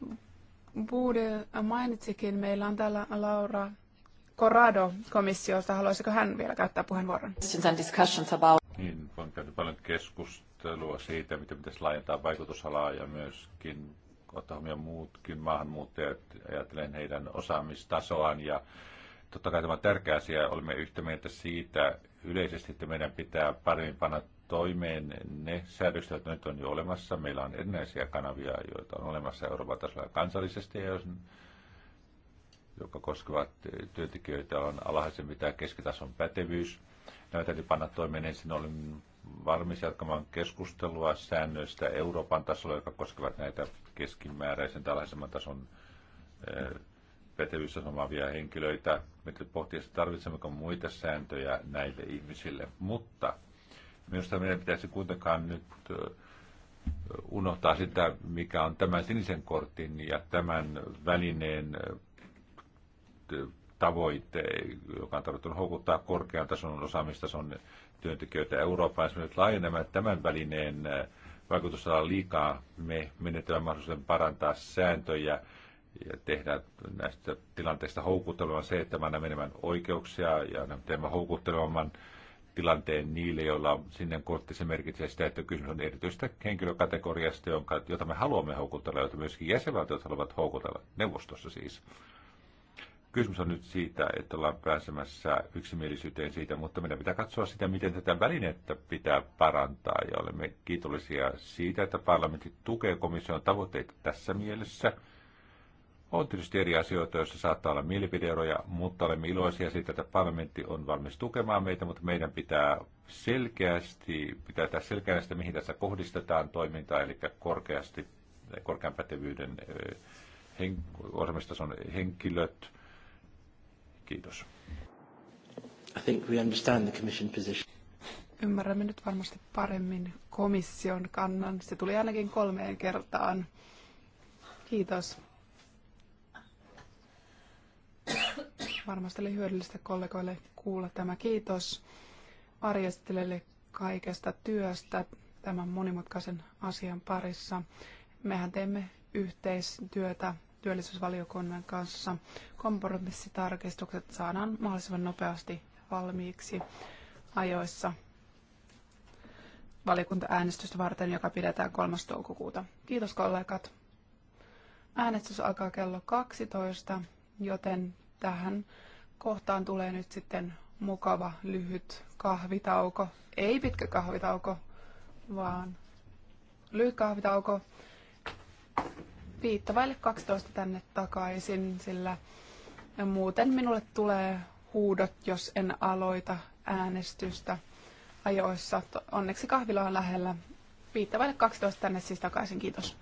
Buudel mainitsikin, meillä on täällä Laura Corrado komissiosta. Haluaisiko hän vielä käyttää puheenvuoron? Niin, on käyty paljon keskustelua siitä, miten pitäisi laajentaa vaikutusalaa ja myöskin ottaa huomioon muutkin maahanmuuttajat, ajatellen heidän osaamistasoaan. Ja totta kai tämä on tärkeä asia, olemme yhtä mieltä siitä yleisesti, että meidän pitää paremmin panna toimeen ne säädökset, joita nyt on jo olemassa. Meillä on erinäisiä kanavia, joita on olemassa Euroopan tasolla ja kansallisesti, ja jos jotka koskevat työntekijöitä, on alhaisempi tämä keskitason pätevyys. Näitä täytyy panna toimeen. Ensin olin valmis jatkamaan keskustelua säännöistä Euroopan tasolla, joka koskevat näitä keskimääräisen tai alhaisemman tason eh, pätevyyssä omaavia henkilöitä. Me pohtia, että tarvitsemmeko muita sääntöjä näille ihmisille, mutta minusta meidän pitäisi kuitenkaan nyt eh, unohtaa sitä, mikä on tämän sinisen kortin ja tämän välineen eh, tavoite, joka on tarkoittanut houkuttaa korkean tason osaamistason työntekijöitä Eurooppaan, esimerkiksi laajenemaan tämän välineen äh, vaikutusala liikaa, me menetämme mahdollisuuden parantaa sääntöjä ja tehdä näistä tilanteista houkuttelevan se, että me annamme enemmän oikeuksia ja teemme houkuttelevamman tilanteen niille, joilla on sinne kortti. Se merkitsee sitä, että kysymys on erityistä henkilökategoriasta, jota me haluamme houkutella, jota myöskin jäsenvaltiot haluavat houkutella, neuvostossa siis. Kysymys on nyt siitä, että ollaan pääsemässä yksimielisyyteen siitä, mutta meidän pitää katsoa sitä, miten tätä välinettä pitää parantaa. Ja olemme kiitollisia siitä, että parlamentti tukee komission tavoitteita tässä mielessä. On tietysti eri asioita, joissa saattaa olla mielipideeroja, mutta olemme iloisia siitä, että parlamentti on valmis tukemaan meitä, mutta meidän pitää selkeästi, pitää tässä selkeästi, mihin tässä kohdistetaan toimintaa, eli korkeasti, korkean pätevyyden eh, osaamistason henkilöt, Kiitos. I think we understand the commission position. Ymmärrämme nyt varmasti paremmin komission kannan. Se tuli ainakin kolmeen kertaan. Kiitos. Varmasti oli hyödyllistä kollegoille kuulla tämä kiitos Arjestille kaikesta työstä tämän monimutkaisen asian parissa. Mehän teemme yhteistyötä työllisyysvaliokunnan kanssa. Kompromissitarkistukset saadaan mahdollisimman nopeasti valmiiksi ajoissa valiokuntaäänestystä varten, joka pidetään 3. toukokuuta. Kiitos kollegat. Äänestys alkaa kello 12, joten tähän kohtaan tulee nyt sitten mukava lyhyt kahvitauko. Ei pitkä kahvitauko, vaan lyhyt kahvitauko vaille 12 tänne takaisin, sillä muuten minulle tulee huudot, jos en aloita äänestystä ajoissa. Onneksi kahvila on lähellä. vaille 12 tänne siis takaisin, kiitos.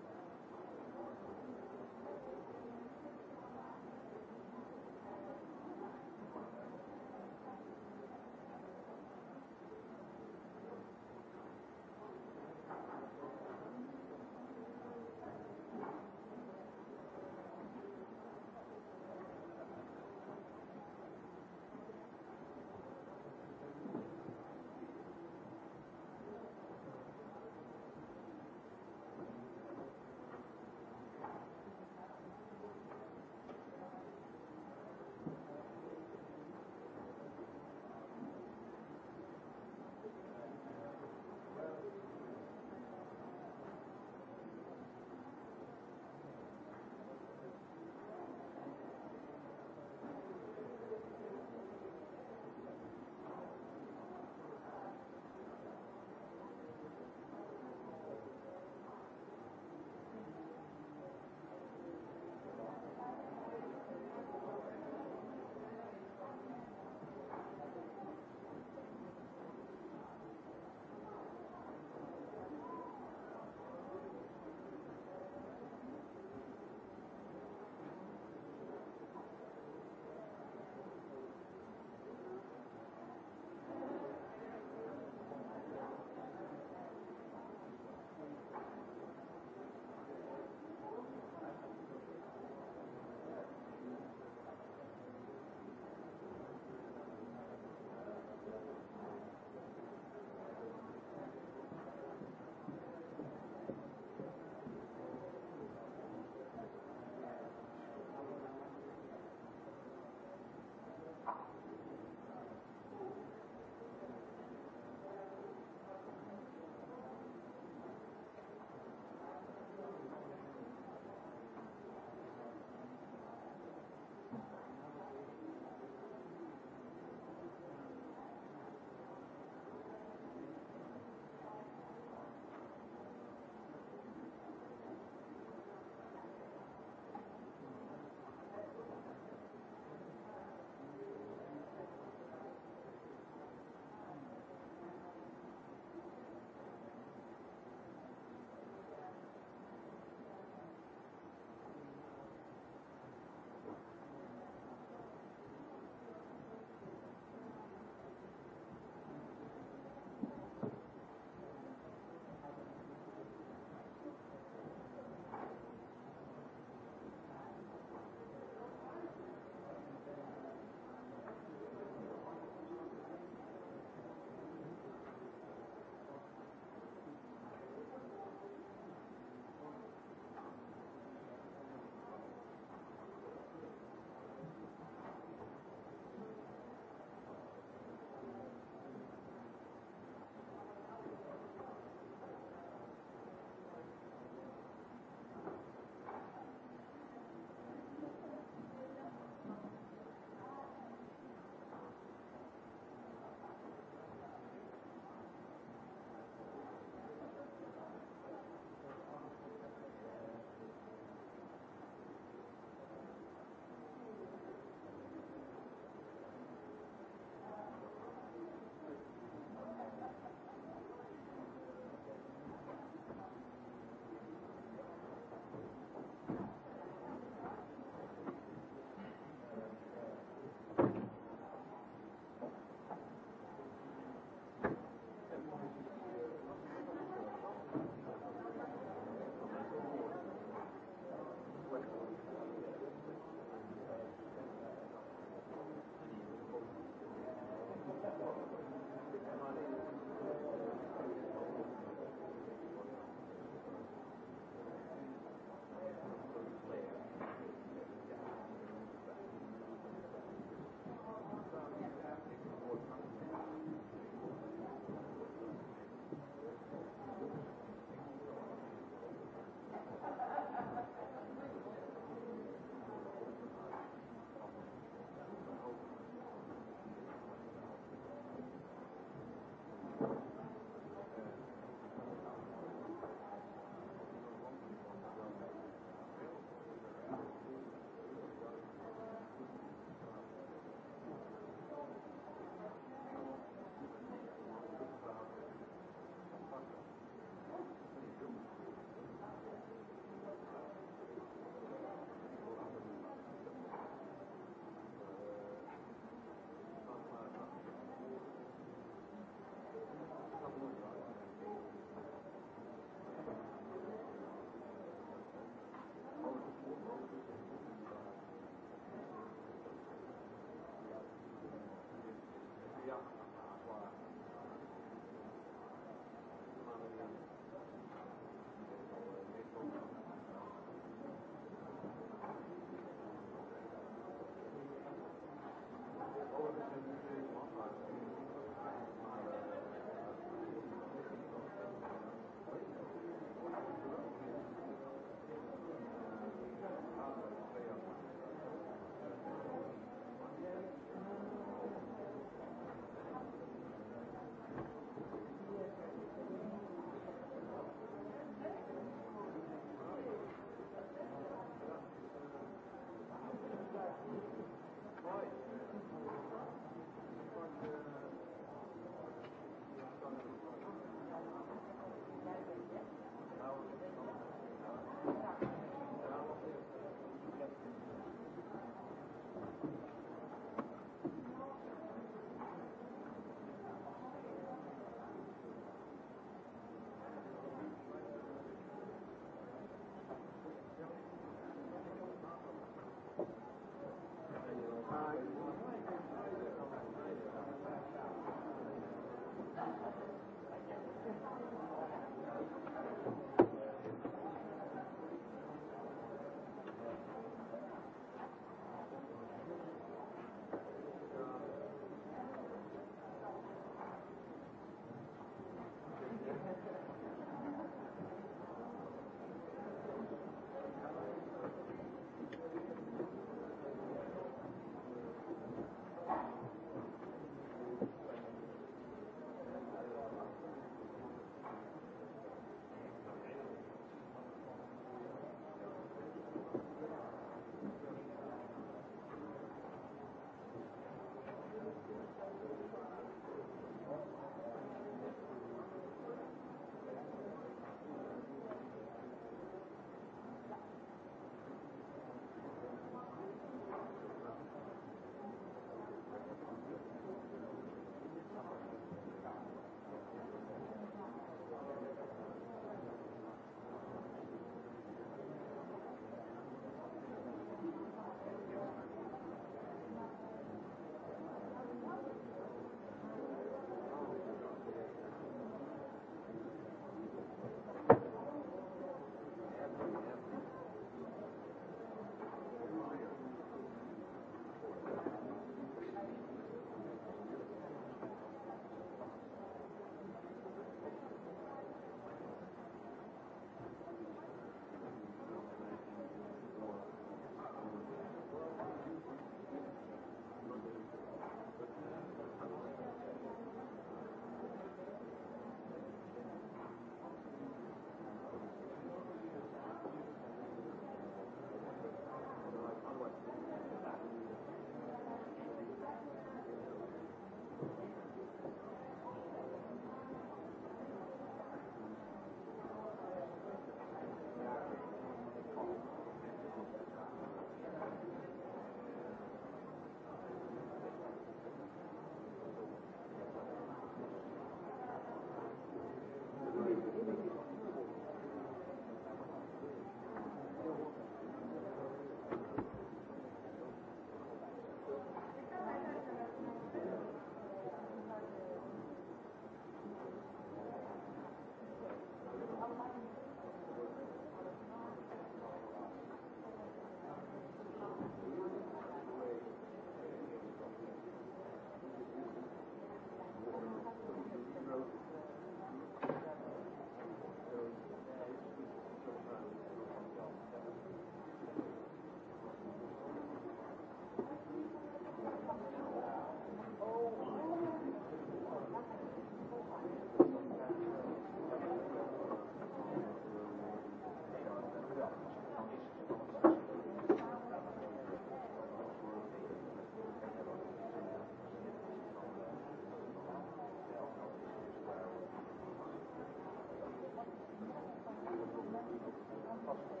Gracias.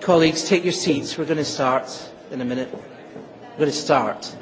Colleagues, take your seats. We're going to start in a minute. We're going to start.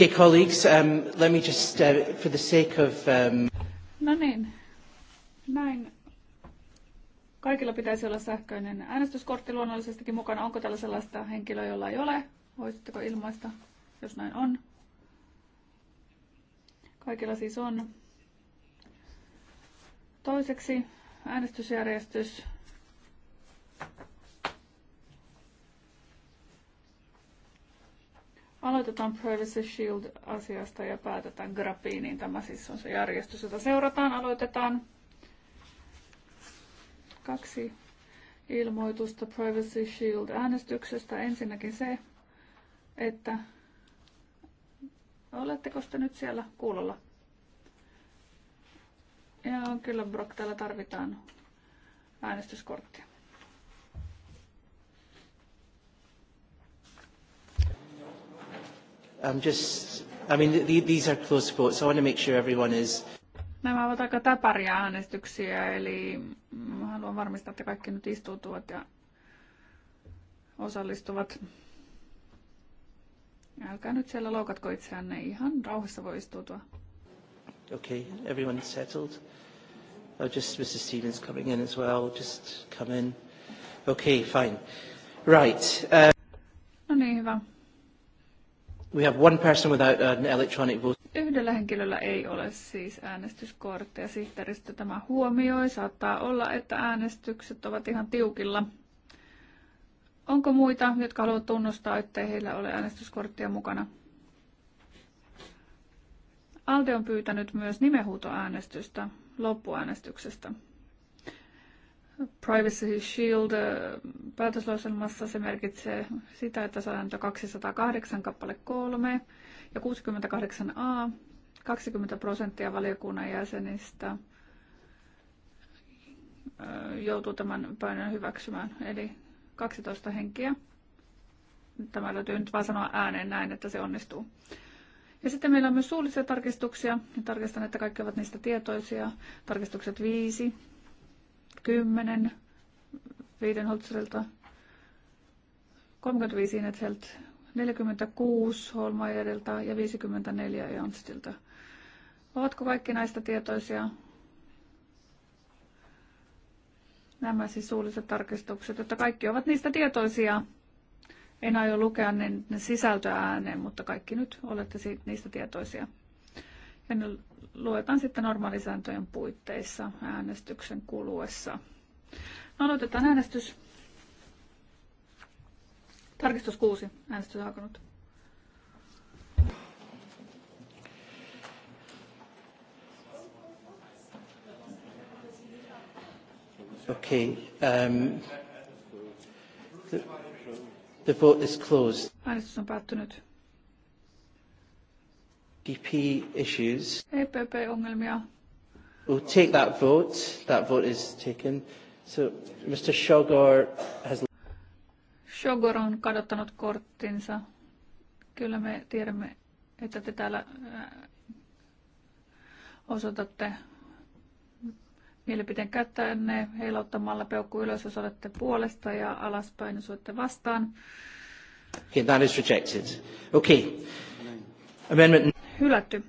Okay, colleagues, um, let me just, uh, for the sake of... Um... No niin, näin. Kaikilla pitäisi olla sähköinen äänestyskortti luonnollisestikin mukana. Onko tällä sellaista henkilöä, jolla ei ole? Voisitteko ilmaista, jos näin on? Kaikilla siis on. Toiseksi äänestysjärjestys päätetään Privacy Shield-asiasta ja päätetään Grappiin, niin tämä siis on se järjestys, jota seurataan, aloitetaan. Kaksi ilmoitusta Privacy Shield-äänestyksestä. Ensinnäkin se, että oletteko te nyt siellä kuulolla? Ja kyllä, Brock, täällä tarvitaan äänestyskorttia. I'm just, I mean, these are close votes, so I want to make sure everyone is... Nämä ovat aika täpäriä äänestyksiä, eli haluan varmistaa, että kaikki nyt istuutuvat ja osallistuvat. Älkää nyt siellä loukatko itseänne, ihan rauhassa voi istuutua. Okay, everyone settled. Oh, just Mrs. Stevens coming in as well, just come in. Okay, fine. Right. Uh... We have one person without an electronic vote. Yhdellä henkilöllä ei ole siis äänestyskorttia. Sihteeristö tämä huomioi. Saattaa olla, että äänestykset ovat ihan tiukilla. Onko muita, jotka haluavat tunnustaa, ettei heillä ole äänestyskorttia mukana? Alde on pyytänyt myös nimehuutoäänestystä loppuäänestyksestä. Privacy Shield äh, päätöslauselmassa se merkitsee sitä, että sääntö 208 kappale 3 ja 68a 20 prosenttia valiokunnan jäsenistä äh, joutuu tämän päivän hyväksymään, eli 12 henkiä. Tämä täytyy nyt vain sanoa ääneen näin, että se onnistuu. Ja sitten meillä on myös suullisia tarkistuksia. Tarkistan, että kaikki ovat niistä tietoisia. Tarkistukset 5, 10 Wiedenholzerilta, 35 Inetheltä, 46 Holmajerilta ja 54 Janstilta. Ovatko kaikki näistä tietoisia? Nämä siis suulliset tarkistukset, että kaikki ovat niistä tietoisia. En aio lukea ne, sisältöä ääneen, mutta kaikki nyt olette niistä tietoisia luetaan sitten normaalisääntöjen puitteissa äänestyksen kuluessa. Aloitetaan äänestys. Tarkistus 6. Äänestys alkanut. Okay. Um, the, the vote is closed. Äänestys on päättynyt. DP issues. E we'll take that vote. That vote is taken. So Mr. Shogor has... Shogor on kadottanut korttinsa. Kyllä me tiedämme, että te täällä äh, osoitatte mielipiteen kättänne heilauttamalla peukku ylös, jos olette puolesta ja alaspäin, jos olette vastaan. Okay, that is rejected. Okay. Amendment... Hylätty.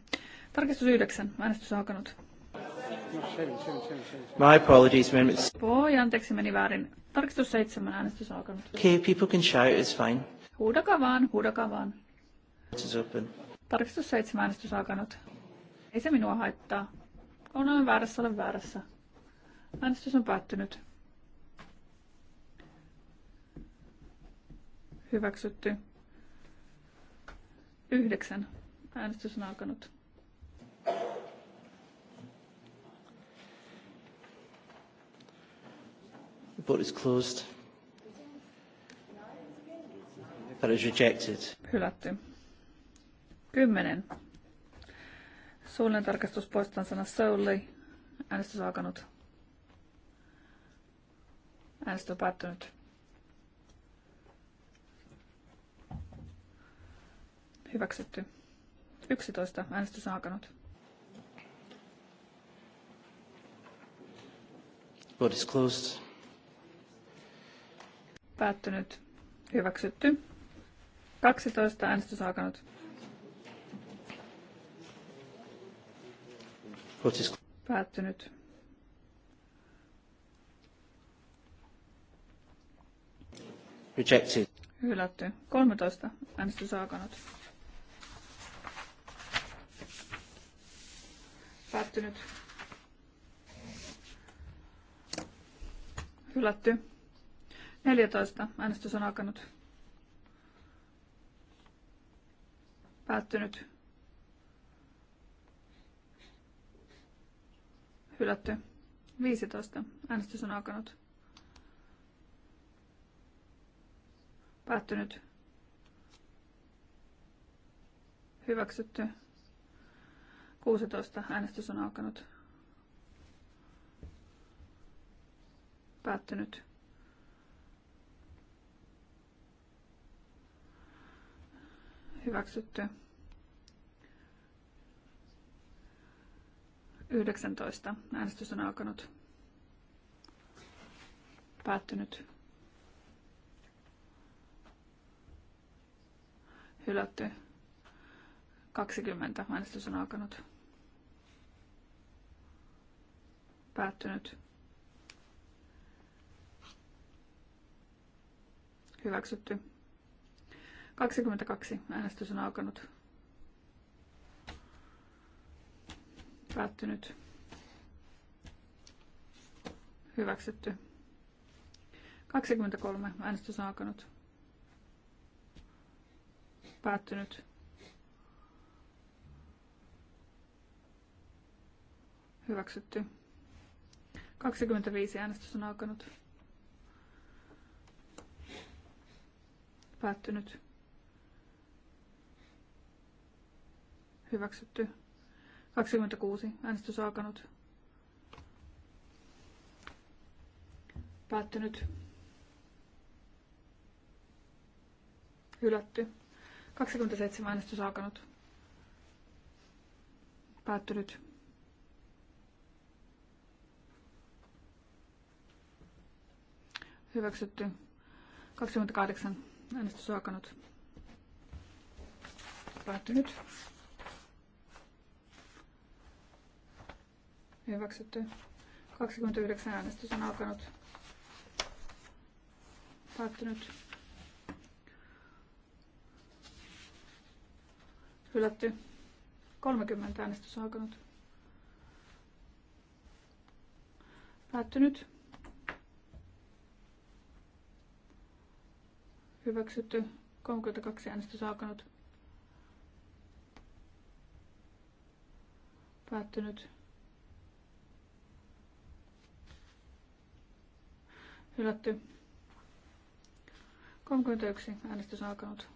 Tarkistus 9. Äänestys alkanut. My apologies, amendments. Voi, anteeksi, meni väärin. Tarkistus 7. Äänestys alkanut. Okay, people can shout, it's fine. Huudakaa vaan, huudakaa vaan. is open. Tarkistus 7. Äänestys alkanut. Ei se minua haittaa. Kun olen väärässä, olen väärässä. Äänestys on päättynyt. Hyväksytty. Yhdeksän. Äänestys on alkanut. The vote is closed. That is rejected. Hylätty. Kymmenen. Suullinen tarkastus poistetaan sana solely. Äänestys on alkanut. Äänestys on päättynyt. Hyväksytty. 11. Äänestys alkanut. Vote is closed. Päättynyt. Hyväksytty. 12. Äänestys alkanut. Vote is päättynyt. Rejected. Hylätty. 13. Äänestys alkanut. Päättynyt. Hylätty. 14. Äänestys on alkanut. Päättynyt. Hylätty. 15. Äänestys on alkanut. Päättynyt. Hyväksytty. 16. Äänestys on alkanut. Päättynyt. Hyväksytty. 19. Äänestys on alkanut. Päättynyt. Hylätty. 20. Äänestys on alkanut. Päättynyt. Hyväksytty. 22. Äänestys on alkanut. Päättynyt. Hyväksytty. 23. Äänestys on alkanut. Päättynyt. Hyväksytty. 25 äänestys on alkanut. Päättynyt. Hyväksytty. 26 äänestys on alkanut. Päättynyt. Hylätty. 27 äänestys on alkanut. Päättynyt Hyväksytty. 28. Äänestys on alkanut. Päättynyt. Hyväksytty. 29. Äänestys on alkanut. Päättynyt. Hylätty. 30. Äänestys on alkanut. Päättynyt. Hyväksytty. 32 äänestä saakanut. Päättynyt. Hylätty. 31 äänestä saakanut.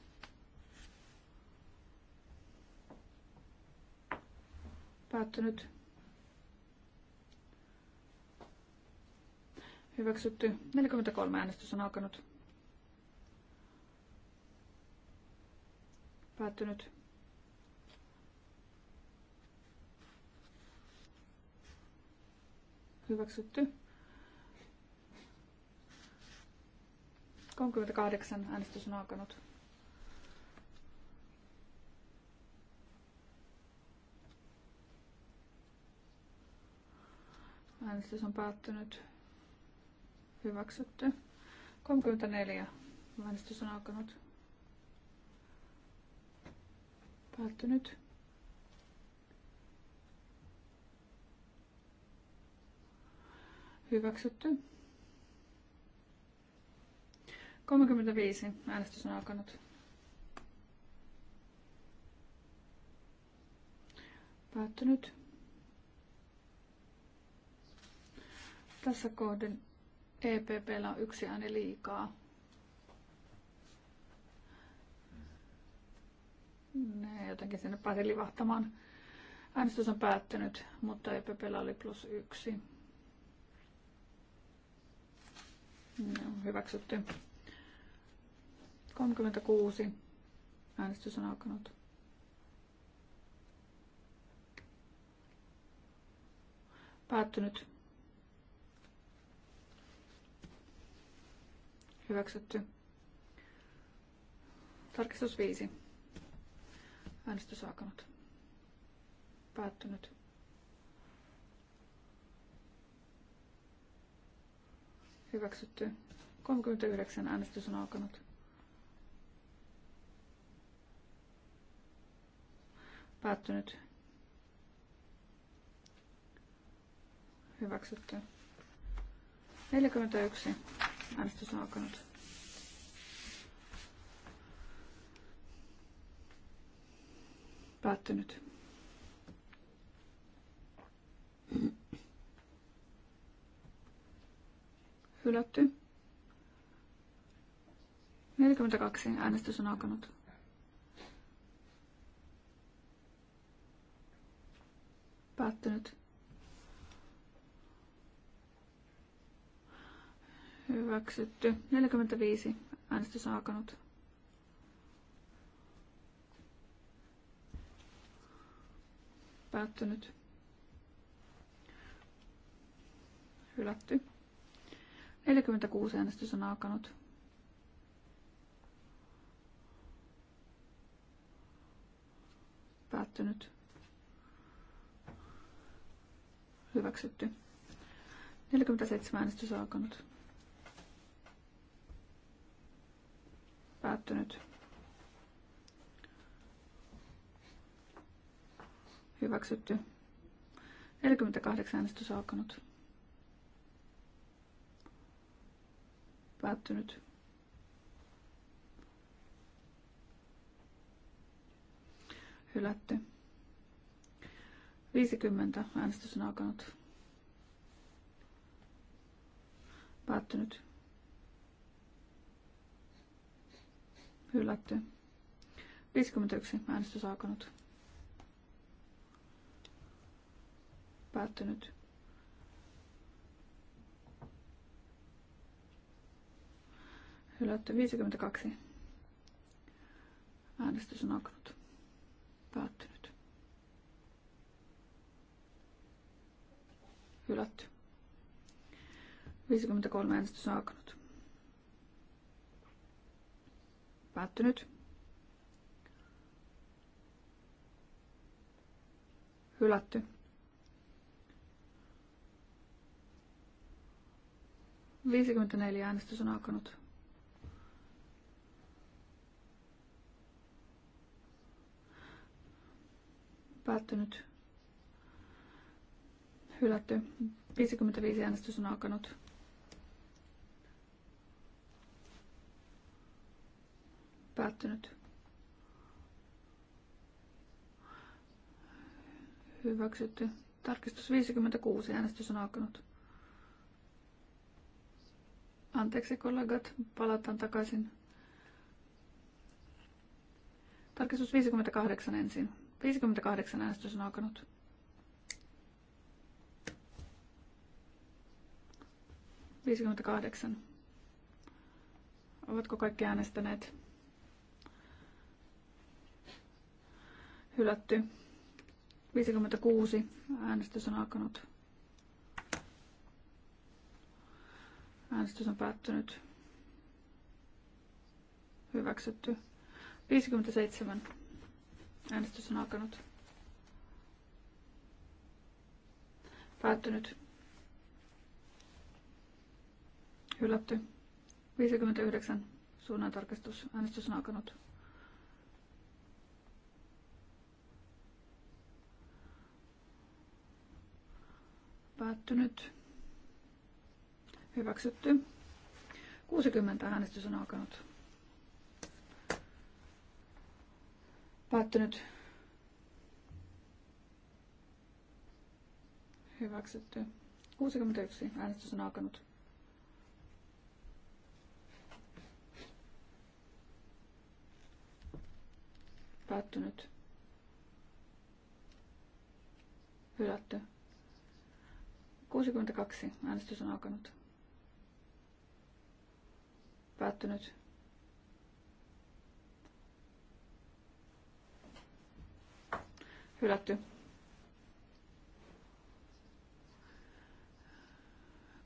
Päättynyt. Hyväksytty. 43 äänestys on alkanut. Päättynyt. Hyväksytty. 38 äänestys on alkanut. Äänestys on päättynyt. Hyväksytty. 34. Äänestys on alkanut. Päättynyt. Hyväksytty. 35. Äänestys on alkanut. Päättynyt. Tässä kohden EPP on yksi ääni liikaa. Ne jotenkin sinne pääsi livahtamaan. Äänestys on päättynyt, mutta EPPllä oli plus yksi. on hyväksytty. 36. Äänestys on alkanut. Päättynyt. Hyväksytty. Tarkistus 5. Äänestys alkanut. Päättynyt. Hyväksytty. 39 äänestys on alkanut. Päättynyt. Hyväksytty. 41 äänestys on alkanut. Päättynyt. Hylätty. 42. Äänestys on alkanut. Päättynyt. Hyväksytty. 45. Äänestys on alkanut. Päättynyt. Hylätty. 46 äänestys on alkanut. Päättynyt. Hyväksytty. 47 äänestys on alkanut. Päättynyt. Hyväksytty. 48 äänestys alkanut. Päättynyt. Hylätty. 50 äänestys on alkanut. Päättynyt. Hylätty. 51 äänestys alkanut. Päättynyt. Hylätty 52. Äänestys on alkanut. Päättynyt. Hylätty. 53 äänestys on alkanut. Päättynyt. Hylätty. 54 äänestys on alkanut. Päättynyt. Hylätty. 55 äänestys on alkanut. Päättynyt. Hyväksytty. Tarkistus 56. Äänestys on alkanut. Anteeksi kollegat, palataan takaisin. Tarkistus 58 ensin. 58 äänestys on alkanut. Viisikymmentäkahdeksan. Ovatko kaikki äänestäneet? Hylätty. 56. Äänestys on alkanut. Äänestys on päättynyt. Hyväksytty. 57. Äänestys on alkanut. Päättynyt. Hylätty. 59. tarkistus. Äänestys on alkanut. Päättynyt. Hyväksytty. 60 äänestys on alkanut. Päättynyt. Hyväksytty. 61 äänestys on alkanut. Päättynyt. Hylätty. 62 äänestys on alkanut. Päättynyt. Hylätty.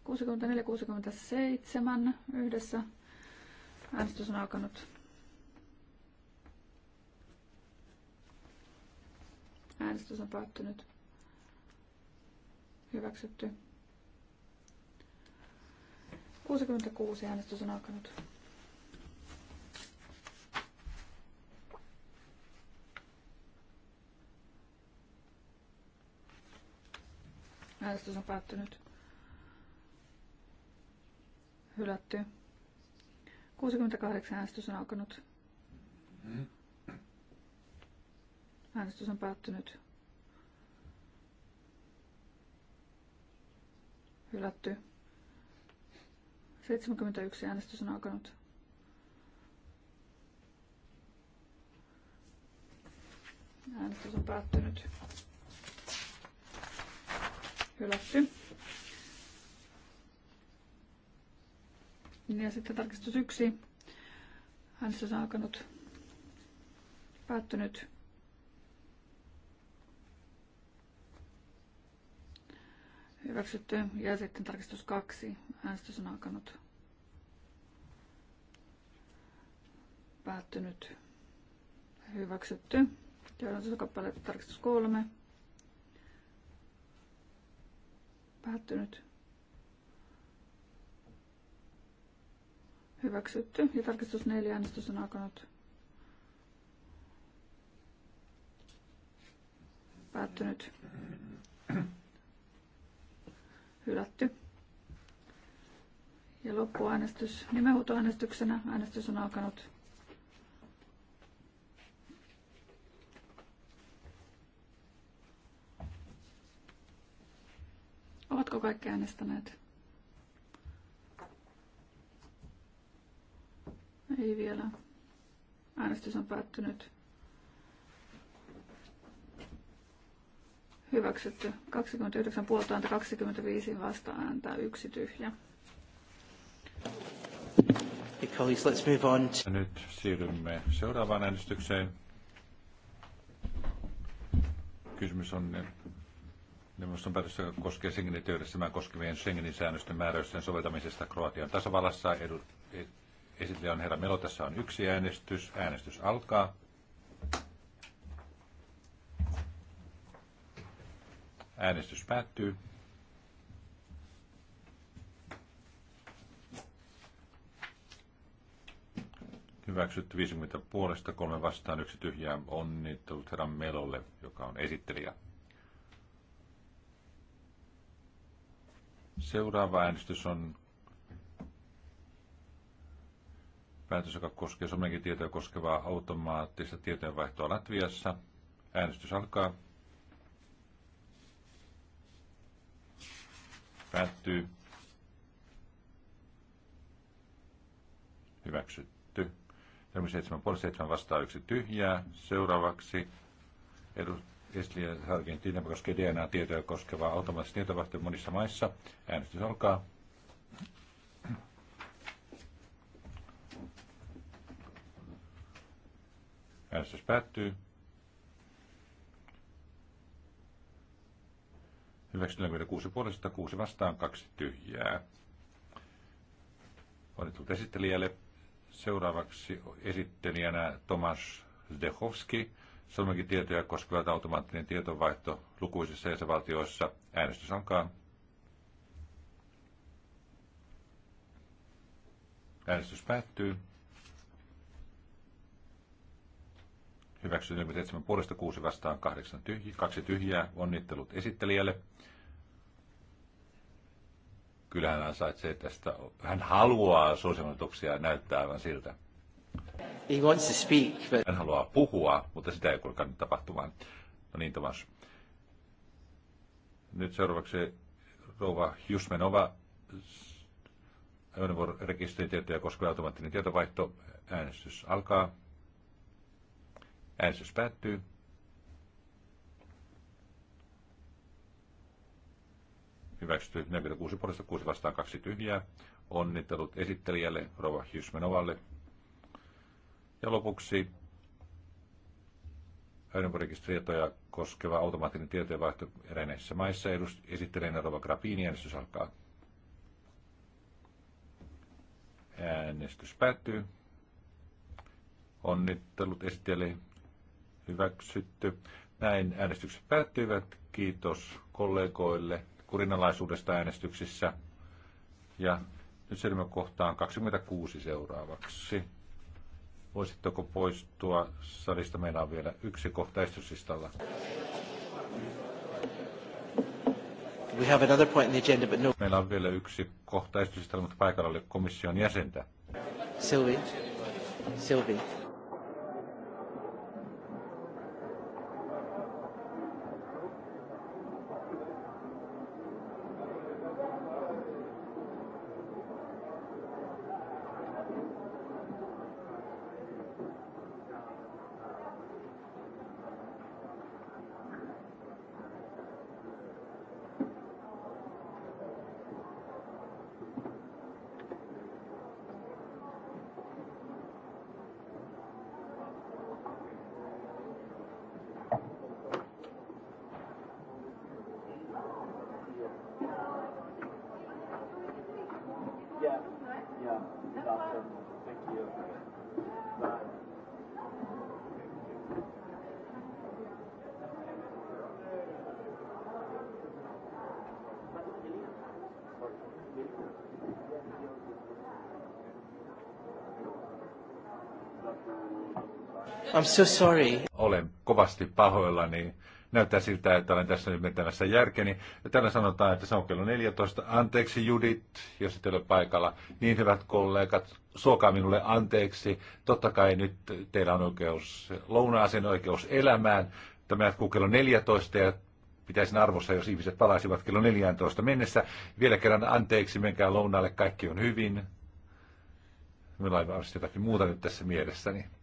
64 seitsemän yhdessä. Äänestys on alkanut. Äänestys on päättynyt. Hyväksytty. 66 äänestys on alkanut. Äänestys on päättynyt. Hylätty. 68 äänestys on alkanut. Äänestys on päättynyt. Hylätty. 71 äänestys on alkanut. Äänestys on päättynyt. Hylätty. Ja sitten tarkistus 1. Äänestys on alkanut. Päättynyt. Hyväksytty. Ja sitten tarkistus kaksi. Äänestys on alkanut. Päättynyt. Hyväksytty. kappale tarkistus kolme. Päättynyt. Hyväksytty. Ja tarkistus neljä. Äänestys on alkanut. Päättynyt hylätty. Ja loppuäänestys nimenhuutoäänestyksenä. Äänestys on alkanut. Ovatko kaikki äänestäneet? Ei vielä. Äänestys on päättynyt. Hyväksytty. 29 puolta ääntä, 25 vasta ääntä, yksi tyhjä. Nyt siirrymme seuraavaan äänestykseen. Kysymys on eh, neuvoston päätös, joka koskee Schengenin työllistymään koskevien Schengenin säännösten määräysten soveltamisesta Kroatian tasavallassa. Edu, e- esittelijä on herra Melo, tässä on yksi äänestys. Äänestys alkaa. Äänestys päättyy. Hyväksytty 50 puolesta, kolme vastaan, yksi tyhjää. Onnittelut herran Melolle, joka on esittelijä. Seuraava äänestys on päätös, joka koskee somenkin tietoja koskevaa automaattista tietojenvaihtoa Latviassa. Äänestys alkaa. Päättyy. Hyväksytty. 37 puolesta 7 vastaa yksi tyhjää. Seuraavaksi Estliä Argentiina koskee DNA-tietoja koskevaa automaattista tietovaihtoa monissa maissa. Äänestys alkaa. Äänestys päättyy. 96 puolesta, 6 vastaan, 2 tyhjää. Onnittelut esittelijälle. Seuraavaksi esittelijänä Tomas Zdechowski. Suomenkin tietoja koskevat automaattinen tietovaihto lukuisissa jäsenvaltioissa. Äänestys onkaan. Äänestys päättyy. Hyväksytty 47 puolesta 6 vastaan 8 tyhjää. Kaksi tyhjää. Onnittelut esittelijälle kyllä hän ansaitsee tästä, hän haluaa sosiaalituksia näyttää aivan siltä. He wants to speak, but... Hän haluaa puhua, mutta sitä ei kuulkaan tapahtumaan. No niin, Tomas. Nyt seuraavaksi rouva Jusmenova, rekisteritietoja koskeva automaattinen tietovaihto. Äänestys alkaa. Äänestys päättyy. hyväksytty 46 puolesta 6 vastaan 2 tyhjää. Onnittelut esittelijälle Rova Hysmenovalle. Ja lopuksi ajoneuvorekisterietoja koskeva automaattinen tietojenvaihto eräneissä maissa. Esittelijänä Rova Grappini äänestys alkaa. Äänestys päättyy. Onnittelut esittelijälle hyväksytty. Näin äänestykset päättyivät. Kiitos kollegoille kurinalaisuudesta äänestyksissä. Ja nyt siirrymme kohtaan 26 seuraavaksi. Voisitteko poistua salista? Meillä on vielä yksi kohta esityslistalla. We have another point in the agenda, but no. Meillä on vielä yksi kohta esityslistalla, mutta paikalla oli komission jäsentä. Sylvie. Sylvie. I'm so sorry. Olen kovasti pahoillani. Näyttää siltä, että olen tässä nyt menettämässä järkeni. Ja täällä sanotaan, että se on kello 14. Anteeksi Judit, jos et ole paikalla. Niin hyvät kollegat, suokaa minulle anteeksi. Totta kai nyt teillä on oikeus lounaaseen, oikeus elämään. Tämä jatkuu kello 14 ja pitäisin arvossa, jos ihmiset palaisivat kello 14 mennessä. Vielä kerran anteeksi, menkää lounaalle, kaikki on hyvin. Minulla on varmasti jotakin muuta nyt tässä mielessäni.